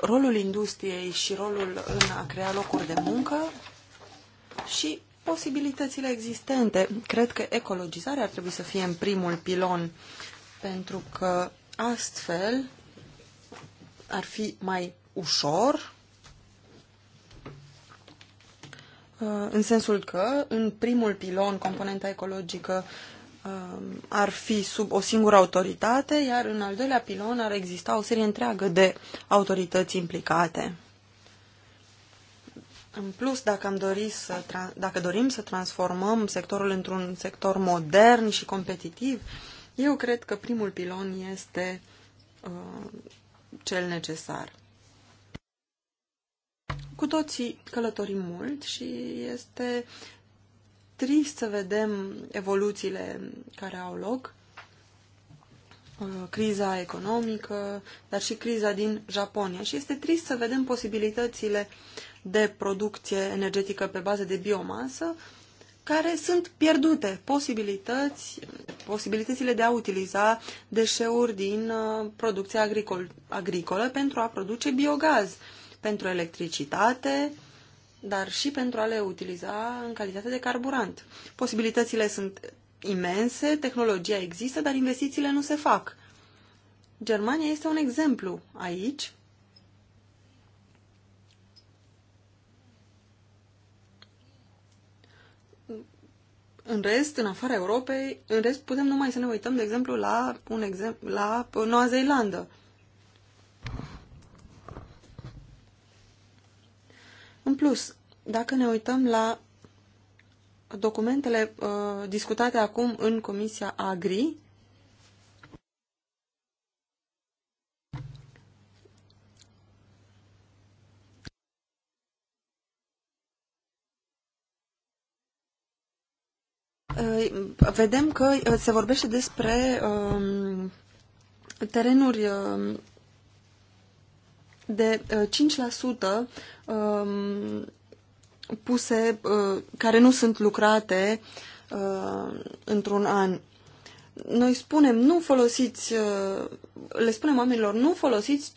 rolul industriei și rolul în a crea locuri de muncă și posibilitățile existente. Cred că ecologizarea ar trebui să fie în primul pilon, pentru că astfel ar fi mai ușor, uh, în sensul că în primul pilon componenta ecologică um, ar fi sub o singură autoritate, iar în al doilea pilon ar exista o serie întreagă de autorități implicate. În plus, dacă, am dori să, dacă dorim să transformăm sectorul într-un sector modern și competitiv, eu cred că primul pilon este uh, cel necesar. Cu toții călătorim mult și este trist să vedem evoluțiile care au loc. Uh, criza economică, dar și criza din Japonia. Și este trist să vedem posibilitățile de producție energetică pe bază de biomasă care sunt pierdute posibilități, posibilitățile de a utiliza deșeuri din uh, producția agricol, agricolă pentru a produce biogaz. Uh, pentru electricitate, dar și pentru a le utiliza în calitate de carburant. Posibilitățile sunt imense, tehnologia există, dar investițiile nu se fac. Germania este un exemplu aici. În rest, în afara Europei, în rest putem numai să ne uităm, de exemplu, la, un exemplu, la Noua Zeelandă. În plus, dacă ne uităm la documentele uh, discutate acum în Comisia Agri, uh, vedem că uh, se vorbește despre um, terenuri um, de 5% uh, um, puse, uh, care nu sunt lucrate uh, într-un an. Noi spunem, nu folosiți, le spunem oamenilor, nu folosiți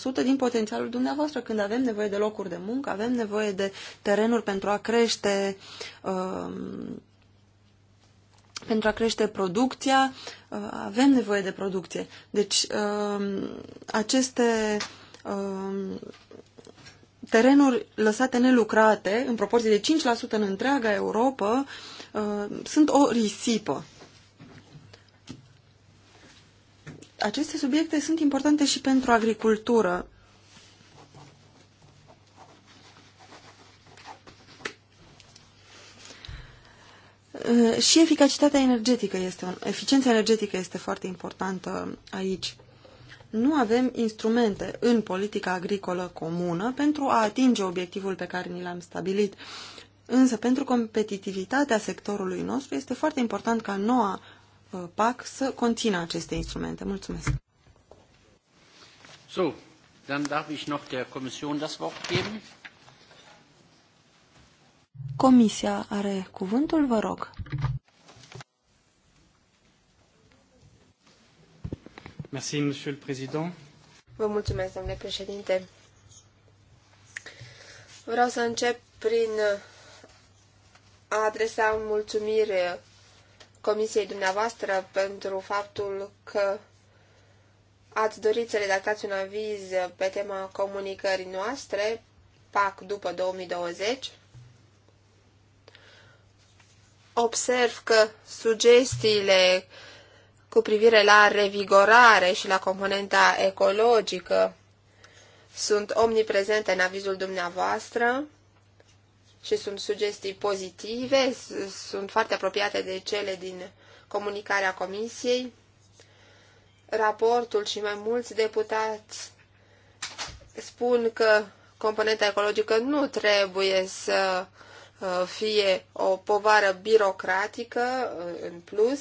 5% din potențialul dumneavoastră când avem nevoie de locuri de muncă, avem nevoie de terenuri pentru a crește um, pentru a crește producția, avem nevoie de producție. Deci um, aceste Um, terenuri lăsate nelucrate, în proporție de 5% în întreaga Europa, uh, sunt o risipă. Aceste subiecte sunt importante și pentru agricultură. Uh, și eficacitatea energetică este, eficiența energetică este foarte importantă aici nu avem instrumente în politica agricolă comună pentru a atinge obiectivul pe care ni l-am stabilit. Însă, pentru competitivitatea sectorului nostru, este foarte important ca noua uh, PAC să conțină aceste instrumente. Mulțumesc! So, dann darf ich noch der Kommission das Wort geben. Comisia are cuvântul, vă rog. Merci, Monsieur le Président. Vă mulțumesc, domnule președinte. Vreau să încep prin a adresa mulțumire Comisiei dumneavoastră pentru faptul că ați dorit să redactați un aviz pe tema comunicării noastre, PAC după 2020. Observ că sugestiile uh, cu privire la revigorare și la componenta ecologică sunt omniprezente în avizul dumneavoastră și sunt sugestii pozitive, sunt foarte apropiate de cele din comunicarea comisiei. Raportul și mai mulți deputați spun că componenta ecologică nu trebuie să uh, fie o povară birocratică uh, în plus,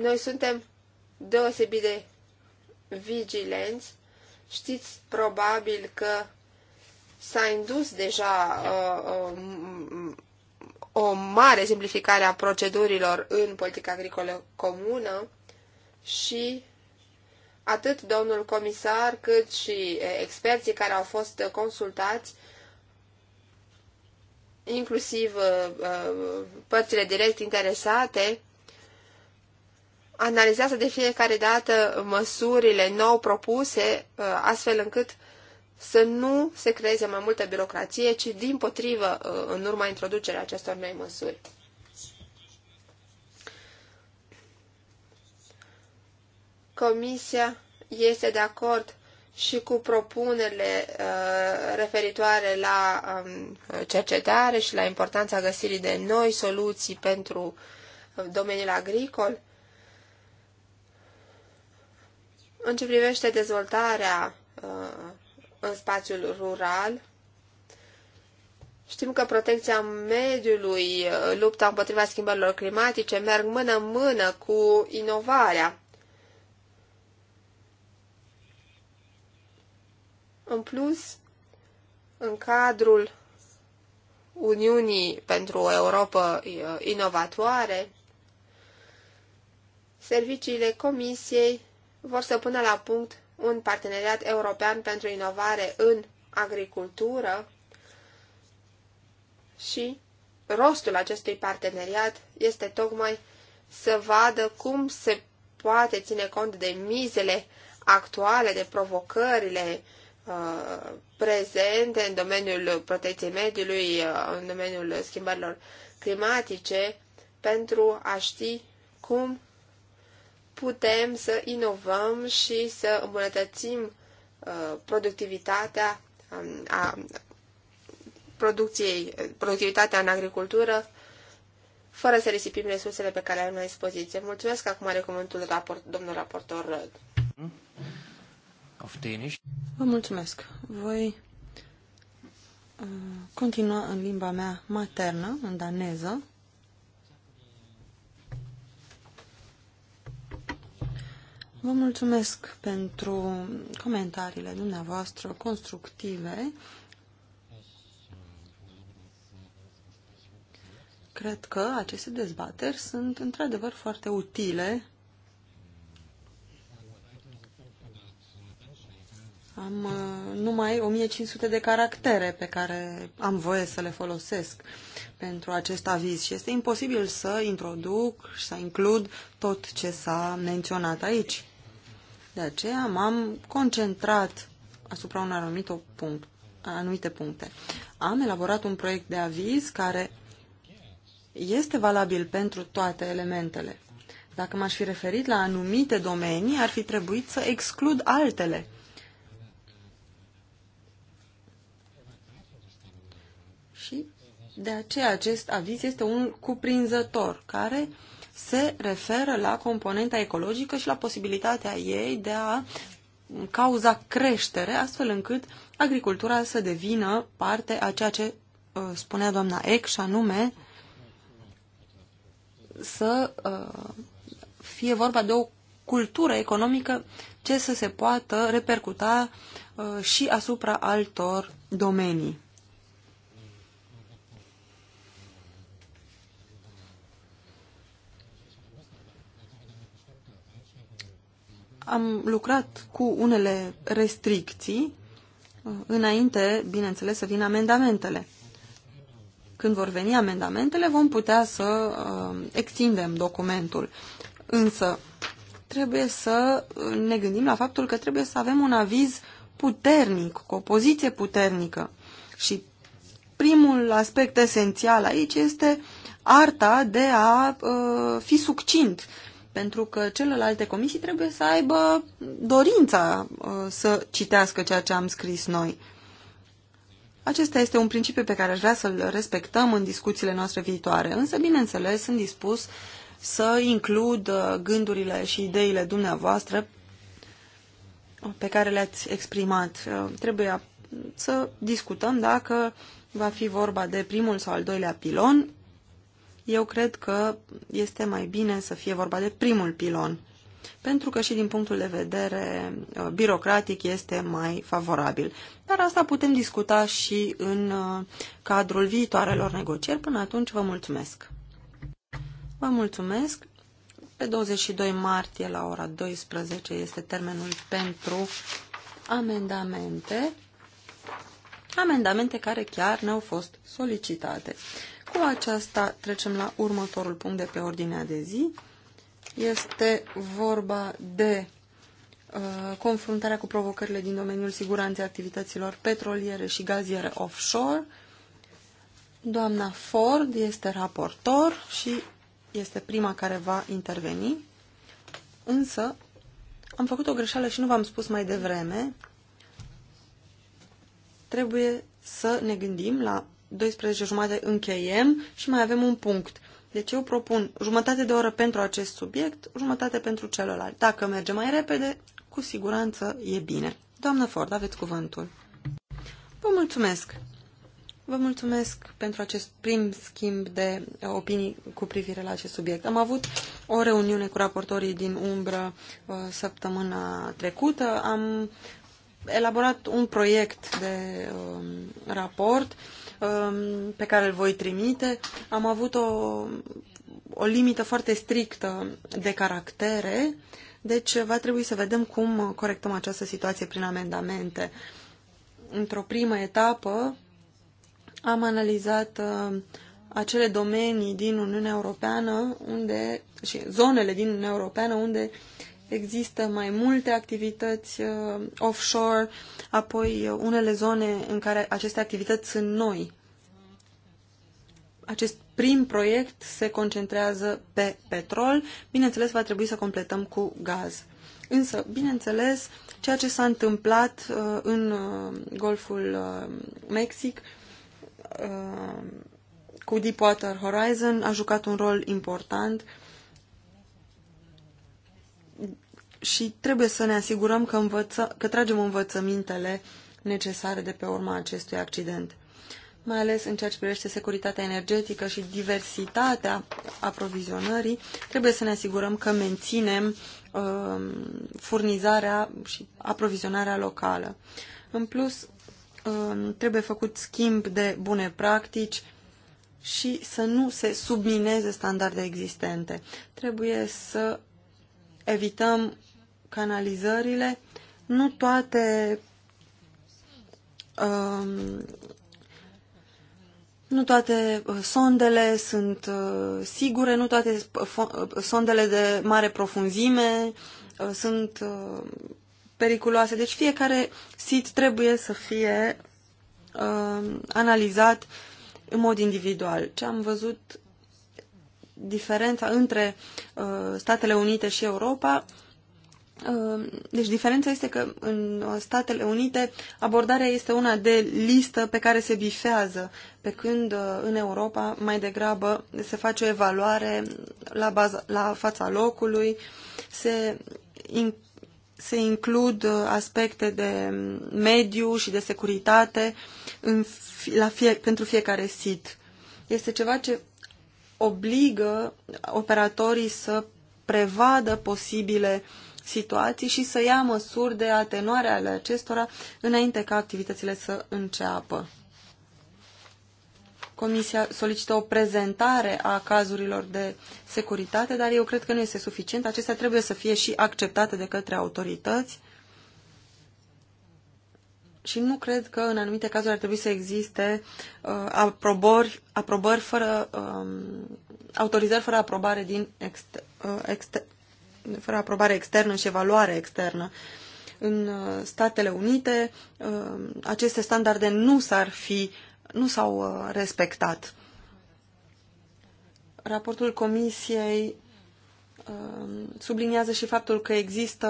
noi suntem deosebit de vigilenți. Știți probabil că s-a indus deja uh, uh, o mare simplificare a procedurilor în politica agricolă comună și atât domnul comisar cât și eh, experții care au fost consultați, inclusiv eh, eh, părțile direct interesate, analizează de fiecare dată măsurile nou propuse, uh, astfel încât să nu se creeze mai multă birocrație, ci din potrivă uh, în urma introducerea acestor noi măsuri. Comisia este de acord și cu propunerile uh, referitoare la um, cercetare și la importanța găsirii de noi soluții pentru uh, domeniul agricol. În ce privește dezvoltarea uh, în spațiul rural, Știm că protecția mediului, uh, lupta împotriva schimbărilor climatice merg mână-mână cu inovarea. În plus, în cadrul Uniunii pentru o Europa uh, inovatoare, serviciile Comisiei vor să pună la punct un parteneriat european pentru inovare în agricultură și rostul acestui parteneriat este tocmai să vadă cum se poate ține cont de mizele actuale, de provocările uh, prezente în domeniul protecției mediului, uh, în domeniul schimbărilor climatice, pentru a ști cum putem să inovăm și să îmbunătățim uh, productivitatea um, a producției, productivitatea în agricultură fără să risipim resursele pe care le avem la dispoziție. Mulțumesc, acum are cuvântul raport, domnul raportor Răd. Vă mulțumesc. Voi uh, continua în limba mea maternă, în daneză, Vă mulțumesc pentru comentariile dumneavoastră constructive. Cred că aceste dezbateri sunt într-adevăr foarte utile. Am uh, numai 1500 de caractere pe care am voie să le folosesc pentru acest aviz și este imposibil să introduc și să includ tot ce s-a menționat aici. De aceea m-am concentrat asupra unor anumite, punct, anumite puncte. Am elaborat un proiect de aviz care este valabil pentru toate elementele. Dacă m-aș fi referit la anumite domenii, ar fi trebuit să exclud altele. Și de aceea acest aviz este un cuprinzător care uh, se referă la componenta ecologică și la posibilitatea ei de a cauza creștere, astfel încât agricultura să devină parte a ceea ce uh, spunea doamna Eck, și anume să uh, fie vorba de o cultură economică ce să se poată repercuta uh, și asupra altor domenii. am lucrat cu unele restricții uh, înainte, bineînțeles, să vină amendamentele. Când vor veni amendamentele, vom putea să uh, extindem documentul. Însă, trebuie să uh, ne gândim la faptul că trebuie să avem un aviz puternic, cu o poziție puternică. Și primul aspect esențial aici este arta de a uh, fi succint pentru că celelalte comisii trebuie să aibă dorința uh, să citească ceea ce am scris noi. Acesta este un principiu pe care aș vrea să-l respectăm în discuțiile noastre viitoare, însă, bineînțeles, sunt dispus să includ uh, gândurile și ideile dumneavoastră pe care le-ați exprimat. Uh, trebuie să discutăm dacă va fi vorba de primul sau al doilea pilon eu cred că este mai bine să fie vorba de primul pilon, pentru că și din punctul de vedere uh, birocratic este mai favorabil. Dar asta putem discuta și în uh, cadrul viitoarelor negocieri. Până atunci, vă mulțumesc! Vă mulțumesc! Pe 22 martie la ora 12 este termenul pentru amendamente, amendamente care chiar ne-au fost solicitate. Cu aceasta trecem la următorul punct de pe ordinea de zi. Este vorba de uh, confruntarea cu provocările din domeniul siguranței activităților petroliere și gaziere offshore. Doamna Ford este raportor și este prima care va interveni, însă am făcut o greșeală și nu v-am spus mai devreme. Trebuie să ne gândim la 12 jumate încheiem și mai avem un punct. Deci eu propun jumătate de oră pentru acest subiect, jumătate pentru celălalt. Dacă merge mai repede, cu siguranță e bine. Doamnă Ford, aveți cuvântul. Vă mulțumesc! Vă mulțumesc pentru acest prim schimb de opinii cu privire la acest subiect. Am avut o reuniune cu raportorii din umbră uh, săptămâna trecută. Am elaborat un proiect de um, raport Um, pe care îl voi trimite. Am avut o, o limită foarte strictă de caractere, deci va trebui să vedem cum corectăm această situație prin amendamente. Într-o primă etapă am analizat uh, acele domenii din Uniunea Europeană unde, și zonele din Uniunea Europeană unde uh, există mai multe activități uh, offshore, apoi uh, unele zone în care aceste activități sunt noi. Acest prim proiect se concentrează pe petrol, bineînțeles va trebui să completăm cu gaz. Însă, bineînțeles, ceea ce s-a întâmplat uh, în uh, Golful uh, Mexic uh, cu Deepwater Horizon a jucat un rol important uh, și trebuie să ne asigurăm că, învăță, că tragem învățămintele necesare de pe urma acestui accident, mai ales în ceea ce privește securitatea energetică și diversitatea aprovizionării, trebuie să ne asigurăm că menținem uh, furnizarea și aprovizionarea locală. În plus, uh, trebuie făcut schimb de bune practici și să nu se submineze standarde existente. Trebuie să evităm canalizările, nu toate um, nu toate uh, sondele sunt uh, sigure, nu toate uh, sondele de mare profunzime sunt periculoase. Deci fiecare sit trebuie să fie analizat în mod individual. Ce am văzut diferența între Statele Unite și Europa Ehm, deci diferența este că în Statele Unite abordarea este una de listă pe care se bifează, pe când uh, în Europa mai degrabă se face o evaluare la, baza, la fața locului, se, in, se includ uh, aspecte de mediu și de securitate în, la fie, pentru fiecare sit. Este ceva ce obligă operatorii să prevadă posibile uh, situații și să ia măsuri de atenuare ale acestora înainte ca activitățile să înceapă. Comisia solicită o prezentare a cazurilor de securitate, dar eu cred că nu este suficient. Acestea trebuie să fie și acceptate de către autorități și nu cred că în anumite cazuri ar trebui să existe uh, aprobări, aprobări fără, um, autorizări fără aprobare din ext, uh, ext, fără aprobare externă și evaluare externă. În uh, Statele Unite uh, aceste standarde nu s-ar fi nu s-au uh, respectat. Raportul Comisiei subliniază și faptul că există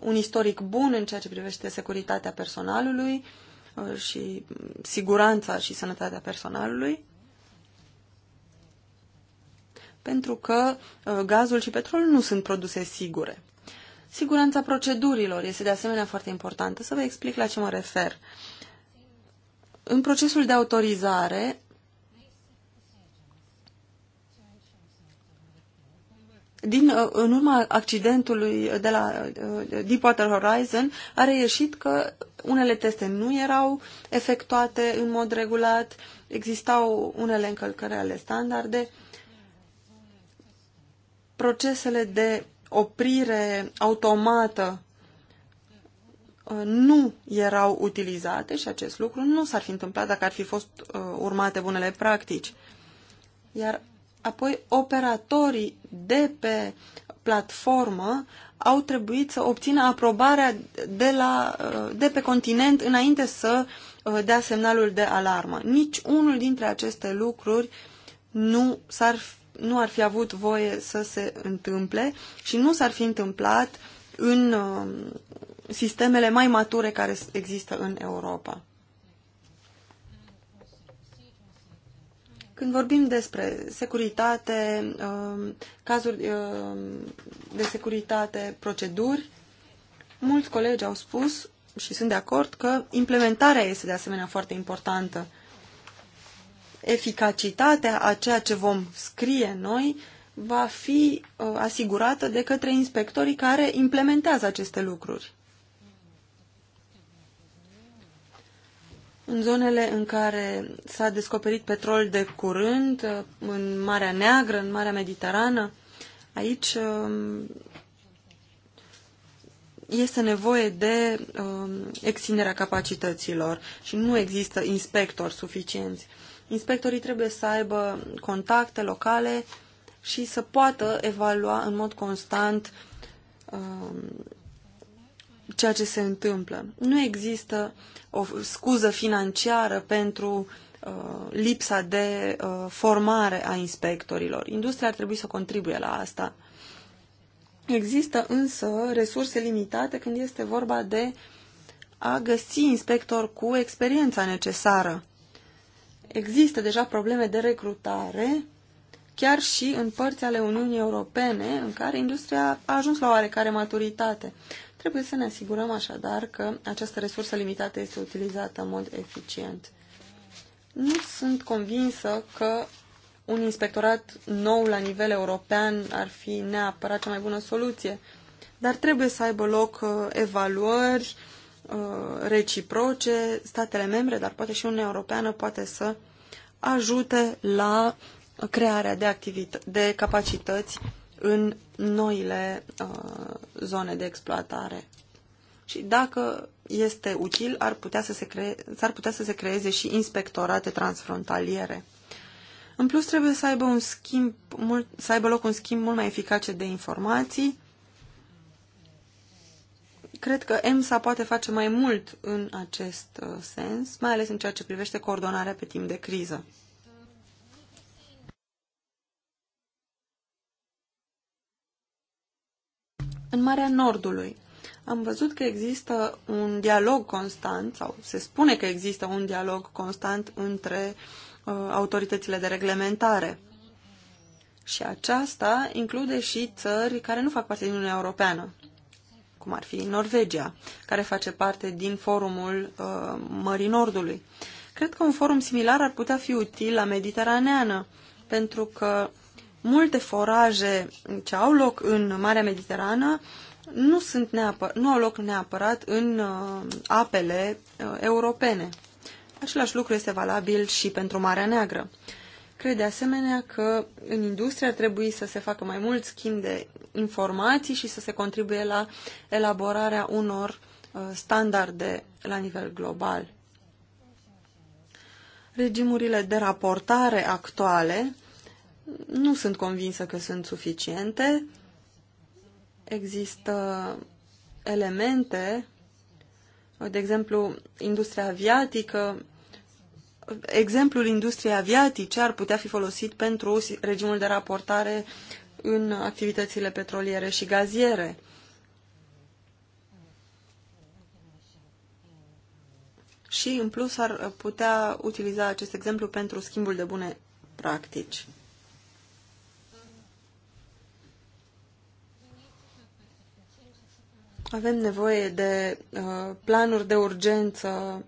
un istoric bun în ceea ce privește securitatea personalului și siguranța și sănătatea personalului pentru că uh, gazul și petrolul nu sunt produse sigure. Siguranța procedurilor este de asemenea foarte importantă. Să vă explic la ce mă refer. În procesul de autorizare, din, uh, în urma accidentului de la uh, Deepwater Horizon, a reieșit că unele teste nu erau efectuate în mod regulat, existau unele încălcări ale standarde procesele de oprire automată uh, nu erau utilizate și acest lucru nu s-ar fi întâmplat dacă ar fi fost uh, urmate bunele practici. Iar apoi operatorii de pe platformă au trebuit să obțină aprobarea de, la, uh, de pe continent înainte să dea semnalul de alarmă. Nici unul dintre aceste lucruri nu s-ar nu ar fi avut voie să se întâmple și nu s-ar fi întâmplat în um, sistemele mai mature care există în Europa. Când vorbim despre securitate, um, cazuri um, de securitate, proceduri, mulți colegi au spus și sunt de acord că implementarea este de asemenea foarte importantă eficacitatea a ceea ce vom scrie noi va fi uh, asigurată de către inspectorii care implementează aceste lucruri. În zonele în care s-a descoperit petrol de curând, uh, în Marea Neagră, în Marea Mediterană, aici um, este nevoie de um, extinderea capacităților și nu există inspectori suficienți. Inspectorii trebuie să aibă contacte locale și să poată evalua în mod constant um, ceea ce se întâmplă. Nu există o scuză financiară pentru uh, lipsa de uh, formare a inspectorilor. Industria ar trebui să contribuie la asta. Există însă resurse limitate când este vorba de a găsi inspector cu experiența necesară există deja probleme de recrutare, chiar și în părți ale Uniunii Europene, în care industria a ajuns la oarecare maturitate. Trebuie să ne asigurăm așadar că această resursă limitată este utilizată în mod eficient. Nu sunt convinsă că un inspectorat nou la nivel european ar fi neapărat cea mai bună soluție, dar trebuie să aibă loc uh, evaluări, Uh, reciproce, statele membre, dar poate și Uniunea Europeană poate să ajute la crearea de, de capacități în noile uh, zone de exploatare. Și dacă este util, ar putea să se cree- s-ar putea să se creeze și inspectorate transfrontaliere. În plus, trebuie să aibă, un schimb mult, să aibă loc un schimb mult mai eficace de informații Cred că EMSA poate face mai mult în acest uh, sens, mai ales în ceea ce privește coordonarea pe timp de criză. În Marea Nordului am văzut că există un dialog constant, sau se spune că există un dialog constant între uh, autoritățile de reglementare. Și aceasta include și țări care nu fac parte din Uniunea Europeană cum ar fi Norvegia, care face parte din forumul uh, Mării Nordului. Cred că un forum similar ar putea fi util la Mediteraneană, pentru că multe foraje ce au loc în Marea Mediterană nu, sunt neapăr- nu au loc neapărat în uh, apele uh, europene. Același lucru este valabil și pentru Marea Neagră. Cred de asemenea că în industria trebuie să se facă mai mult schimb de informații și să se contribuie la elaborarea unor uh, standarde la nivel global. Regimurile de raportare actuale nu sunt convinsă că sunt suficiente. Există elemente, de exemplu, industria aviatică exemplul industriei aviatice ar putea fi folosit pentru regimul de raportare în activitățile petroliere și gaziere. Și, în plus, ar putea utiliza acest exemplu pentru schimbul de bune practici. Avem nevoie de uh, planuri de urgență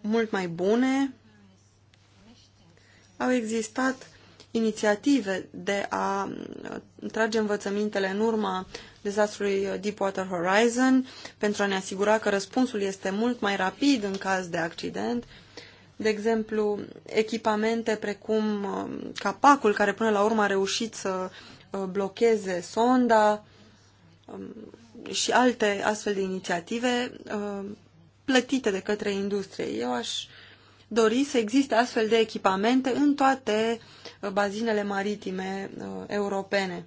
mult mai bune, au existat inițiative de a mm, trage învățămintele în urma dezastrului Deepwater Horizon pentru a ne asigura că răspunsul este mult mai rapid în caz de accident. De exemplu, echipamente precum mm, capacul care până la urmă a reușit să mm, blocheze sonda și alte astfel de inițiative plătite de către industrie. Eu aș dori să existe astfel de echipamente în toate uh, bazinele maritime uh, europene.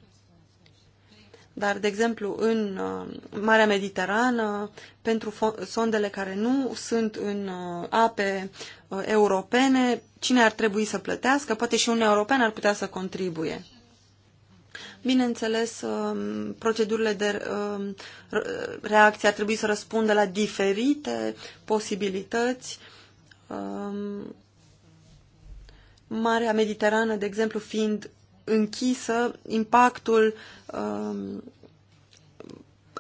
Dar, de exemplu, în uh, Marea Mediterană, pentru sondele care nu sunt în ape europene, cine ar trebui să plătească? Poate și un european ar putea să contribuie. Bineînțeles, um, procedurile de um, reacție ar trebui să răspundă la diferite posibilități Um, Marea Mediterană, de exemplu, fiind închisă, impactul um,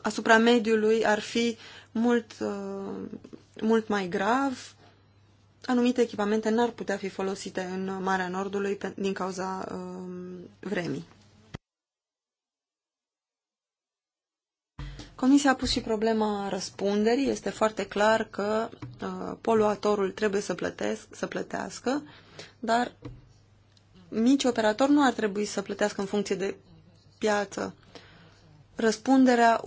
asupra mediului ar fi mult, uh, mult mai grav. Anumite echipamente n-ar putea fi folosite în Marea Nordului din cauza um, vremii. Comisia a pus și problema răspunderii. Este foarte clar că uh, poluatorul trebuie să, plătesc, să plătească, dar mici operator nu ar trebui să plătească în funcție de piață. Răspunderea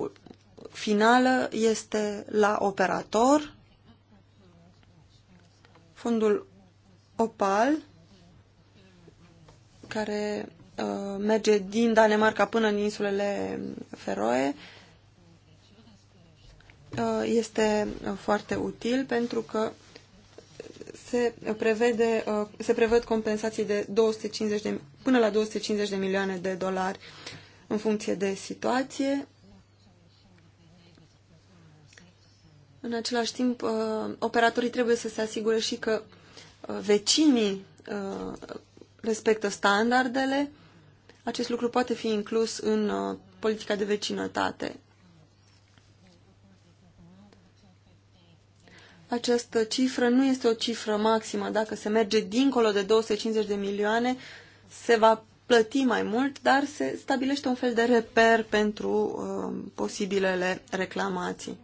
finală este la operator. Fundul Opal, care uh, merge din Danemarca până în insulele Feroe, uh, Uh, este uh, foarte util pentru că se, prevede, uh, se prevăd compensații de, 250 de până la 250 de milioane de dolari în funcție de situație. În același timp, operatorii trebuie să se asigure și că vecinii respectă standardele. Acest lucru poate fi inclus în politica de vecinătate. Această cifră nu este o cifră maximă. Dacă se merge dincolo de 250 de milioane, se va plăti mai mult, dar se stabilește un fel de reper pentru uh, posibilele reclamații.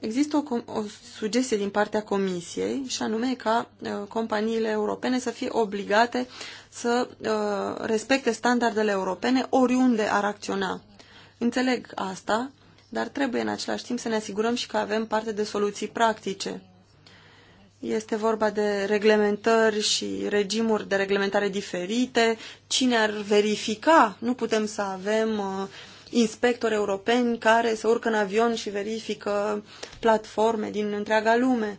Există o, o sugestie din partea Comisiei și anume ca uh, companiile europene să fie obligate să uh, respecte standardele europene oriunde ar acționa. Înțeleg asta, dar trebuie în același timp să ne asigurăm și că avem parte de soluții practice. Este vorba de reglementări și regimuri de reglementare diferite. Cine ar verifica? Nu putem să avem uh, inspectori europeni care se urcă în avion și verifică platforme din întreaga lume.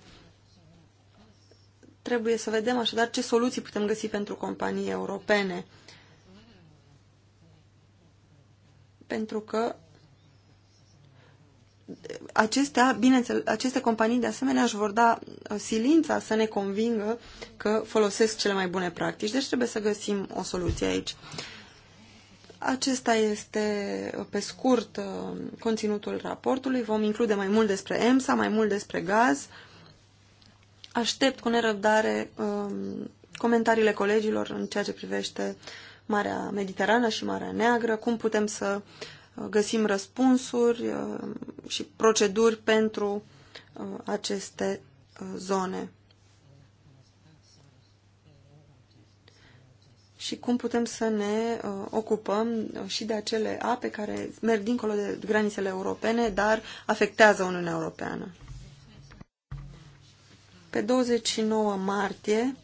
Trebuie să vedem așadar ce soluții putem găsi pentru companii europene. Pentru că acestea, bineînțeles, aceste companii de asemenea își vor da uh, silința să ne convingă că folosesc cele mai bune practici. Deci trebuie să găsim o soluție aici. Acesta este, uh, pe scurt, uh, conținutul raportului. Vom include mai mult despre EMSA, mai mult despre gaz. Aștept cu nerăbdare um, comentariile colegilor în ceea ce privește Marea Mediterană și Marea Neagră, cum putem să uh, găsim răspunsuri uh, și proceduri pentru uh, aceste uh, zone. Și cum putem să ne ocupăm și de acele ape care merg dincolo de granițele europene, dar afectează Uniunea Europeană. Pe 29 martie,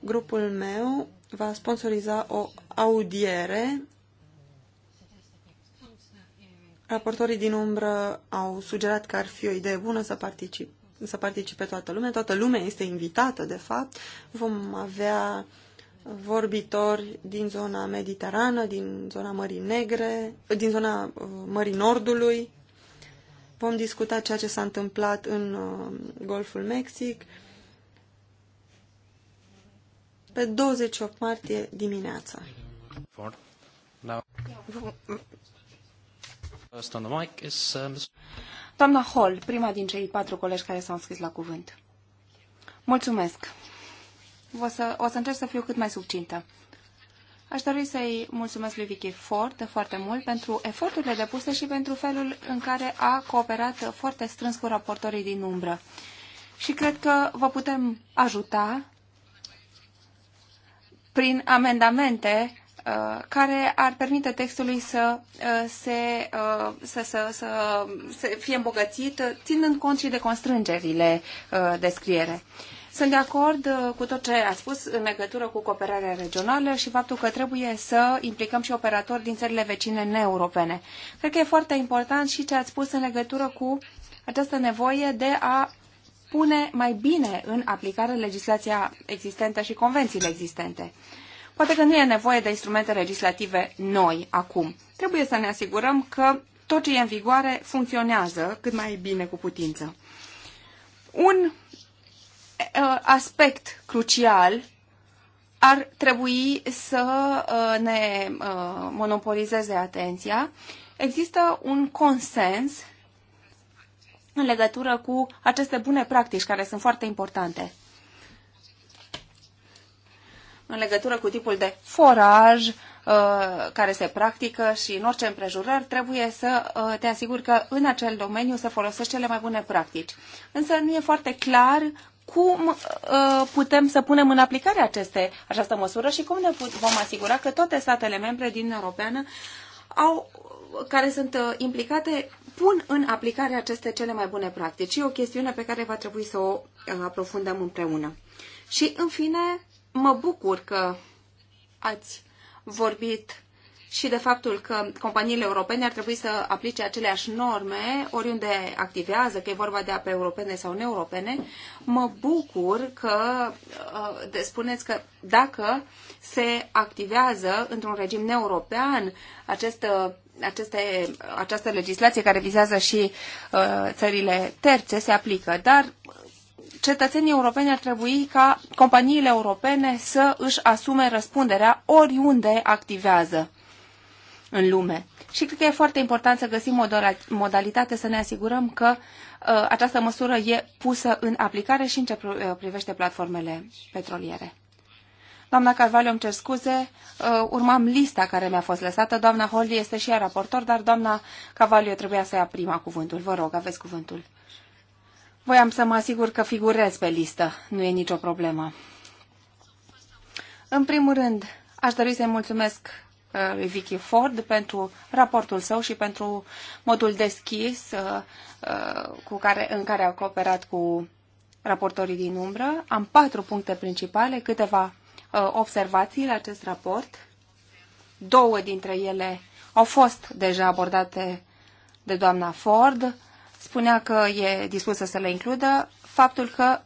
grupul meu va sponsoriza o audiere Raportorii din umbră au sugerat că ar fi o idee bună să, particip, să participe toată lumea. Toată lumea este invitată, de fapt. Vom avea vorbitori din zona mediterană, din zona Mării Negre, din zona uh, Mării Nordului. Vom discuta ceea ce s-a întâmplat în uh, Golful Mexic pe 28 martie dimineața. Da. First on the mic is, um... Doamna Hall, prima din cei patru colegi care s-au înscris la cuvânt. Mulțumesc. O să, o să încerc să fiu cât mai subcintă. Aș dori să-i mulțumesc lui Vicky Ford foarte mult pentru eforturile depuse și pentru felul în care a cooperat foarte strâns cu raportorii din umbră. Și cred că vă putem ajuta prin amendamente Uh, care ar permite textului să, uh, se, uh, să, să, să, să fie îmbogățit, ținând cont și de constrângerile de scriere. Sunt de acord cu tot ce a spus în legătură cu cooperarea regională și faptul că trebuie să implicăm și operatori din țările vecine neeuropene. Cred că e foarte important și ce ați spus în legătură cu această nevoie de a pune mai bine în aplicare legislația existentă și convențiile existente. Poate că nu e nevoie de instrumente legislative noi acum. Trebuie să ne asigurăm că tot ce e în vigoare funcționează cât mai bine cu putință. Un aspect crucial ar trebui să ne monopolizeze atenția. Există un consens în legătură cu aceste bune practici care sunt foarte importante în legătură cu tipul de foraj uh, care se practică și în orice împrejurări trebuie să uh, te asiguri că în acel domeniu se folosește cele mai bune practici. Însă nu e foarte clar cum uh, putem să punem în aplicare aceste, această măsură și cum ne vom asigura că toate statele membre din Europeană au, care sunt uh, implicate pun în aplicare aceste cele mai bune practici. E o chestiune pe care va trebui să o aprofundăm împreună. Și, în fine, mă bucur că ați vorbit și de faptul că companiile europene ar trebui să aplice aceleași norme oriunde activează, că e vorba de ape europene sau neeuropene, mă bucur că uh, de, spuneți că dacă se activează într-un regim neeuropean acest, uh, aceste, această legislație care vizează și uh, țările terțe se aplică, dar cetățenii europeni ar trebui ca companiile europene să își asume răspunderea oriunde activează în lume. Și cred că e foarte important să găsim o modalitate să ne asigurăm că uh, această măsură e pusă în aplicare și în ce uh, privește platformele petroliere. Doamna Carvalho, îmi cer scuze, uh, urmam lista care mi-a fost lăsată. Doamna Holly este și ea raportor, dar doamna Carvalho trebuia să ia prima cuvântul. Vă rog, aveți cuvântul. Voiam să mă asigur că figurez pe listă. Nu e nicio problemă. În primul rând, aș dori să-i mulțumesc uh, lui Vicky Ford pentru raportul său și pentru modul deschis uh, uh, cu care, în care a cooperat cu raportorii din umbră. Am patru puncte principale, câteva observații la acest raport. Două dintre ele au fost deja abordate de doamna Ford, spunea că e dispusă să le includă, faptul că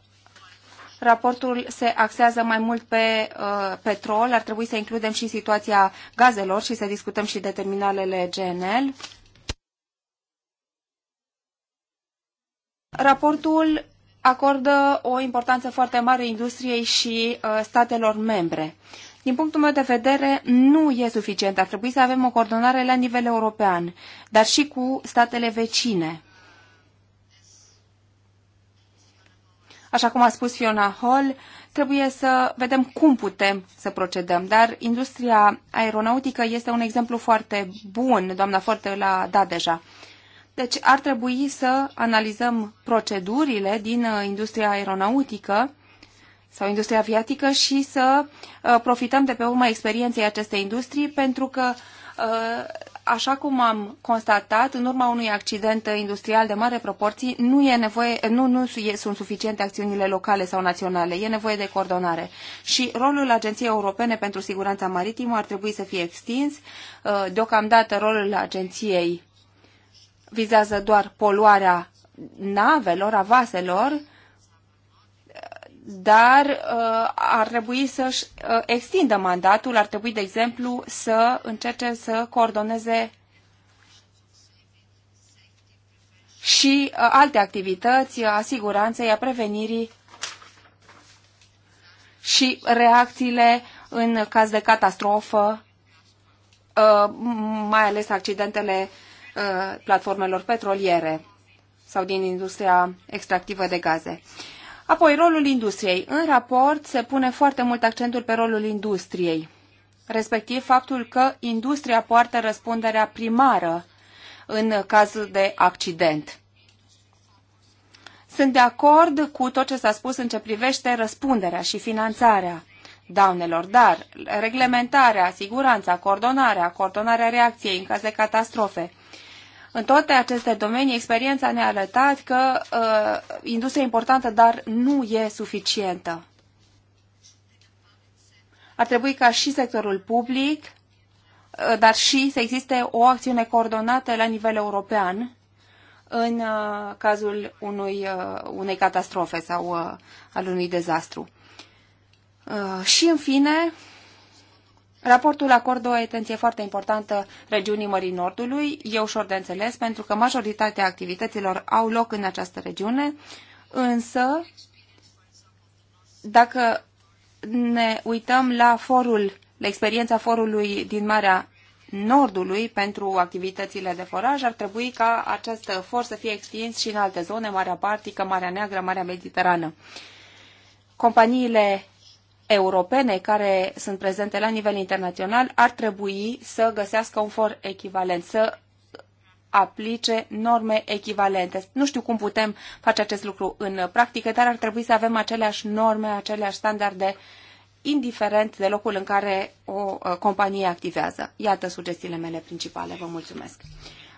raportul se axează mai mult pe uh, petrol, ar trebui să includem și situația gazelor și să discutăm și de terminalele GNL. Raportul acordă o importanță foarte mare industriei și uh, statelor membre. Din punctul meu de vedere, nu e suficient. Ar trebui să avem o coordonare la nivel european, dar și cu statele vecine. Așa cum a spus Fiona Hall, trebuie să vedem cum putem să procedăm. Dar industria aeronautică este un exemplu foarte bun, doamna Forte l-a dat deja. Deci ar trebui să analizăm procedurile din uh, industria aeronautică sau industria aviatică și să uh, profităm de pe urma experienței acestei industrii pentru că uh, așa cum am constatat, în urma unui accident industrial de mare proporții, nu, e nevoie, nu, nu sunt suficiente acțiunile locale sau naționale, e nevoie de coordonare. Și rolul Agenției Europene pentru Siguranța Maritimă ar trebui să fie extins. Uh, deocamdată rolul agenției vizează doar poluarea navelor, a vaselor, dar uh, ar trebui să-și uh, extindă mandatul, ar trebui, de exemplu, să încerce să coordoneze și uh, alte activități uh, a siguranței, a prevenirii și reacțiile în caz de catastrofă, uh, mai ales accidentele uh, platformelor petroliere sau din industria extractivă de gaze. Uh, Apoi, rolul industriei. În raport se pune foarte mult accentul pe rolul industriei, respectiv faptul că industria poartă răspunderea primară în cazul de accident. Sunt de acord cu tot ce s-a spus în ce privește răspunderea și finanțarea daunelor, dar reglementarea, siguranța, coordonarea, coordonarea reacției în caz de catastrofe – în toate aceste domenii, experiența ne-a arătat că uh, industria importantă, dar nu e suficientă. Ar trebui ca și sectorul public, uh, dar și să existe o acțiune coordonată la nivel european în uh, cazul unui, uh, unei catastrofe sau uh, al unui dezastru. Uh, și, în fine, Raportul acordă o atenție foarte importantă regiunii Mării Nordului, e ușor de înțeles, pentru că majoritatea activităților au loc în această regiune, însă dacă ne uităm la forul, la experiența forului din Marea Nordului pentru activitățile de foraj, ar trebui ca acest for să fie extins și în alte zone, Marea Baltică, Marea Neagră, Marea Mediterană. Companiile europene care sunt prezente la nivel internațional ar trebui să găsească un for echivalent, să aplice norme echivalente. Nu știu cum putem face acest lucru în practică, dar ar trebui să avem aceleași norme, aceleași standarde, indiferent de locul în care o uh, companie activează. Iată sugestiile mele principale. Vă mulțumesc.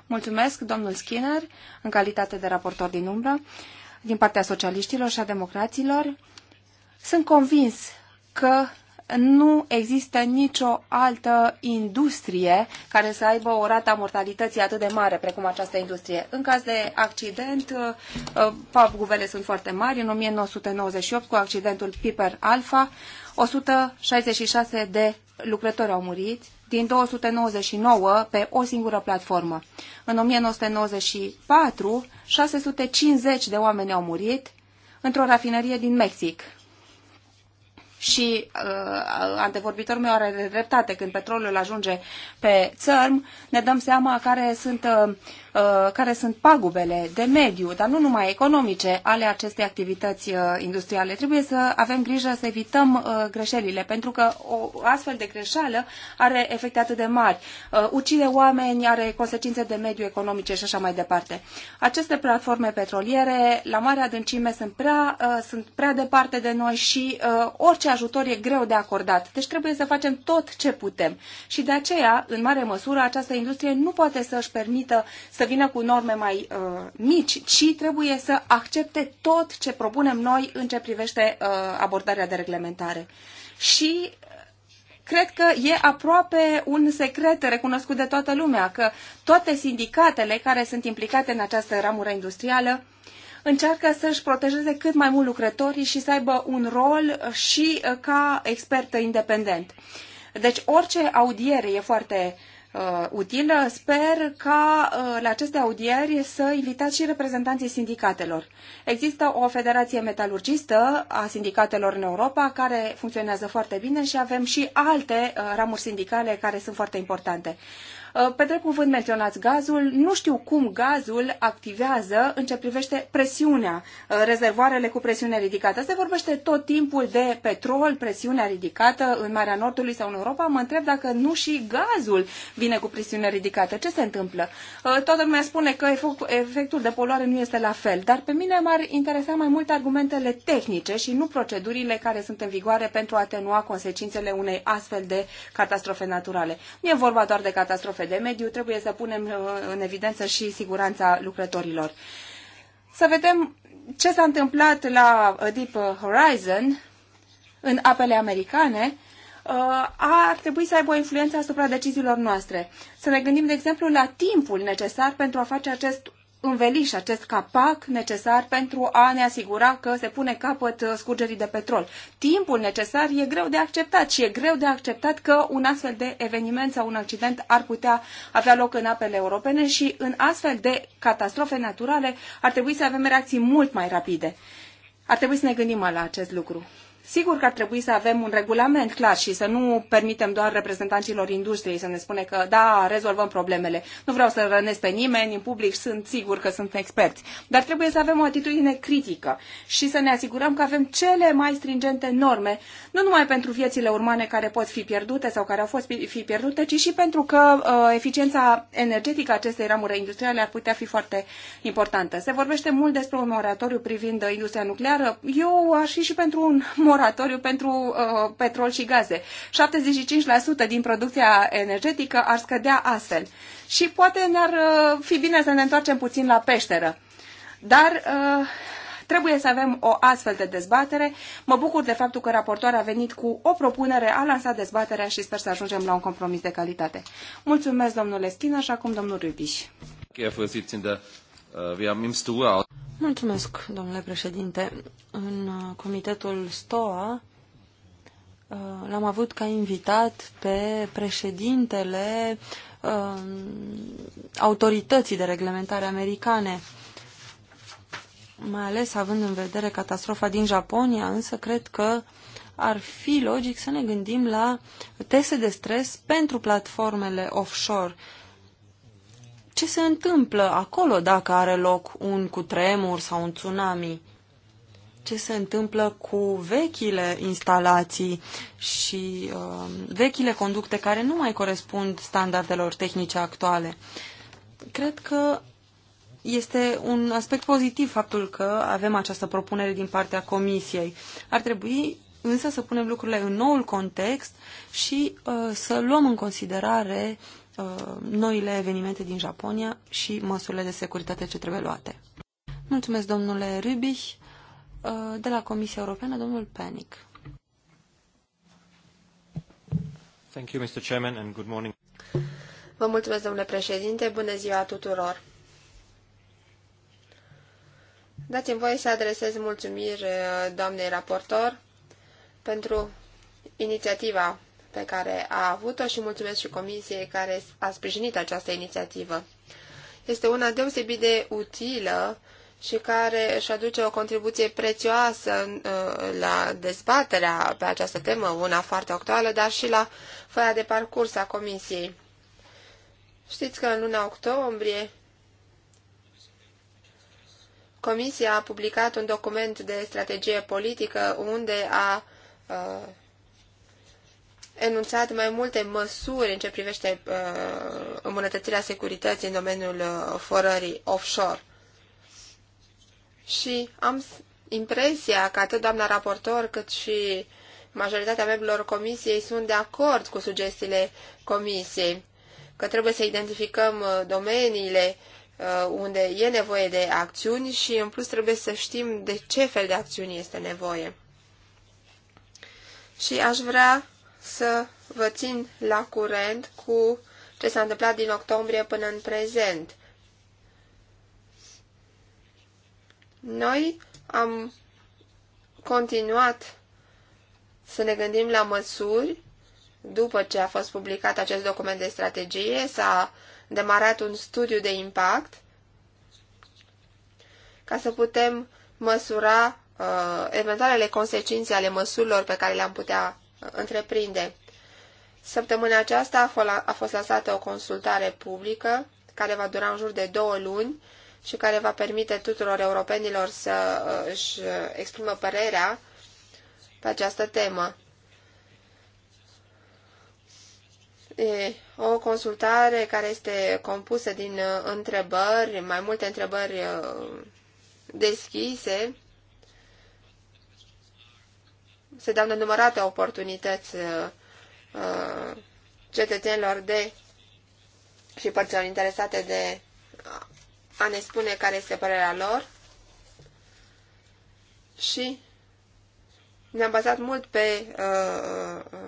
Mulțumesc, domnul Skinner, în calitate de raportor din umbră, din partea socialiștilor și a democraților. Sunt convins că nu există nicio altă industrie care să aibă o rată a mortalității atât de mare precum această industrie. În caz de accident, uh, uh, guvele sunt foarte mari. În 1998, cu accidentul Piper Alpha, 166 de lucrători au murit, din 299 pe o singură platformă. În 1994, 650 de oameni au murit într-o rafinărie din Mexic și uh, antevorbitorul meu are dreptate, când petrolul ajunge pe țărm, ne dăm seama care sunt uh, Uh, care sunt pagubele de mediu, dar nu numai economice, ale acestei activități uh, industriale. Trebuie să avem grijă să evităm uh, greșelile, pentru că o astfel de greșeală are efecte atât de mari. Ucide oameni, are consecințe de mediu economice și așa mai departe. Aceste platforme petroliere, la mare adâncime, sunt prea, sunt prea departe de noi și orice ajutor e greu de acordat. Deci trebuie să facem tot ce putem. Și de aceea, în mare măsură, această industrie nu poate să-și permită să vină cu norme mai uh, mici, ci trebuie să accepte tot ce propunem noi în ce privește uh, abordarea de reglementare. Și uh, cred că e aproape un secret recunoscut de toată lumea, că toate sindicatele care sunt implicate în această ramură industrială încearcă să-și protejeze cât mai mult lucrătorii și să aibă un rol și uh, ca expert independent. Deci orice audiere e foarte uh, uh, utilă. Sper ca uh, la aceste audieri să invitați și reprezentanții sindicatelor. Există o federație metalurgistă a sindicatelor în Europa care funcționează foarte bine și avem și alte uh, ramuri sindicale care sunt foarte importante. Uh, pe drept cuvânt menționați gazul. Nu știu cum gazul activează în ce privește presiunea, uh, rezervoarele cu presiune ridicată. Se vorbește tot timpul de petrol, presiunea ridicată în Marea Nordului sau în Europa. Mă întreb dacă nu și gazul vine cu presiune ridicată. Ce se întâmplă? Uh, toată lumea spune că efectul de poluare nu este la fel, dar pe mine m-ar interesa mai mult argumentele tehnice și nu procedurile care sunt în vigoare pentru a atenua consecințele unei astfel de catastrofe naturale. Nu e vorba doar de catastrofe de mediu, trebuie să punem uh, în evidență și siguranța lucrătorilor. Să vedem ce s-a întâmplat la uh, Deep Horizon în apele americane, uh, ar trebui să aibă o influență asupra deciziilor noastre. Să ne gândim, de exemplu, la timpul necesar pentru a face acest înveliș acest capac necesar pentru a ne asigura că se pune capăt uh, scurgerii de petrol. Timpul necesar e greu de acceptat și e greu de acceptat că un astfel de eveniment sau un accident ar putea avea loc în apele europene și în astfel de catastrofe naturale ar trebui să avem reacții mult mai rapide. Ar trebui să ne gândim la acest lucru. Sigur că ar trebui să avem un regulament clar și să nu permitem doar reprezentanților industriei să ne spune că da, rezolvăm problemele. Nu vreau să rănesc pe nimeni în public, sunt sigur că sunt experți. Dar trebuie să avem o atitudine critică și să ne asigurăm că avem cele mai stringente norme, nu numai pentru viețile urmane care pot fi pierdute sau care au fost fi pierdute, ci și pentru că uh, eficiența energetică a acestei ramuri industriale ar putea fi foarte importantă. Se vorbește mult despre un moratoriu privind industria nucleară. Eu aș fi și pentru un moratoriu pentru uh, petrol și gaze. 75% din producția energetică ar scădea astfel. Și poate ne-ar uh, fi bine să ne întoarcem puțin la peșteră. Dar uh, trebuie să avem o astfel de dezbatere. Mă bucur de faptul că raportoarea a venit cu o propunere, a lansat dezbaterea și sper să ajungem la un compromis de calitate. Mulțumesc, domnule Schina, și acum domnul Rubiș. Eh, Mulțumesc, domnule președinte. În uh, comitetul STOA uh, l-am avut ca invitat pe președintele uh, autorității de reglementare americane. Mai ales având în vedere catastrofa din Japonia, însă cred că ar fi logic să ne gândim la teste de stres pentru platformele offshore ce se întâmplă acolo dacă are loc un cutremur sau un tsunami, ce se întâmplă cu vechile instalații și uh, vechile conducte care nu mai corespund standardelor tehnice actuale. Cred că este un aspect pozitiv faptul că avem această propunere din partea Comisiei. Ar trebui însă să punem lucrurile în noul context și uh, să luăm în considerare Uh, noile evenimente din Japonia și măsurile de securitate ce trebuie luate. Mulțumesc, domnule Rübich. Uh, de la Comisia Europeană, domnul Panic. Thank you, Mr. Chairman, and good morning. Vă mulțumesc, domnule președinte. Bună ziua tuturor. Dați-mi voie să adresez mulțumiri uh, doamnei raportor pentru inițiativa pe care a avut-o și mulțumesc și comisiei care a sprijinit această inițiativă. Este una deosebit de utilă și care își aduce o contribuție prețioasă uh, la dezbaterea pe această temă, una foarte actuală, dar și la foaia de parcurs a comisiei. Știți că în luna octombrie Comisia a publicat un document de strategie politică unde a uh, enunțat mai multe măsuri în ce privește uh, îmbunătățirea securității în domeniul uh, forării offshore. Și am impresia că atât doamna raportor cât și majoritatea membrilor comisiei sunt de acord cu sugestiile comisiei, că trebuie să identificăm uh, domeniile uh, unde e nevoie de acțiuni și în plus trebuie să știm de ce fel de acțiuni este nevoie. Și aș vrea să vă țin la curent cu ce s-a întâmplat din octombrie până în prezent. Noi am continuat să ne gândim la măsuri după ce a fost publicat acest document de strategie, s-a demarat un studiu de impact ca să putem măsura uh, eventualele consecințe ale măsurilor pe care le-am putea întreprinde. Săptămâna aceasta a fost lansată o consultare publică care va dura în jur de două luni și care va permite tuturor europenilor să uh, își uh, exprimă părerea pe această temă. E o consultare care este compusă din uh, întrebări, mai multe întrebări deschise se dau nenumărate oportunități uh, uh, cetățenilor de și părților interesate de a ne spune care este părerea lor și ne-am bazat mult pe uh, uh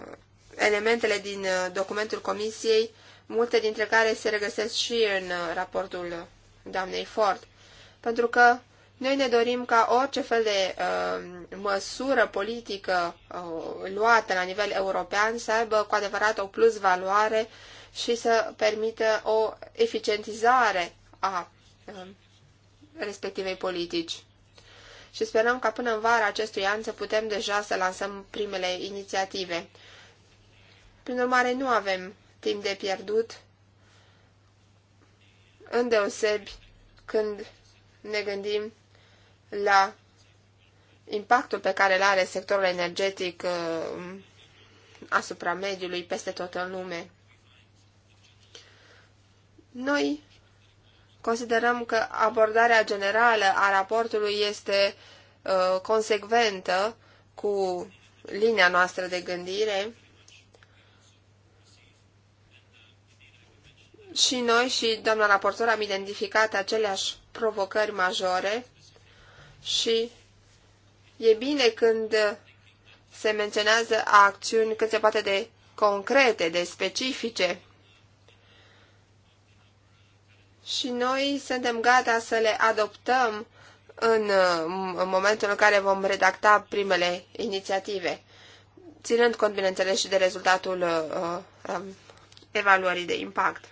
elementele din uh, documentul comisiei, multe dintre care se regăsesc și în raportul doamnei Ford, pentru că noi ne dorim ca orice fel de uh, măsură politică uh, luată la nivel european să aibă cu adevărat o plus valoare și să permită o eficientizare a uh, respectivei politici. Și sperăm ca până în vara acestui an să putem deja să lansăm primele inițiative. Prin urmare, nu avem timp de pierdut, îndeosebi când ne gândim la impactul pe care îl are sectorul energetic uh, asupra mediului peste tot în lume. Noi considerăm că abordarea generală a raportului este uh, consecventă cu linia noastră de gândire și noi și doamna raportor am identificat aceleași provocări majore și e bine când se menționează acțiuni cât se poate de concrete, de specifice. Și noi suntem gata să le adoptăm în, în momentul în care vom redacta primele inițiative, ținând cont, bineînțeles, și de rezultatul uh, uh, evaluării de impact.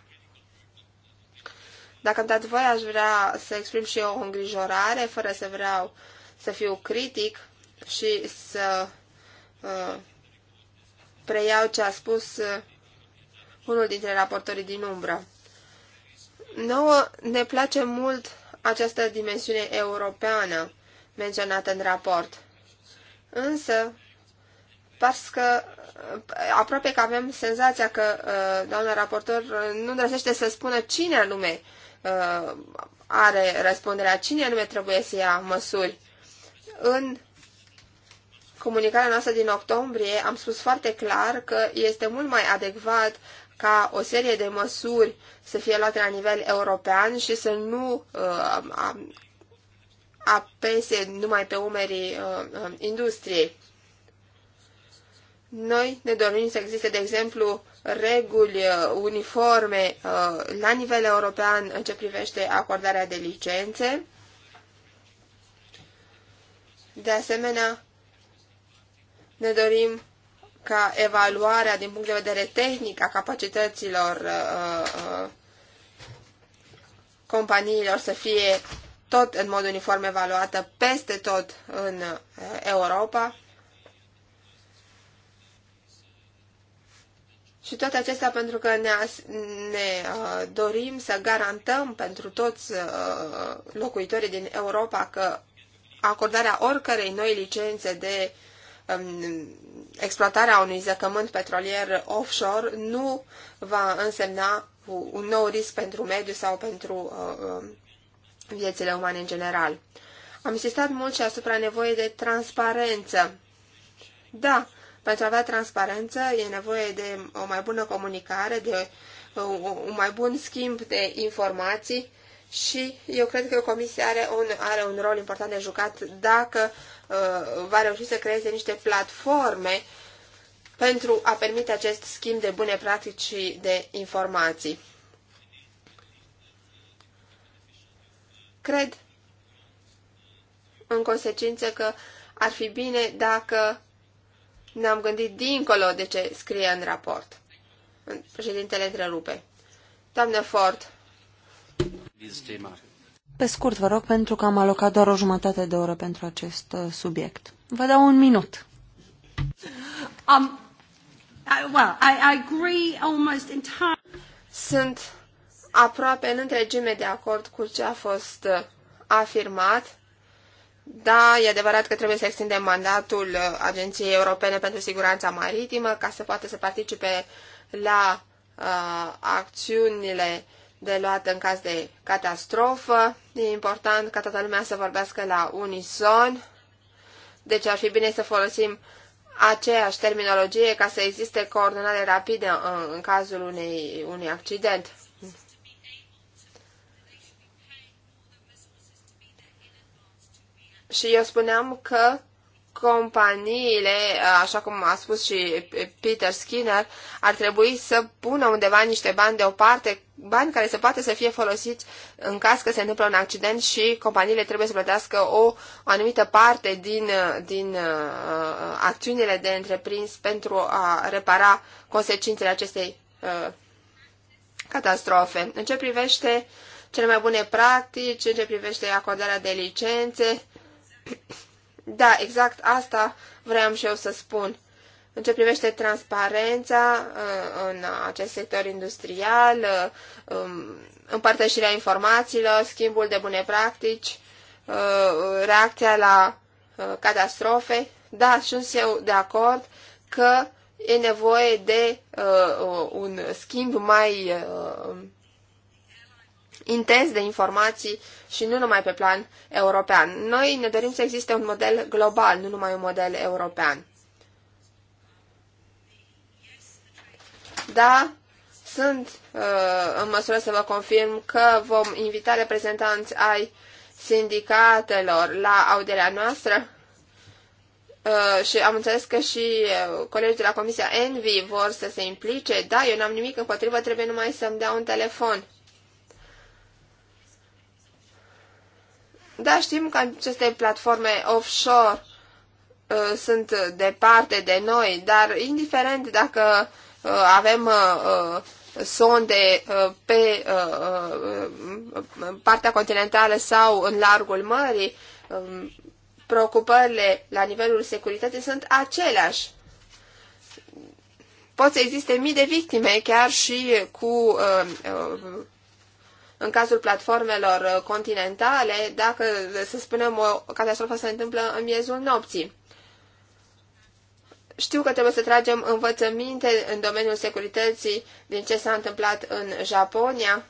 Dacă într-adevăr aș vrea să exprim și eu o îngrijorare, fără să vreau să fiu critic și să uh, preiau ce a spus uh, unul dintre raportorii din umbră. Nouă ne place mult această dimensiune europeană menționată în raport. Însă, că uh, aproape că avem senzația că doamna raportor nu îndrăsește să spună cine anume uh, are răspunderea, cine anume trebuie să ia măsuri. În comunicarea noastră din octombrie am spus foarte clar că este mult mai adecvat ca o serie de măsuri să fie luate la nivel european și să nu uh, apese numai pe umerii uh, uh, industriei. Noi ne dorim să existe, de exemplu, reguli uh, uniforme uh, la nivel european în ce privește acordarea de licențe. De asemenea, ne dorim ca evaluarea din punct de vedere tehnic a capacităților uh, companiilor să fie tot în mod uniform evaluată peste tot în Europa. Și toate acestea pentru că ne, ne uh, dorim să garantăm pentru toți uh, locuitorii din Europa că acordarea oricărei noi licențe de um, exploatarea unui zăcământ petrolier offshore nu va însemna un nou risc pentru mediu sau pentru uh, um, viețile umane în general. Am insistat mult și asupra nevoii de transparență. Da, pentru a avea transparență e nevoie de o mai bună comunicare, de uh, un mai bun schimb de informații și eu cred că Comisia are un, are un rol important de jucat dacă uh, va reuși să creeze niște platforme pentru a permite acest schimb de bune practici și de informații. Cred, în consecință, că ar fi bine dacă ne-am gândit dincolo de ce scrie în raport. Președintele întrerupe. Doamne Ford. Pe scurt, vă rog, pentru că am alocat doar o jumătate de oră pentru acest uh, subiect. Vă dau un minut. Um, I, well, I, I agree almost entirely. Sunt aproape în întregime de acord cu ce a fost uh, afirmat da, e adevărat că trebuie să extindem mandatul uh, Agenției Europene pentru Siguranța Maritimă ca să poată să participe la uh, acțiunile de luat în caz de catastrofă. E important ca toată lumea să vorbească la unison. Deci ar fi bine să folosim aceeași terminologie ca să existe coordonare rapidă în, uh, în cazul unei, unui accident. Și eu spuneam că companiile, așa cum a spus și Peter Skinner, ar trebui să pună undeva niște bani deoparte, bani care se poate să fie folosiți în caz că se întâmplă un accident și companiile trebuie să plătească o, o anumită parte din, din uh, uh, acțiunile de întreprins pentru a repara consecințele acestei uh, catastrofe. În ce privește cele mai bune practici, în ce privește acordarea de licențe, da, exact asta vreau și eu să spun. În ce privește transparența uh, în acest sector industrial, uh, um, împărtășirea informațiilor, schimbul de bune practici, uh, reacția la catastrofe, da, sunt eu de acord că e nevoie de un schimb mai intens de informații și nu numai pe plan european. Noi ne dorim să existe un model global, nu numai un model european. Da, sunt uh, în măsură să vă confirm că vom invita reprezentanți ai sindicatelor la audierea noastră uh, și am înțeles că și uh, colegii de la Comisia Envi vor să se implice. Da, eu n-am nimic împotrivă, trebuie numai să-mi dea un telefon. Da, știm că aceste platforme offshore uh, sunt departe de noi, dar indiferent dacă uh, avem uh, uh sonde uh, pe uh, partea continentală sau în largul mării, um, preocupările la nivelul securității sunt aceleași. Pot să existe mii de victime chiar și cu în cazul platformelor continentale, dacă, să spunem, o catastrofă se întâmplă în miezul nopții. Știu că trebuie să tragem învățăminte în domeniul securității din ce s-a întâmplat în Japonia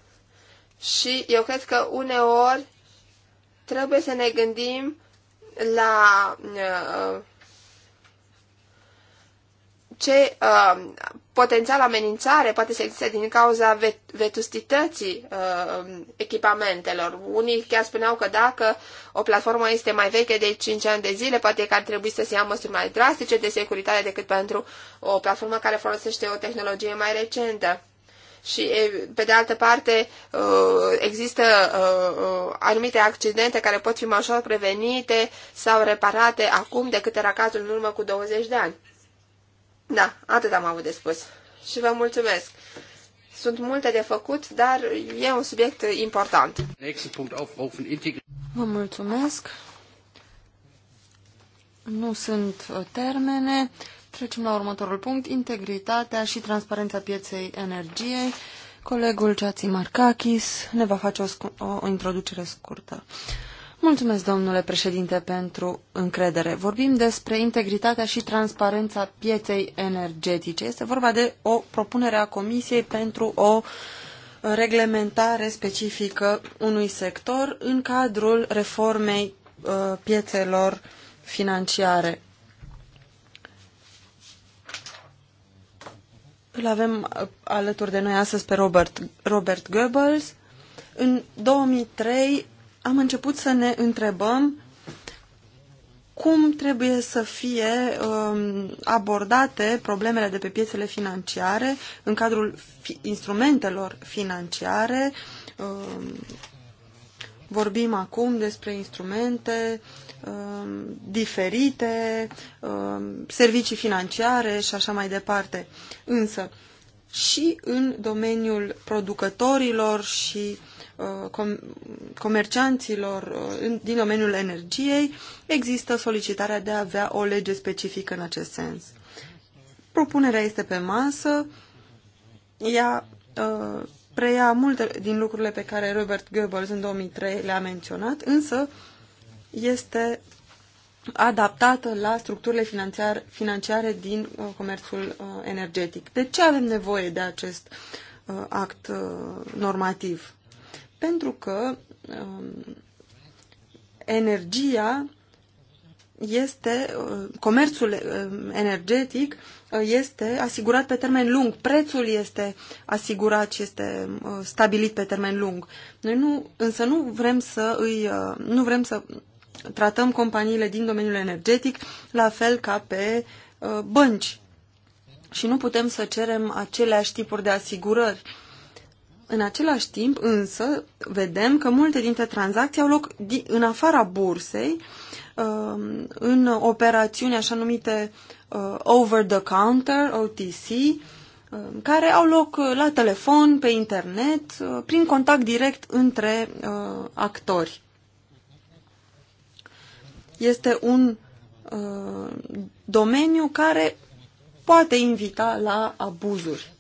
și eu cred că uneori trebuie să ne gândim la uh, ce uh, potențial amenințare poate să existe din cauza vet vetustității uh, echipamentelor. Unii chiar spuneau că dacă o platformă este mai veche de 5 ani de zile, poate că ar trebui să se ia măsuri mai drastice de securitate decât pentru o platformă care folosește o tehnologie mai recentă. Și, pe de altă parte, uh, există uh, uh, anumite accidente care pot fi mai ușor prevenite sau reparate acum decât era cazul în urmă cu 20 de ani. Da, atât am avut de spus. Și vă mulțumesc. Sunt multe de făcut, dar e un subiect important. Vă mulțumesc. Nu sunt uh, termene. Trecem la următorul punct, integritatea și transparența pieței energiei. Colegul Ceații Marcachis ne va face o, o introducere scurtă. Mulțumesc, domnule președinte, pentru încredere. Vorbim despre integritatea și transparența pieței energetice. Este vorba de o propunere a Comisiei pentru o reglementare specifică unui sector în cadrul reformei uh, piețelor financiare. Îl avem uh, alături de noi astăzi pe Robert, Robert Goebbels. În 2003 am început să ne întrebăm cum trebuie să fie um, abordate problemele de pe piețele financiare în cadrul fi instrumentelor financiare. Um, vorbim acum despre instrumente um, diferite, um, servicii financiare și așa mai departe. Însă, și în domeniul producătorilor și uh, Uh, com comercianților uh, din domeniul energiei, există solicitarea de a avea o lege specifică în acest sens. Propunerea este pe masă, ea uh, preia multe din lucrurile pe care Robert Goebbels în 2003 le-a menționat, însă este adaptată la structurile financiar, financiare din uh, comerțul uh, energetic. De ce avem nevoie de acest uh, act uh, normativ? pentru că uh, energia este, uh, comerțul um, energetic uh, este asigurat pe termen lung, prețul este asigurat și este uh, stabilit pe termen lung. Noi nu, însă nu vrem să îi, nu vrem să tratăm companiile din domeniul energetic la fel ca pe bănci. Și nu putem să cerem aceleași tipuri de asigurări în același timp, însă, vedem că multe dintre tranzacții au loc în afara bursei, um, în operațiuni așa numite uh, over the counter, OTC, um, care au loc uh, la telefon, pe internet, uh, prin contact direct între actori. Este un domeniu care poate invita la abuzuri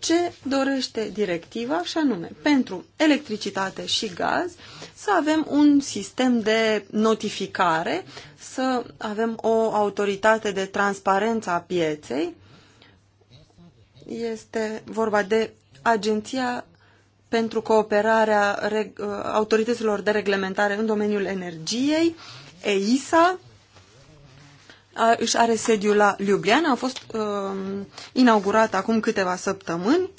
ce dorește directiva și anume pentru electricitate și gaz să avem un sistem de notificare, să avem o autoritate de transparență a pieței. Este vorba de Agenția pentru cooperarea autorităților de reglementare în domeniul energiei, EISA, a, își are sediul la Ljubljana, a fost um, inaugurată acum câteva săptămâni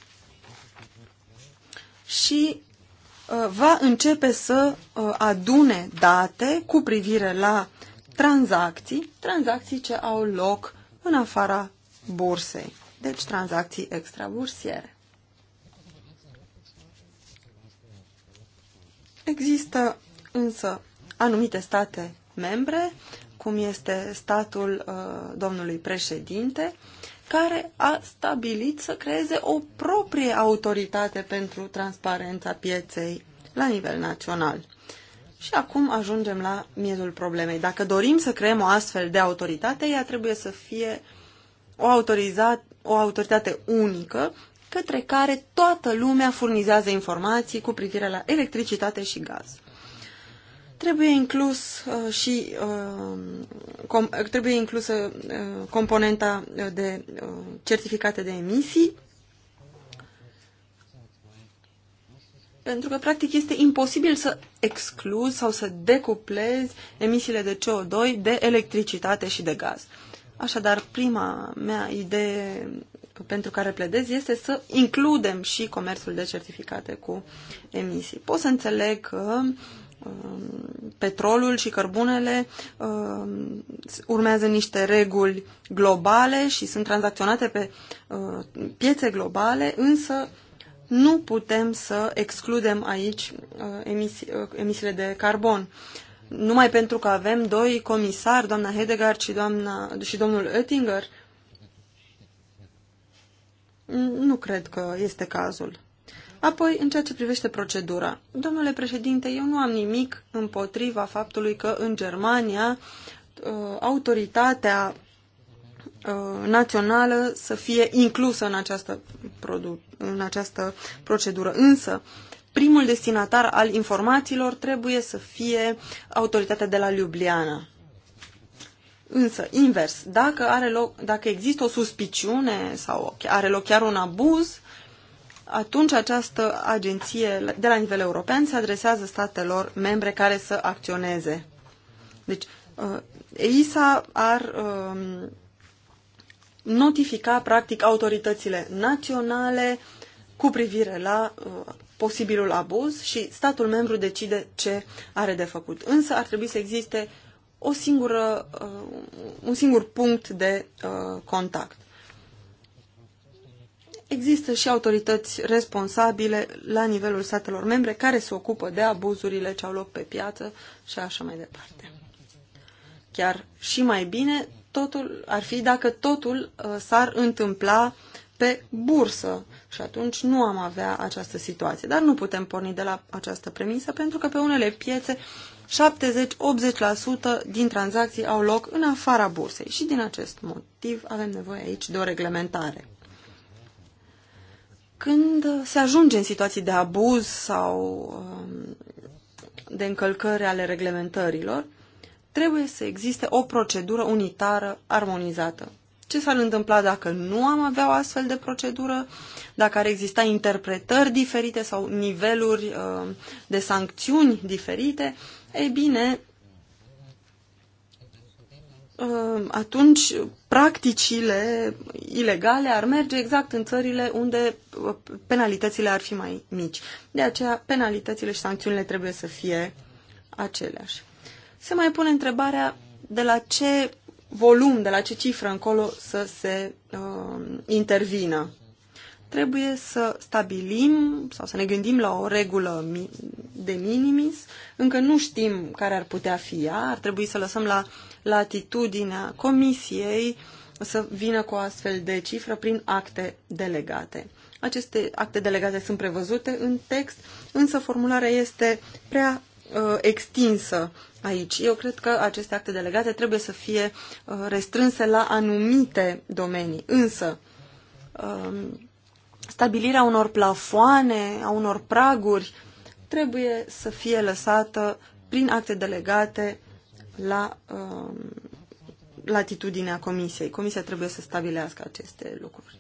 și uh, va începe să uh, adune date cu privire la tranzacții, tranzacții ce au loc în afara bursei, deci tranzacții extrabursiere. Există însă anumite state membre cum este statul uh, domnului președinte, care a stabilit să creeze o proprie autoritate pentru transparența pieței la nivel național. Și acum ajungem la miezul problemei. Dacă dorim să creăm o astfel de autoritate, ea trebuie să fie o, autorizat, o autoritate unică către care toată lumea furnizează informații cu privire la electricitate și gaz. Trebuie, inclus, uh, și, uh, com, trebuie inclusă uh, componenta uh, de uh, certificate de emisii, pentru că, practic, este imposibil să excluzi sau să decuplezi emisiile de CO2 de electricitate și de gaz. Așadar, prima mea idee pentru care pledez este să includem și comerțul de certificate cu emisii. Pot să înțeleg că Um, petrolul și cărbunele um, urmează niște reguli globale și sunt tranzacționate pe uh, piețe globale, însă nu putem să excludem aici uh, uh, emisiile de carbon. Numai pentru că avem doi comisari, doamna Hedegaard și, doamna, și domnul Oettinger, nu cred că este cazul. Apoi, în ceea ce privește procedura. Domnule președinte, eu nu am nimic împotriva faptului că în Germania uh, autoritatea uh, națională să fie inclusă în această, în această procedură. Însă, primul destinatar al informațiilor trebuie să fie autoritatea de la Ljubljana. Însă, invers, dacă, are loc, dacă există o suspiciune sau are loc chiar un abuz, atunci această agenție de la nivel european se adresează statelor membre care să acționeze. Deci, uh, EISA ar um, notifica, practic, autoritățile naționale cu privire la uh, posibilul abuz și statul membru decide ce are de făcut. Însă ar trebui să existe o singură, uh, un singur punct de contact există și autorități responsabile la nivelul statelor membre care se ocupă de abuzurile ce au loc pe piață și așa mai departe. Chiar și mai bine totul ar fi dacă totul uh, s-ar întâmpla pe bursă și atunci nu am avea această situație. Dar nu putem porni de la această premisă pentru că pe unele piețe 70-80% din tranzacții au loc în afara bursei și din acest motiv avem nevoie aici de o reglementare. Când se ajunge în situații de abuz sau um, de încălcări ale reglementărilor, trebuie să existe o procedură unitară, armonizată. Ce s-ar întâmpla dacă nu am avea o astfel de procedură, dacă ar exista interpretări diferite sau niveluri um, de sancțiuni diferite? Ei bine, Uh, atunci practicile ilegale ar merge exact în țările unde uh, penalitățile ar fi mai mici. De aceea, penalitățile și sancțiunile trebuie să fie aceleași. Se mai pune întrebarea de la ce volum, de la ce cifră încolo să se uh, intervină. Trebuie să stabilim sau să ne gândim la o regulă de minimis. Încă nu știm care ar putea fi ea, ar trebui să lăsăm la uh, latitudinea Comisiei să vină cu o astfel de cifră prin acte delegate. Aceste acte delegate sunt prevăzute în text, însă formularea este prea uh, extinsă aici. Eu cred că aceste acte delegate trebuie să fie uh, restrânse la anumite domenii, însă uh, stabilirea unor plafoane, a unor praguri, trebuie să fie lăsată prin acte delegate la uh, latitudinea comisiei. Comisia trebuie să stabilească aceste lucruri.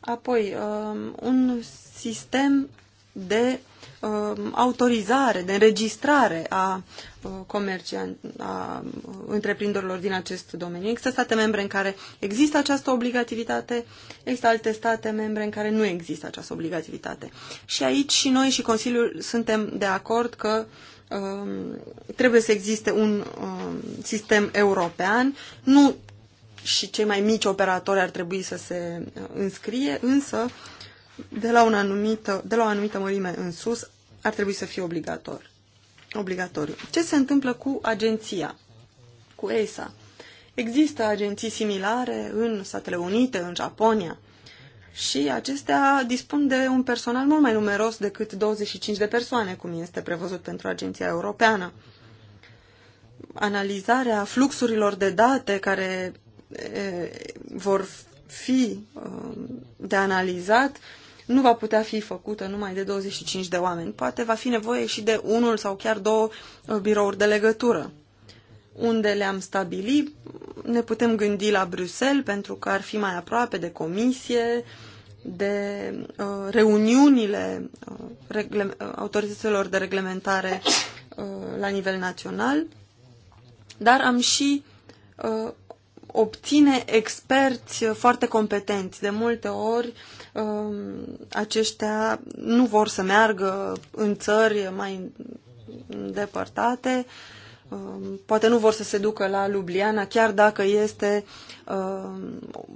Apoi, uh, un sistem de uh, autorizare, de înregistrare a uh, comercianților, a uh, întreprinderilor din acest domeniu. Există state membre în care există această obligativitate, există alte state membre în care nu există această obligativitate. Și aici și noi și Consiliul suntem de acord că uh, Um, trebuie să existe un um, sistem european, nu și cei mai mici operatori ar trebui să se uh, înscrie, însă de la, un anumită, de la o anumită mărime în sus ar trebui să fie obligator, obligatoriu. Ce se întâmplă cu agenția, cu ESA? Există agenții similare în Statele Unite, în Japonia și acestea dispun de un personal mult mai numeros decât 25 de persoane, cum este prevăzut pentru Agenția Europeană. Analizarea fluxurilor de date care e, vor fi um, de analizat nu va putea fi făcută numai de 25 de oameni. Poate va fi nevoie și de unul sau chiar două uh, birouri de legătură unde le-am stabilit. Ne putem gândi la Bruxelles pentru că ar fi mai aproape de comisie, de uh, reuniunile uh, uh autorităților de reglementare uh, la nivel național, dar am și uh, obține experți foarte competenți. De multe ori uh, aceștia nu vor să meargă în țări mai îndepărtate uh, Um, poate nu vor să se ducă la Ljubljana, chiar dacă este um,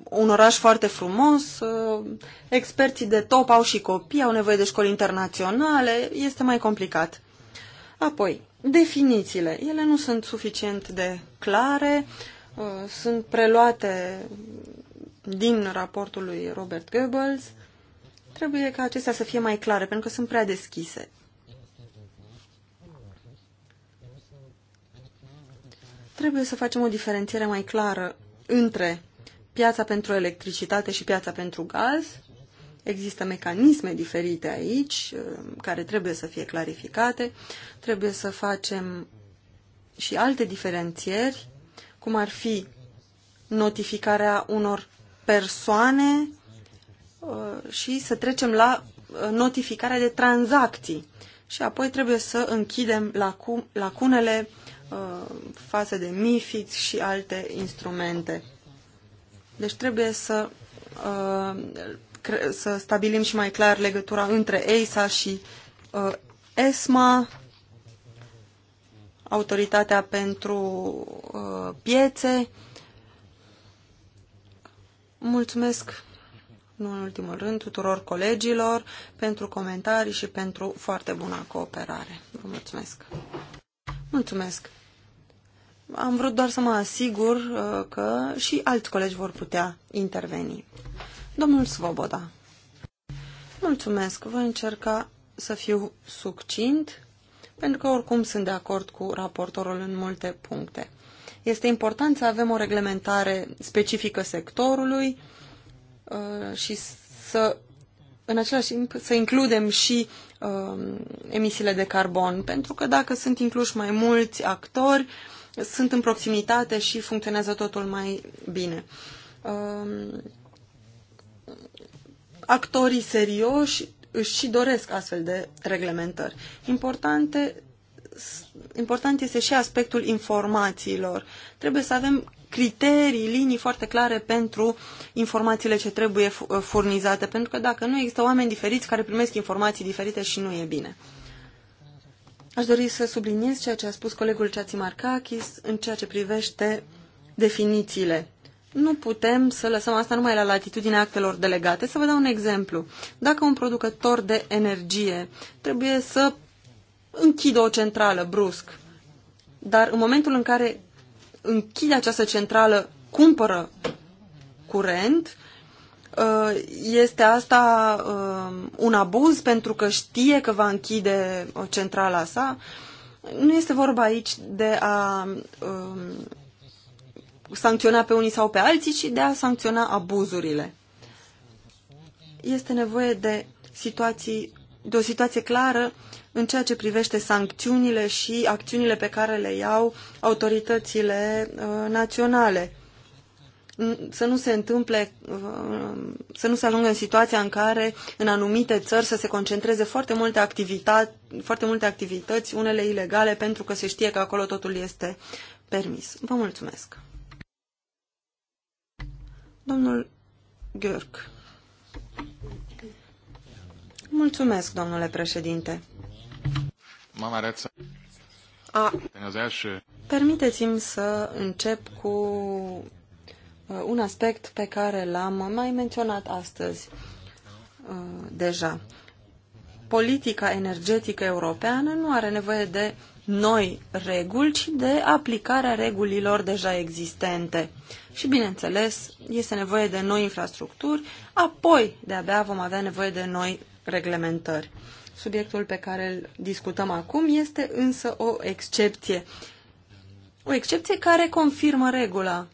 un oraș foarte frumos. Um, experții de top au și copii, au nevoie de școli internaționale, este mai complicat. Apoi, definițiile. Ele nu sunt suficient de clare, uh, sunt preluate din raportul lui Robert Goebbels. Trebuie ca acestea să fie mai clare, pentru că sunt prea deschise. Trebuie să facem o diferențiere mai clară între piața pentru electricitate și piața pentru gaz. Există mecanisme diferite aici uh, care trebuie să fie clarificate. Trebuie să facem și alte diferențieri, cum ar fi notificarea unor persoane uh, și să trecem la uh, notificarea de tranzacții. Și apoi trebuie să închidem lacunele Uh, față de MIFID și alte instrumente. Deci trebuie să, uh, să stabilim și mai clar legătura între EISA și uh, ESMA, Autoritatea pentru Piețe. Mulțumesc, nu în ultimul rând, tuturor colegilor pentru comentarii și pentru foarte bună cooperare. Vă mulțumesc! Mulțumesc! Am vrut doar să mă asigur uh, că și alți colegi vor putea interveni. Domnul Svoboda. Mulțumesc, voi încerca să fiu succint, pentru că oricum sunt de acord cu raportorul în multe puncte. Este important să avem o reglementare specifică sectorului uh, și să, în același timp, să includem și uh, emisiile de carbon, pentru că dacă sunt incluși mai mulți actori, sunt în proximitate și funcționează totul mai bine. Um, actorii serioși își și doresc astfel de reglementări. Importante, important este și aspectul informațiilor. Trebuie să avem criterii, linii foarte clare pentru informațiile ce trebuie furnizate, pentru că dacă nu există oameni diferiți care primesc informații diferite și nu e bine. Aș dori să subliniez ceea ce a spus colegul Markakis în ceea ce privește definițiile. Nu putem să lăsăm asta numai la latitudinea actelor delegate. Să vă dau un exemplu. Dacă un producător de energie trebuie să închidă o centrală brusc, dar în momentul în care închide această centrală, cumpără curent, Uh, este asta uh, un abuz pentru că știe că va închide uh, centrala sa. Nu este vorba aici de a sancționa pe unii sau pe alții, ci de a sancționa abuzurile. Este nevoie de, situații, de o situație clară în ceea ce privește sancțiunile și acțiunile pe care le iau autoritățile naționale să nu se întâmple, să nu se ajungă în situația în care în anumite țări să se concentreze foarte multe, activități, foarte multe activități, unele ilegale, pentru că se știe că acolo totul este permis. Vă mulțumesc. Domnul Gheorg. Mulțumesc, domnule președinte. Mama Reța. A. Permiteți-mi să încep cu Uh, un aspect pe care l-am mai menționat astăzi uh, deja. Politica energetică europeană nu are nevoie de noi reguli, ci de aplicarea regulilor deja existente. Și, bineînțeles, este nevoie de noi infrastructuri, apoi de-abia vom avea nevoie de noi reglementări. Subiectul pe care îl discutăm acum este însă o excepție. O excepție care confirmă regula.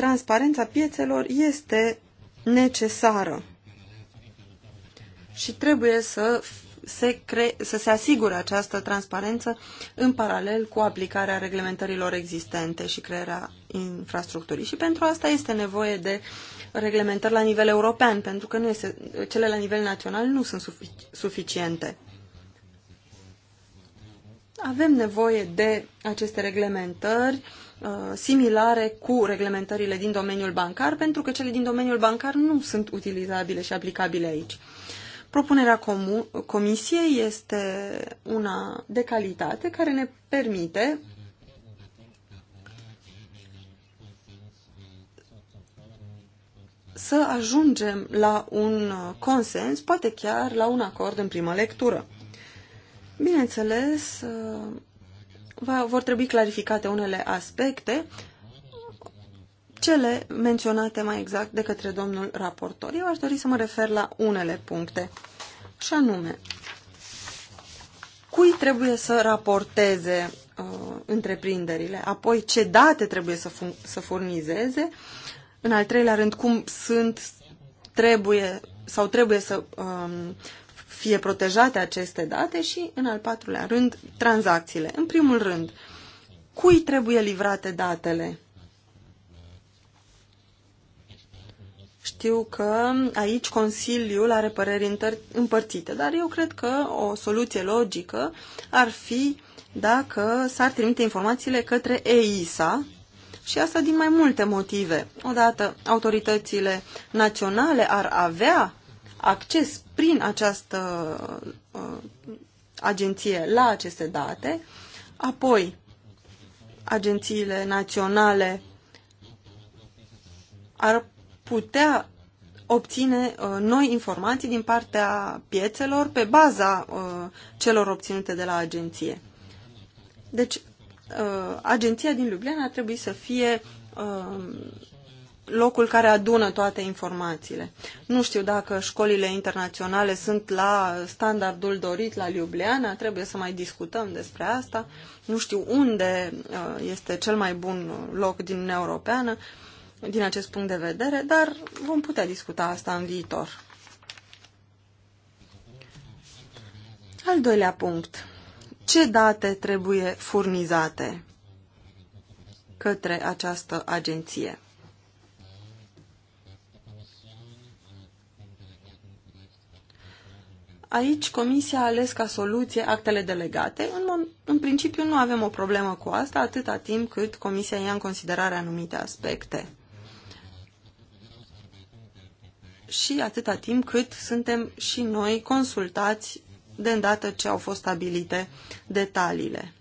transparența piețelor este necesară și trebuie să se, cre- să se asigure această transparență în paralel cu aplicarea reglementărilor existente și crearea infrastructurii. Și pentru asta este nevoie de reglementări la nivel european, pentru că nu este, cele la nivel național nu sunt sufic- suficiente. Avem nevoie de aceste reglementări uh, Uh, similare cu reglementările din domeniul bancar, pentru că cele din domeniul bancar nu sunt utilizabile și aplicabile aici. Propunerea Comisiei este una de calitate care ne permite să ajungem la un consens, poate chiar la un acord în primă lectură. Bineînțeles, uh, va, vor trebui clarificate unele aspecte, cele menționate mai exact de către domnul raportor. Eu aș dori să mă refer la unele puncte, și anume, cui trebuie să raporteze uh, întreprinderile, apoi ce date trebuie să, să furnizeze, în al treilea rând, cum sunt, trebuie sau trebuie să uh, fie protejate aceste date și, în al patrulea rând, tranzacțiile. În primul rând, cui trebuie livrate datele? Știu că aici Consiliul are păreri împărțite, dar eu cred că o soluție logică ar fi dacă s-ar trimite informațiile către EISA și asta din mai multe motive. Odată, autoritățile naționale ar avea acces prin această uh, agenție la aceste date, apoi agențiile naționale ar putea obține uh, noi informații din partea piețelor pe baza uh, celor obținute de la agenție. Deci, uh, agenția din Ljubljana trebuie să fie uh, locul care adună toate informațiile. Nu știu dacă școlile internaționale sunt la standardul dorit la Ljubljana, trebuie să mai discutăm despre asta. Nu știu unde uh, este cel mai bun loc din Uniunea Europeană din acest punct de vedere, dar vom putea discuta asta în viitor. Al doilea punct. Ce date trebuie furnizate către această agenție? Aici Comisia a ales ca soluție actele delegate. În, în principiu nu avem o problemă cu asta atâta timp cât Comisia ia în considerare anumite aspecte. Și atâta timp cât suntem și noi consultați de îndată ce au fost stabilite detaliile.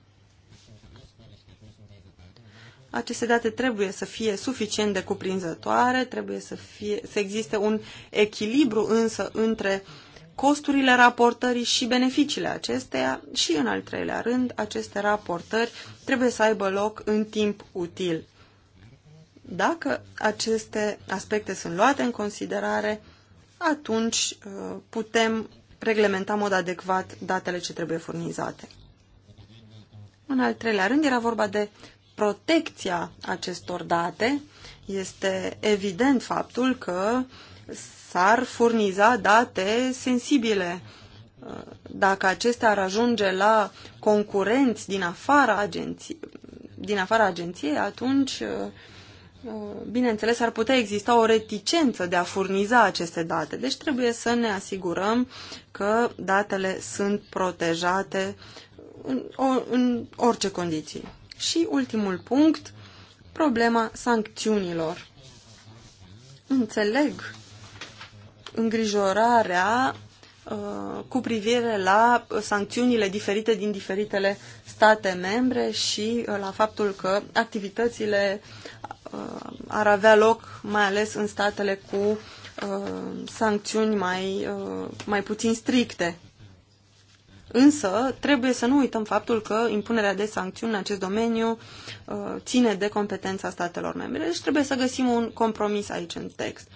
Aceste date trebuie să fie suficient de cuprinzătoare, trebuie să, fie, să existe un echilibru însă între uh, costurile raportării și beneficiile acesteia și, în al treilea rând, aceste raportări trebuie să aibă loc în timp util. Dacă aceste aspecte sunt luate în considerare, atunci uh, putem reglementa în mod adecvat datele ce trebuie furnizate. În al treilea rând, era vorba de protecția acestor date. Este evident faptul că s-ar furniza date sensibile. Dacă acestea ar ajunge la concurenți din afara, agenției, din afara agenției, atunci, bineînțeles, ar putea exista o reticență de a furniza aceste date. Deci trebuie să ne asigurăm că datele sunt protejate în, în orice condiții. Și ultimul punct, problema sancțiunilor. Înțeleg îngrijorarea uh, cu privire la sancțiunile diferite din diferitele state membre și uh, la faptul că activitățile uh, ar avea loc mai ales în statele cu sancțiuni mai, mai puțin stricte. Însă, trebuie să nu uităm faptul că impunerea de sancțiuni în acest domeniu uh, ține de competența statelor membre. Deci trebuie să găsim un compromis aici în text.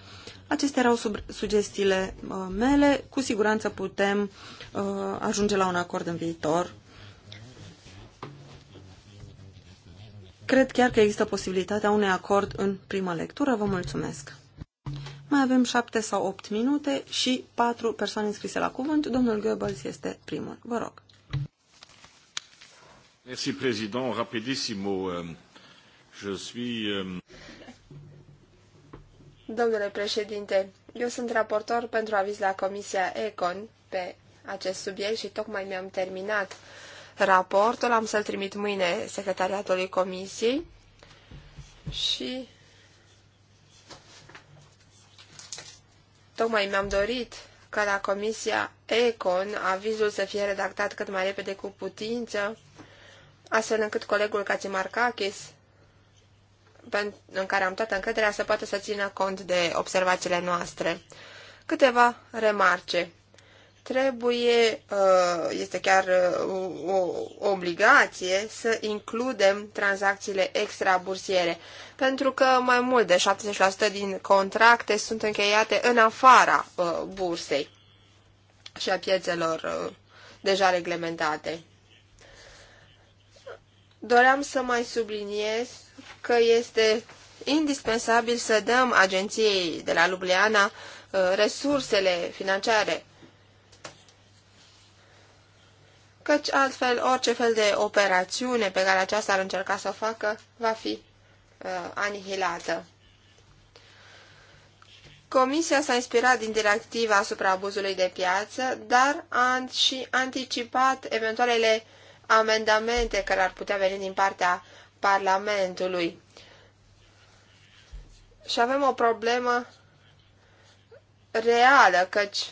Acestea erau sub sugestiile uh, mele. Cu siguranță putem uh, ajunge la un acord în viitor. Cred chiar că există posibilitatea unui acord în prima lectură. Vă mulțumesc! Mai avem șapte sau opt minute și patru persoane înscrise la cuvânt. Domnul Goebbels este primul. Vă rog. Merci, président. Rapidissimo. Euh, je suis... Euh, Domnule președinte, eu sunt raportor pentru aviz la Comisia Econ pe acest subiect și tocmai mi-am terminat raportul. Am să-l trimit mâine secretariatului Comisiei și Tocmai mi-am dorit ca la Comisia Econ avizul să fie redactat cât mai repede cu putință, astfel încât colegul Cacimarcachis, în care am toată încrederea, să poată să țină cont de observațiile noastre. Câteva remarce trebuie, uh, este chiar uh, o obligație să includem tranzacțiile extrabursiere, pentru că mai mult de 70% din contracte sunt încheiate în afara uh, bursei și a piețelor deja reglementate. Doream să mai subliniez că este indispensabil să dăm agenției de la Ljubljana resursele financiare căci altfel orice fel de operațiune pe care aceasta ar încerca să o facă va fi uh, anihilată. Comisia s-a inspirat din directiva asupra abuzului de piață, dar a și anticipat eventualele amendamente care ar putea veni din partea Parlamentului. Și avem o problemă reală, căci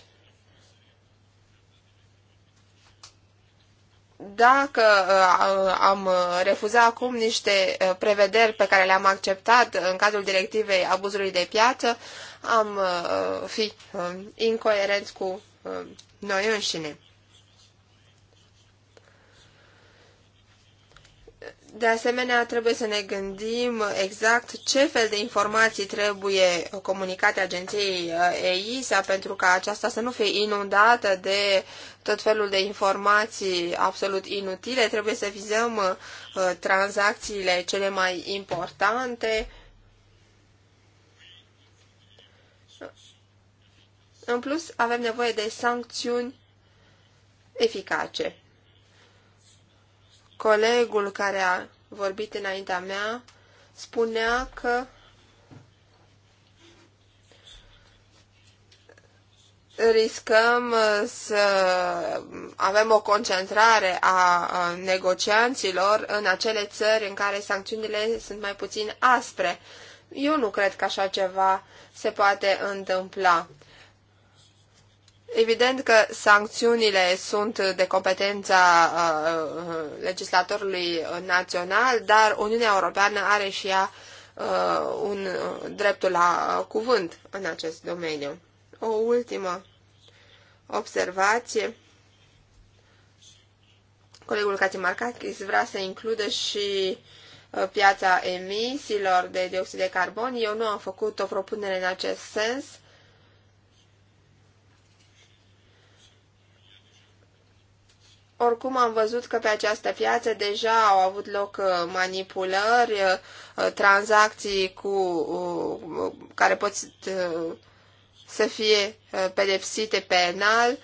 dacă uh, am refuzat acum niște uh, prevederi pe care le-am acceptat în cadrul directivei abuzului de piață, am uh, fi incoerenți cu noi înșine. De asemenea, trebuie să ne gândim exact ce fel de informații trebuie comunicate agenției uh, EISA pentru ca aceasta să nu fie inundată de tot felul de informații absolut inutile. Trebuie să vizăm uh, tranzacțiile cele mai importante. În plus, avem nevoie de sancțiuni eficace. Colegul care a vorbit înaintea mea spunea că riscăm uh, să avem o concentrare a negocianților în acele țări în care sancțiunile sunt mai puțin aspre. Eu nu cred că așa ceva se poate întâmpla. Evident că sancțiunile sunt de competența uh, uh, legislatorului național, dar Uniunea Europeană are și ea uh, un dreptul la cuvânt în acest domeniu. O ultimă observație. Colegul Cațimarcachis vrea să includă și piața emisiilor de dioxid de carbon. Eu nu am făcut o propunere în acest sens. Oricum am văzut că pe această piață deja au avut loc uh, manipulări, uh, tranzacții cu, uh, care pot să fie pedepsite penal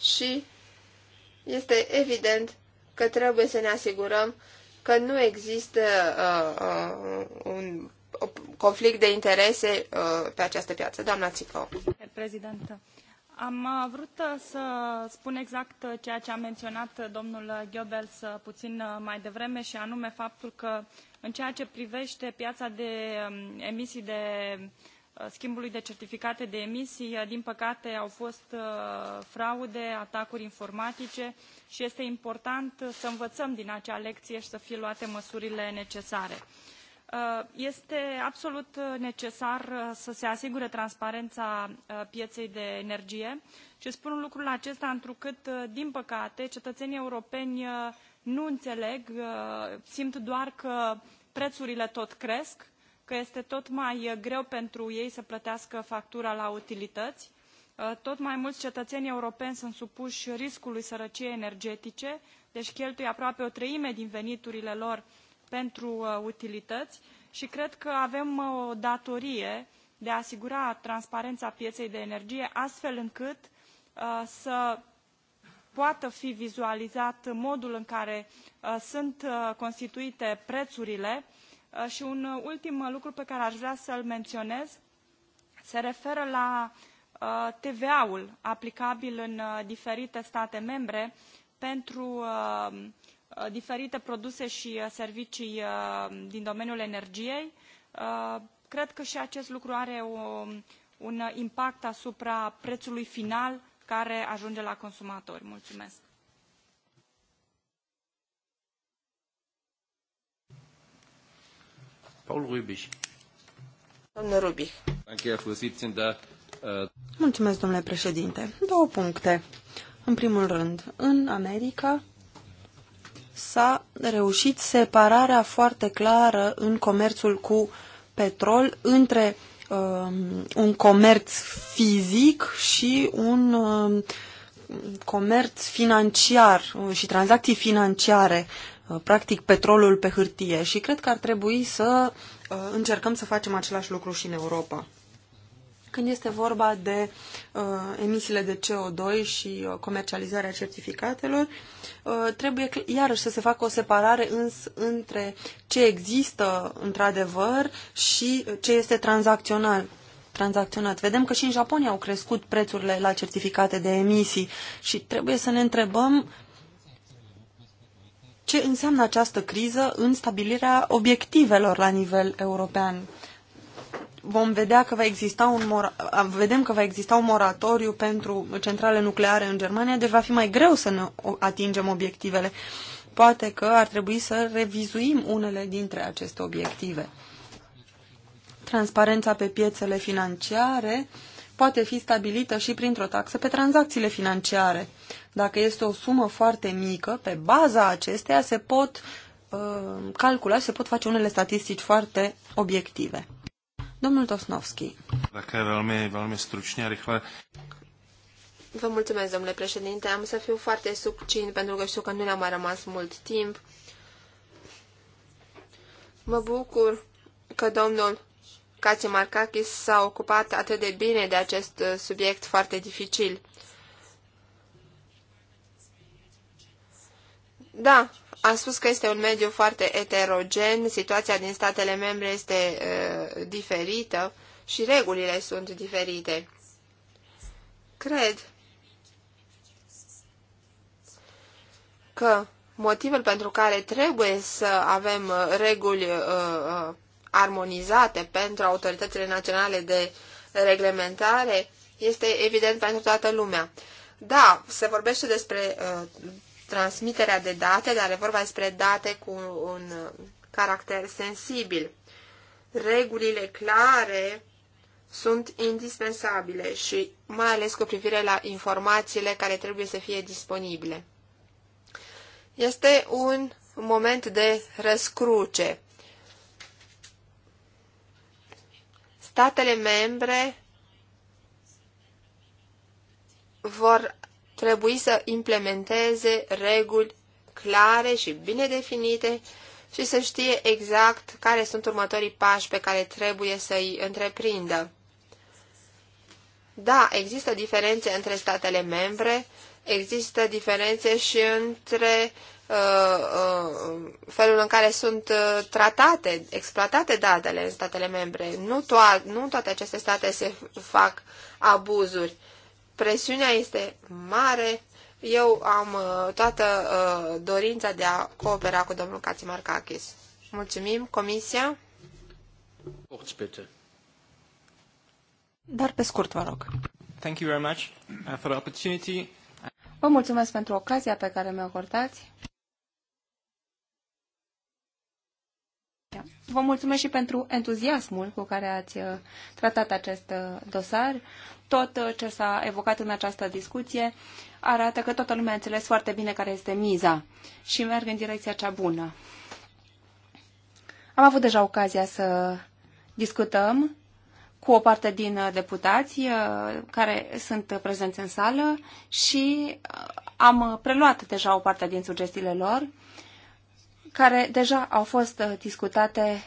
și este evident că trebuie să ne asigurăm că nu există uh, uh, un conflict de interese uh, pe această piață. Doamna Țicău. Prezidentă. Am uh, vrut uh, să spun exact uh, ceea ce a menționat domnul Goebbels puțin mai devreme și anume faptul că în ceea ce privește piața de um, emisii de schimbului de certificate de emisii, din păcate au fost fraude, atacuri informatice și este important să învățăm din acea lecție și să fie luate măsurile necesare. Uh, este absolut uh, necesar uh, să se asigure transparența pieței de energie și spun lucrul acesta întrucât, din păcate, cetățenii europeni nu înțeleg, simt doar că prețurile tot cresc, că este tot mai greu pentru ei să plătească factura la utilități. Tot mai mulți cetățeni europeni sunt supuși riscului sărăciei energetice, deci cheltuie aproape o treime din veniturile lor pentru uh, utilități și cred că avem uh, o datorie de a asigura transparența pieței de energie astfel încât uh, să poată fi vizualizat modul în care sunt constituite prețurile și un ultim lucru pe care aș vrea să l menționez se referă la TVA ul aplicabil în diferite state membre pentru Uh, diferite produse și uh, servicii uh, din domeniul energiei. Cred că și acest lucru are un impact asupra prețului final care ajunge la consumatori. Mulțumesc! Paul Rubiș. Domnul Rubiș. Da, Mulțumesc, domnule președinte. Două puncte. În primul rând, în America, s-a reușit separarea foarte clară în comerțul cu petrol între um, un comerț fizic și un um, comerț financiar uh, și tranzacții financiare, uh, practic petrolul pe hârtie și cred că ar trebui să uh, încercăm să facem același lucru și în Europa când este vorba de uh, emisiile de CO2 și uh, comercializarea certificatelor, uh, trebuie iarăși să se facă o separare îns, între ce există într-adevăr și ce este tranzacțional. Tranzacționat. Vedem că și în Japonia au crescut prețurile la certificate de emisii și trebuie să ne întrebăm ce înseamnă această criză în stabilirea obiectivelor la nivel european vom vedea că va exista un vedem că va exista un moratoriu pentru centrale nucleare în Germania, deci va fi mai greu să ne atingem obiectivele. Poate că ar trebui să revizuim unele dintre aceste obiective. Transparența pe piețele financiare poate fi stabilită și printr-o taxă pe tranzacțiile financiare. Dacă este o sumă foarte mică, pe baza acesteia se pot uh, calcula și se pot face unele statistici foarte obiective. Domnul Tosnovski. Dacă velmi, velmi stručně, rychle. Vă mulțumesc, domnule președinte. Am să fiu foarte succint pentru că știu că nu ne-a mai rămas mult timp. Mă bucur că domnul Kacimarkakis s-a ocupat atât de bine de acest subiect foarte dificil. Da, am spus că este un mediu foarte eterogen, situația din statele membre este uh, diferită și regulile sunt diferite. Cred că motivul pentru care trebuie să avem reguli uh, armonizate pentru autoritățile naționale de reglementare este evident pentru toată lumea. Da, se vorbește despre uh, transmiterea de date, dar e vorba despre date cu un caracter sensibil. Regulile clare sunt indispensabile și mai ales cu privire la informațiile care trebuie să fie disponibile. Este un moment de răscruce. Statele membre vor trebui să implementeze reguli clare și bine definite și să știe exact care sunt următorii pași pe care trebuie să-i întreprindă. Da, există diferențe între statele membre, există diferențe și între uh, uh, felul în care sunt uh, tratate, exploatate datele în statele membre. Nu, to- nu toate aceste state se fac abuzuri presiunea este mare. Eu am uh, toată uh, dorința de a coopera cu domnul Cachis. Mulțumim, Comisia. Dar pe scurt, vă rog. Thank you very much uh, for the opportunity. Vă mulțumesc pentru ocazia pe care mi-o acordați. Da. Vă mulțumesc și pentru entuziasmul cu care ați uh, tratat acest uh, dosar. Tot uh, ce s-a evocat în această discuție arată că toată lumea a înțeles foarte bine care este miza și merg în direcția cea bună. Am avut deja ocazia să discutăm cu o parte din deputați care sunt prezenți în sală și am preluat deja o parte din sugestiile lor care deja au fost uh, discutate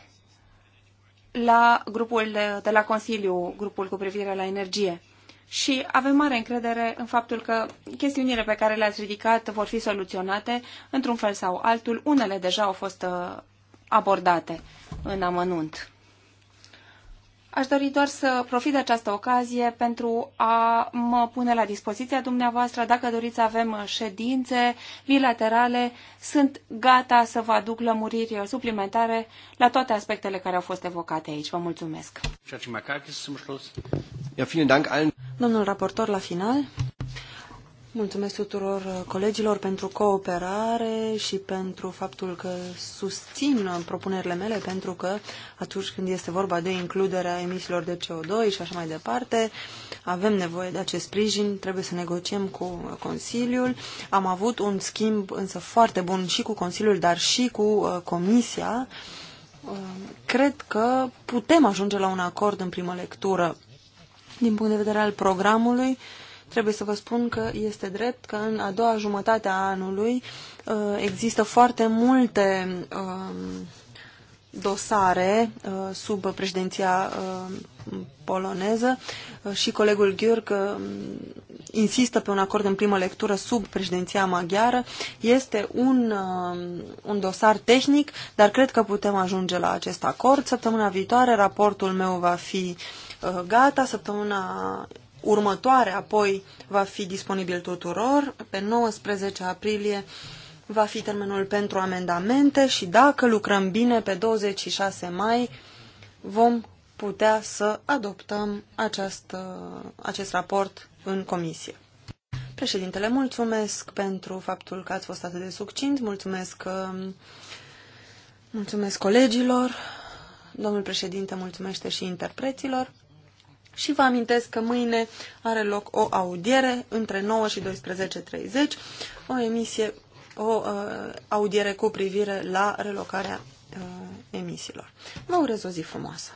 la grupul de, de la Consiliu, grupul cu privire la energie. Și avem mare încredere în faptul că chestiunile pe care le-ați ridicat vor fi soluționate într-un fel sau altul. Unele deja au fost uh, abordate în amănunt. Aș dori doar să profit de această ocazie pentru a mă pune la dispoziția dumneavoastră. Dacă doriți să avem ședințe bilaterale, sunt gata să vă aduc lămuriri suplimentare la toate aspectele care au fost evocate aici. Vă mulțumesc. Domnul raportor, la final. Mulțumesc tuturor uh, colegilor pentru cooperare și pentru faptul că susțin uh, propunerile mele, pentru că atunci când este vorba de includerea emisiilor de CO2 și așa mai departe, avem nevoie de acest sprijin, trebuie să negociem cu Consiliul. Am avut un schimb însă foarte bun și cu Consiliul, dar și cu uh, Comisia. Cred că putem ajunge la un acord în primă lectură din punct de vedere al programului Trebuie să vă spun că este drept că în a doua jumătate a anului uh, există foarte multe um, dosare uh, sub președinția um, poloneză uh, și colegul Gheorg um, insistă pe un acord în primă lectură sub președinția maghiară. Este un, un dosar tehnic, dar cred că putem ajunge la acest acord. Săptămâna viitoare raportul meu va fi gata, săptămâna următoare apoi va fi disponibil tuturor. Pe 19 aprilie va fi termenul pentru amendamente și dacă lucrăm bine pe 26 mai vom putea să adoptăm acest, acest raport în comisie. Președintele, mulțumesc pentru faptul că ați fost atât de succint, mulțumesc, um, mulțumesc colegilor, domnul președinte mulțumește și interpreților. Și vă amintesc că mâine are loc o audiere între 9 și 12.30, o emisie, o uh, audiere cu privire la relocarea uh, emisiilor. Vă urez o zi frumoasă!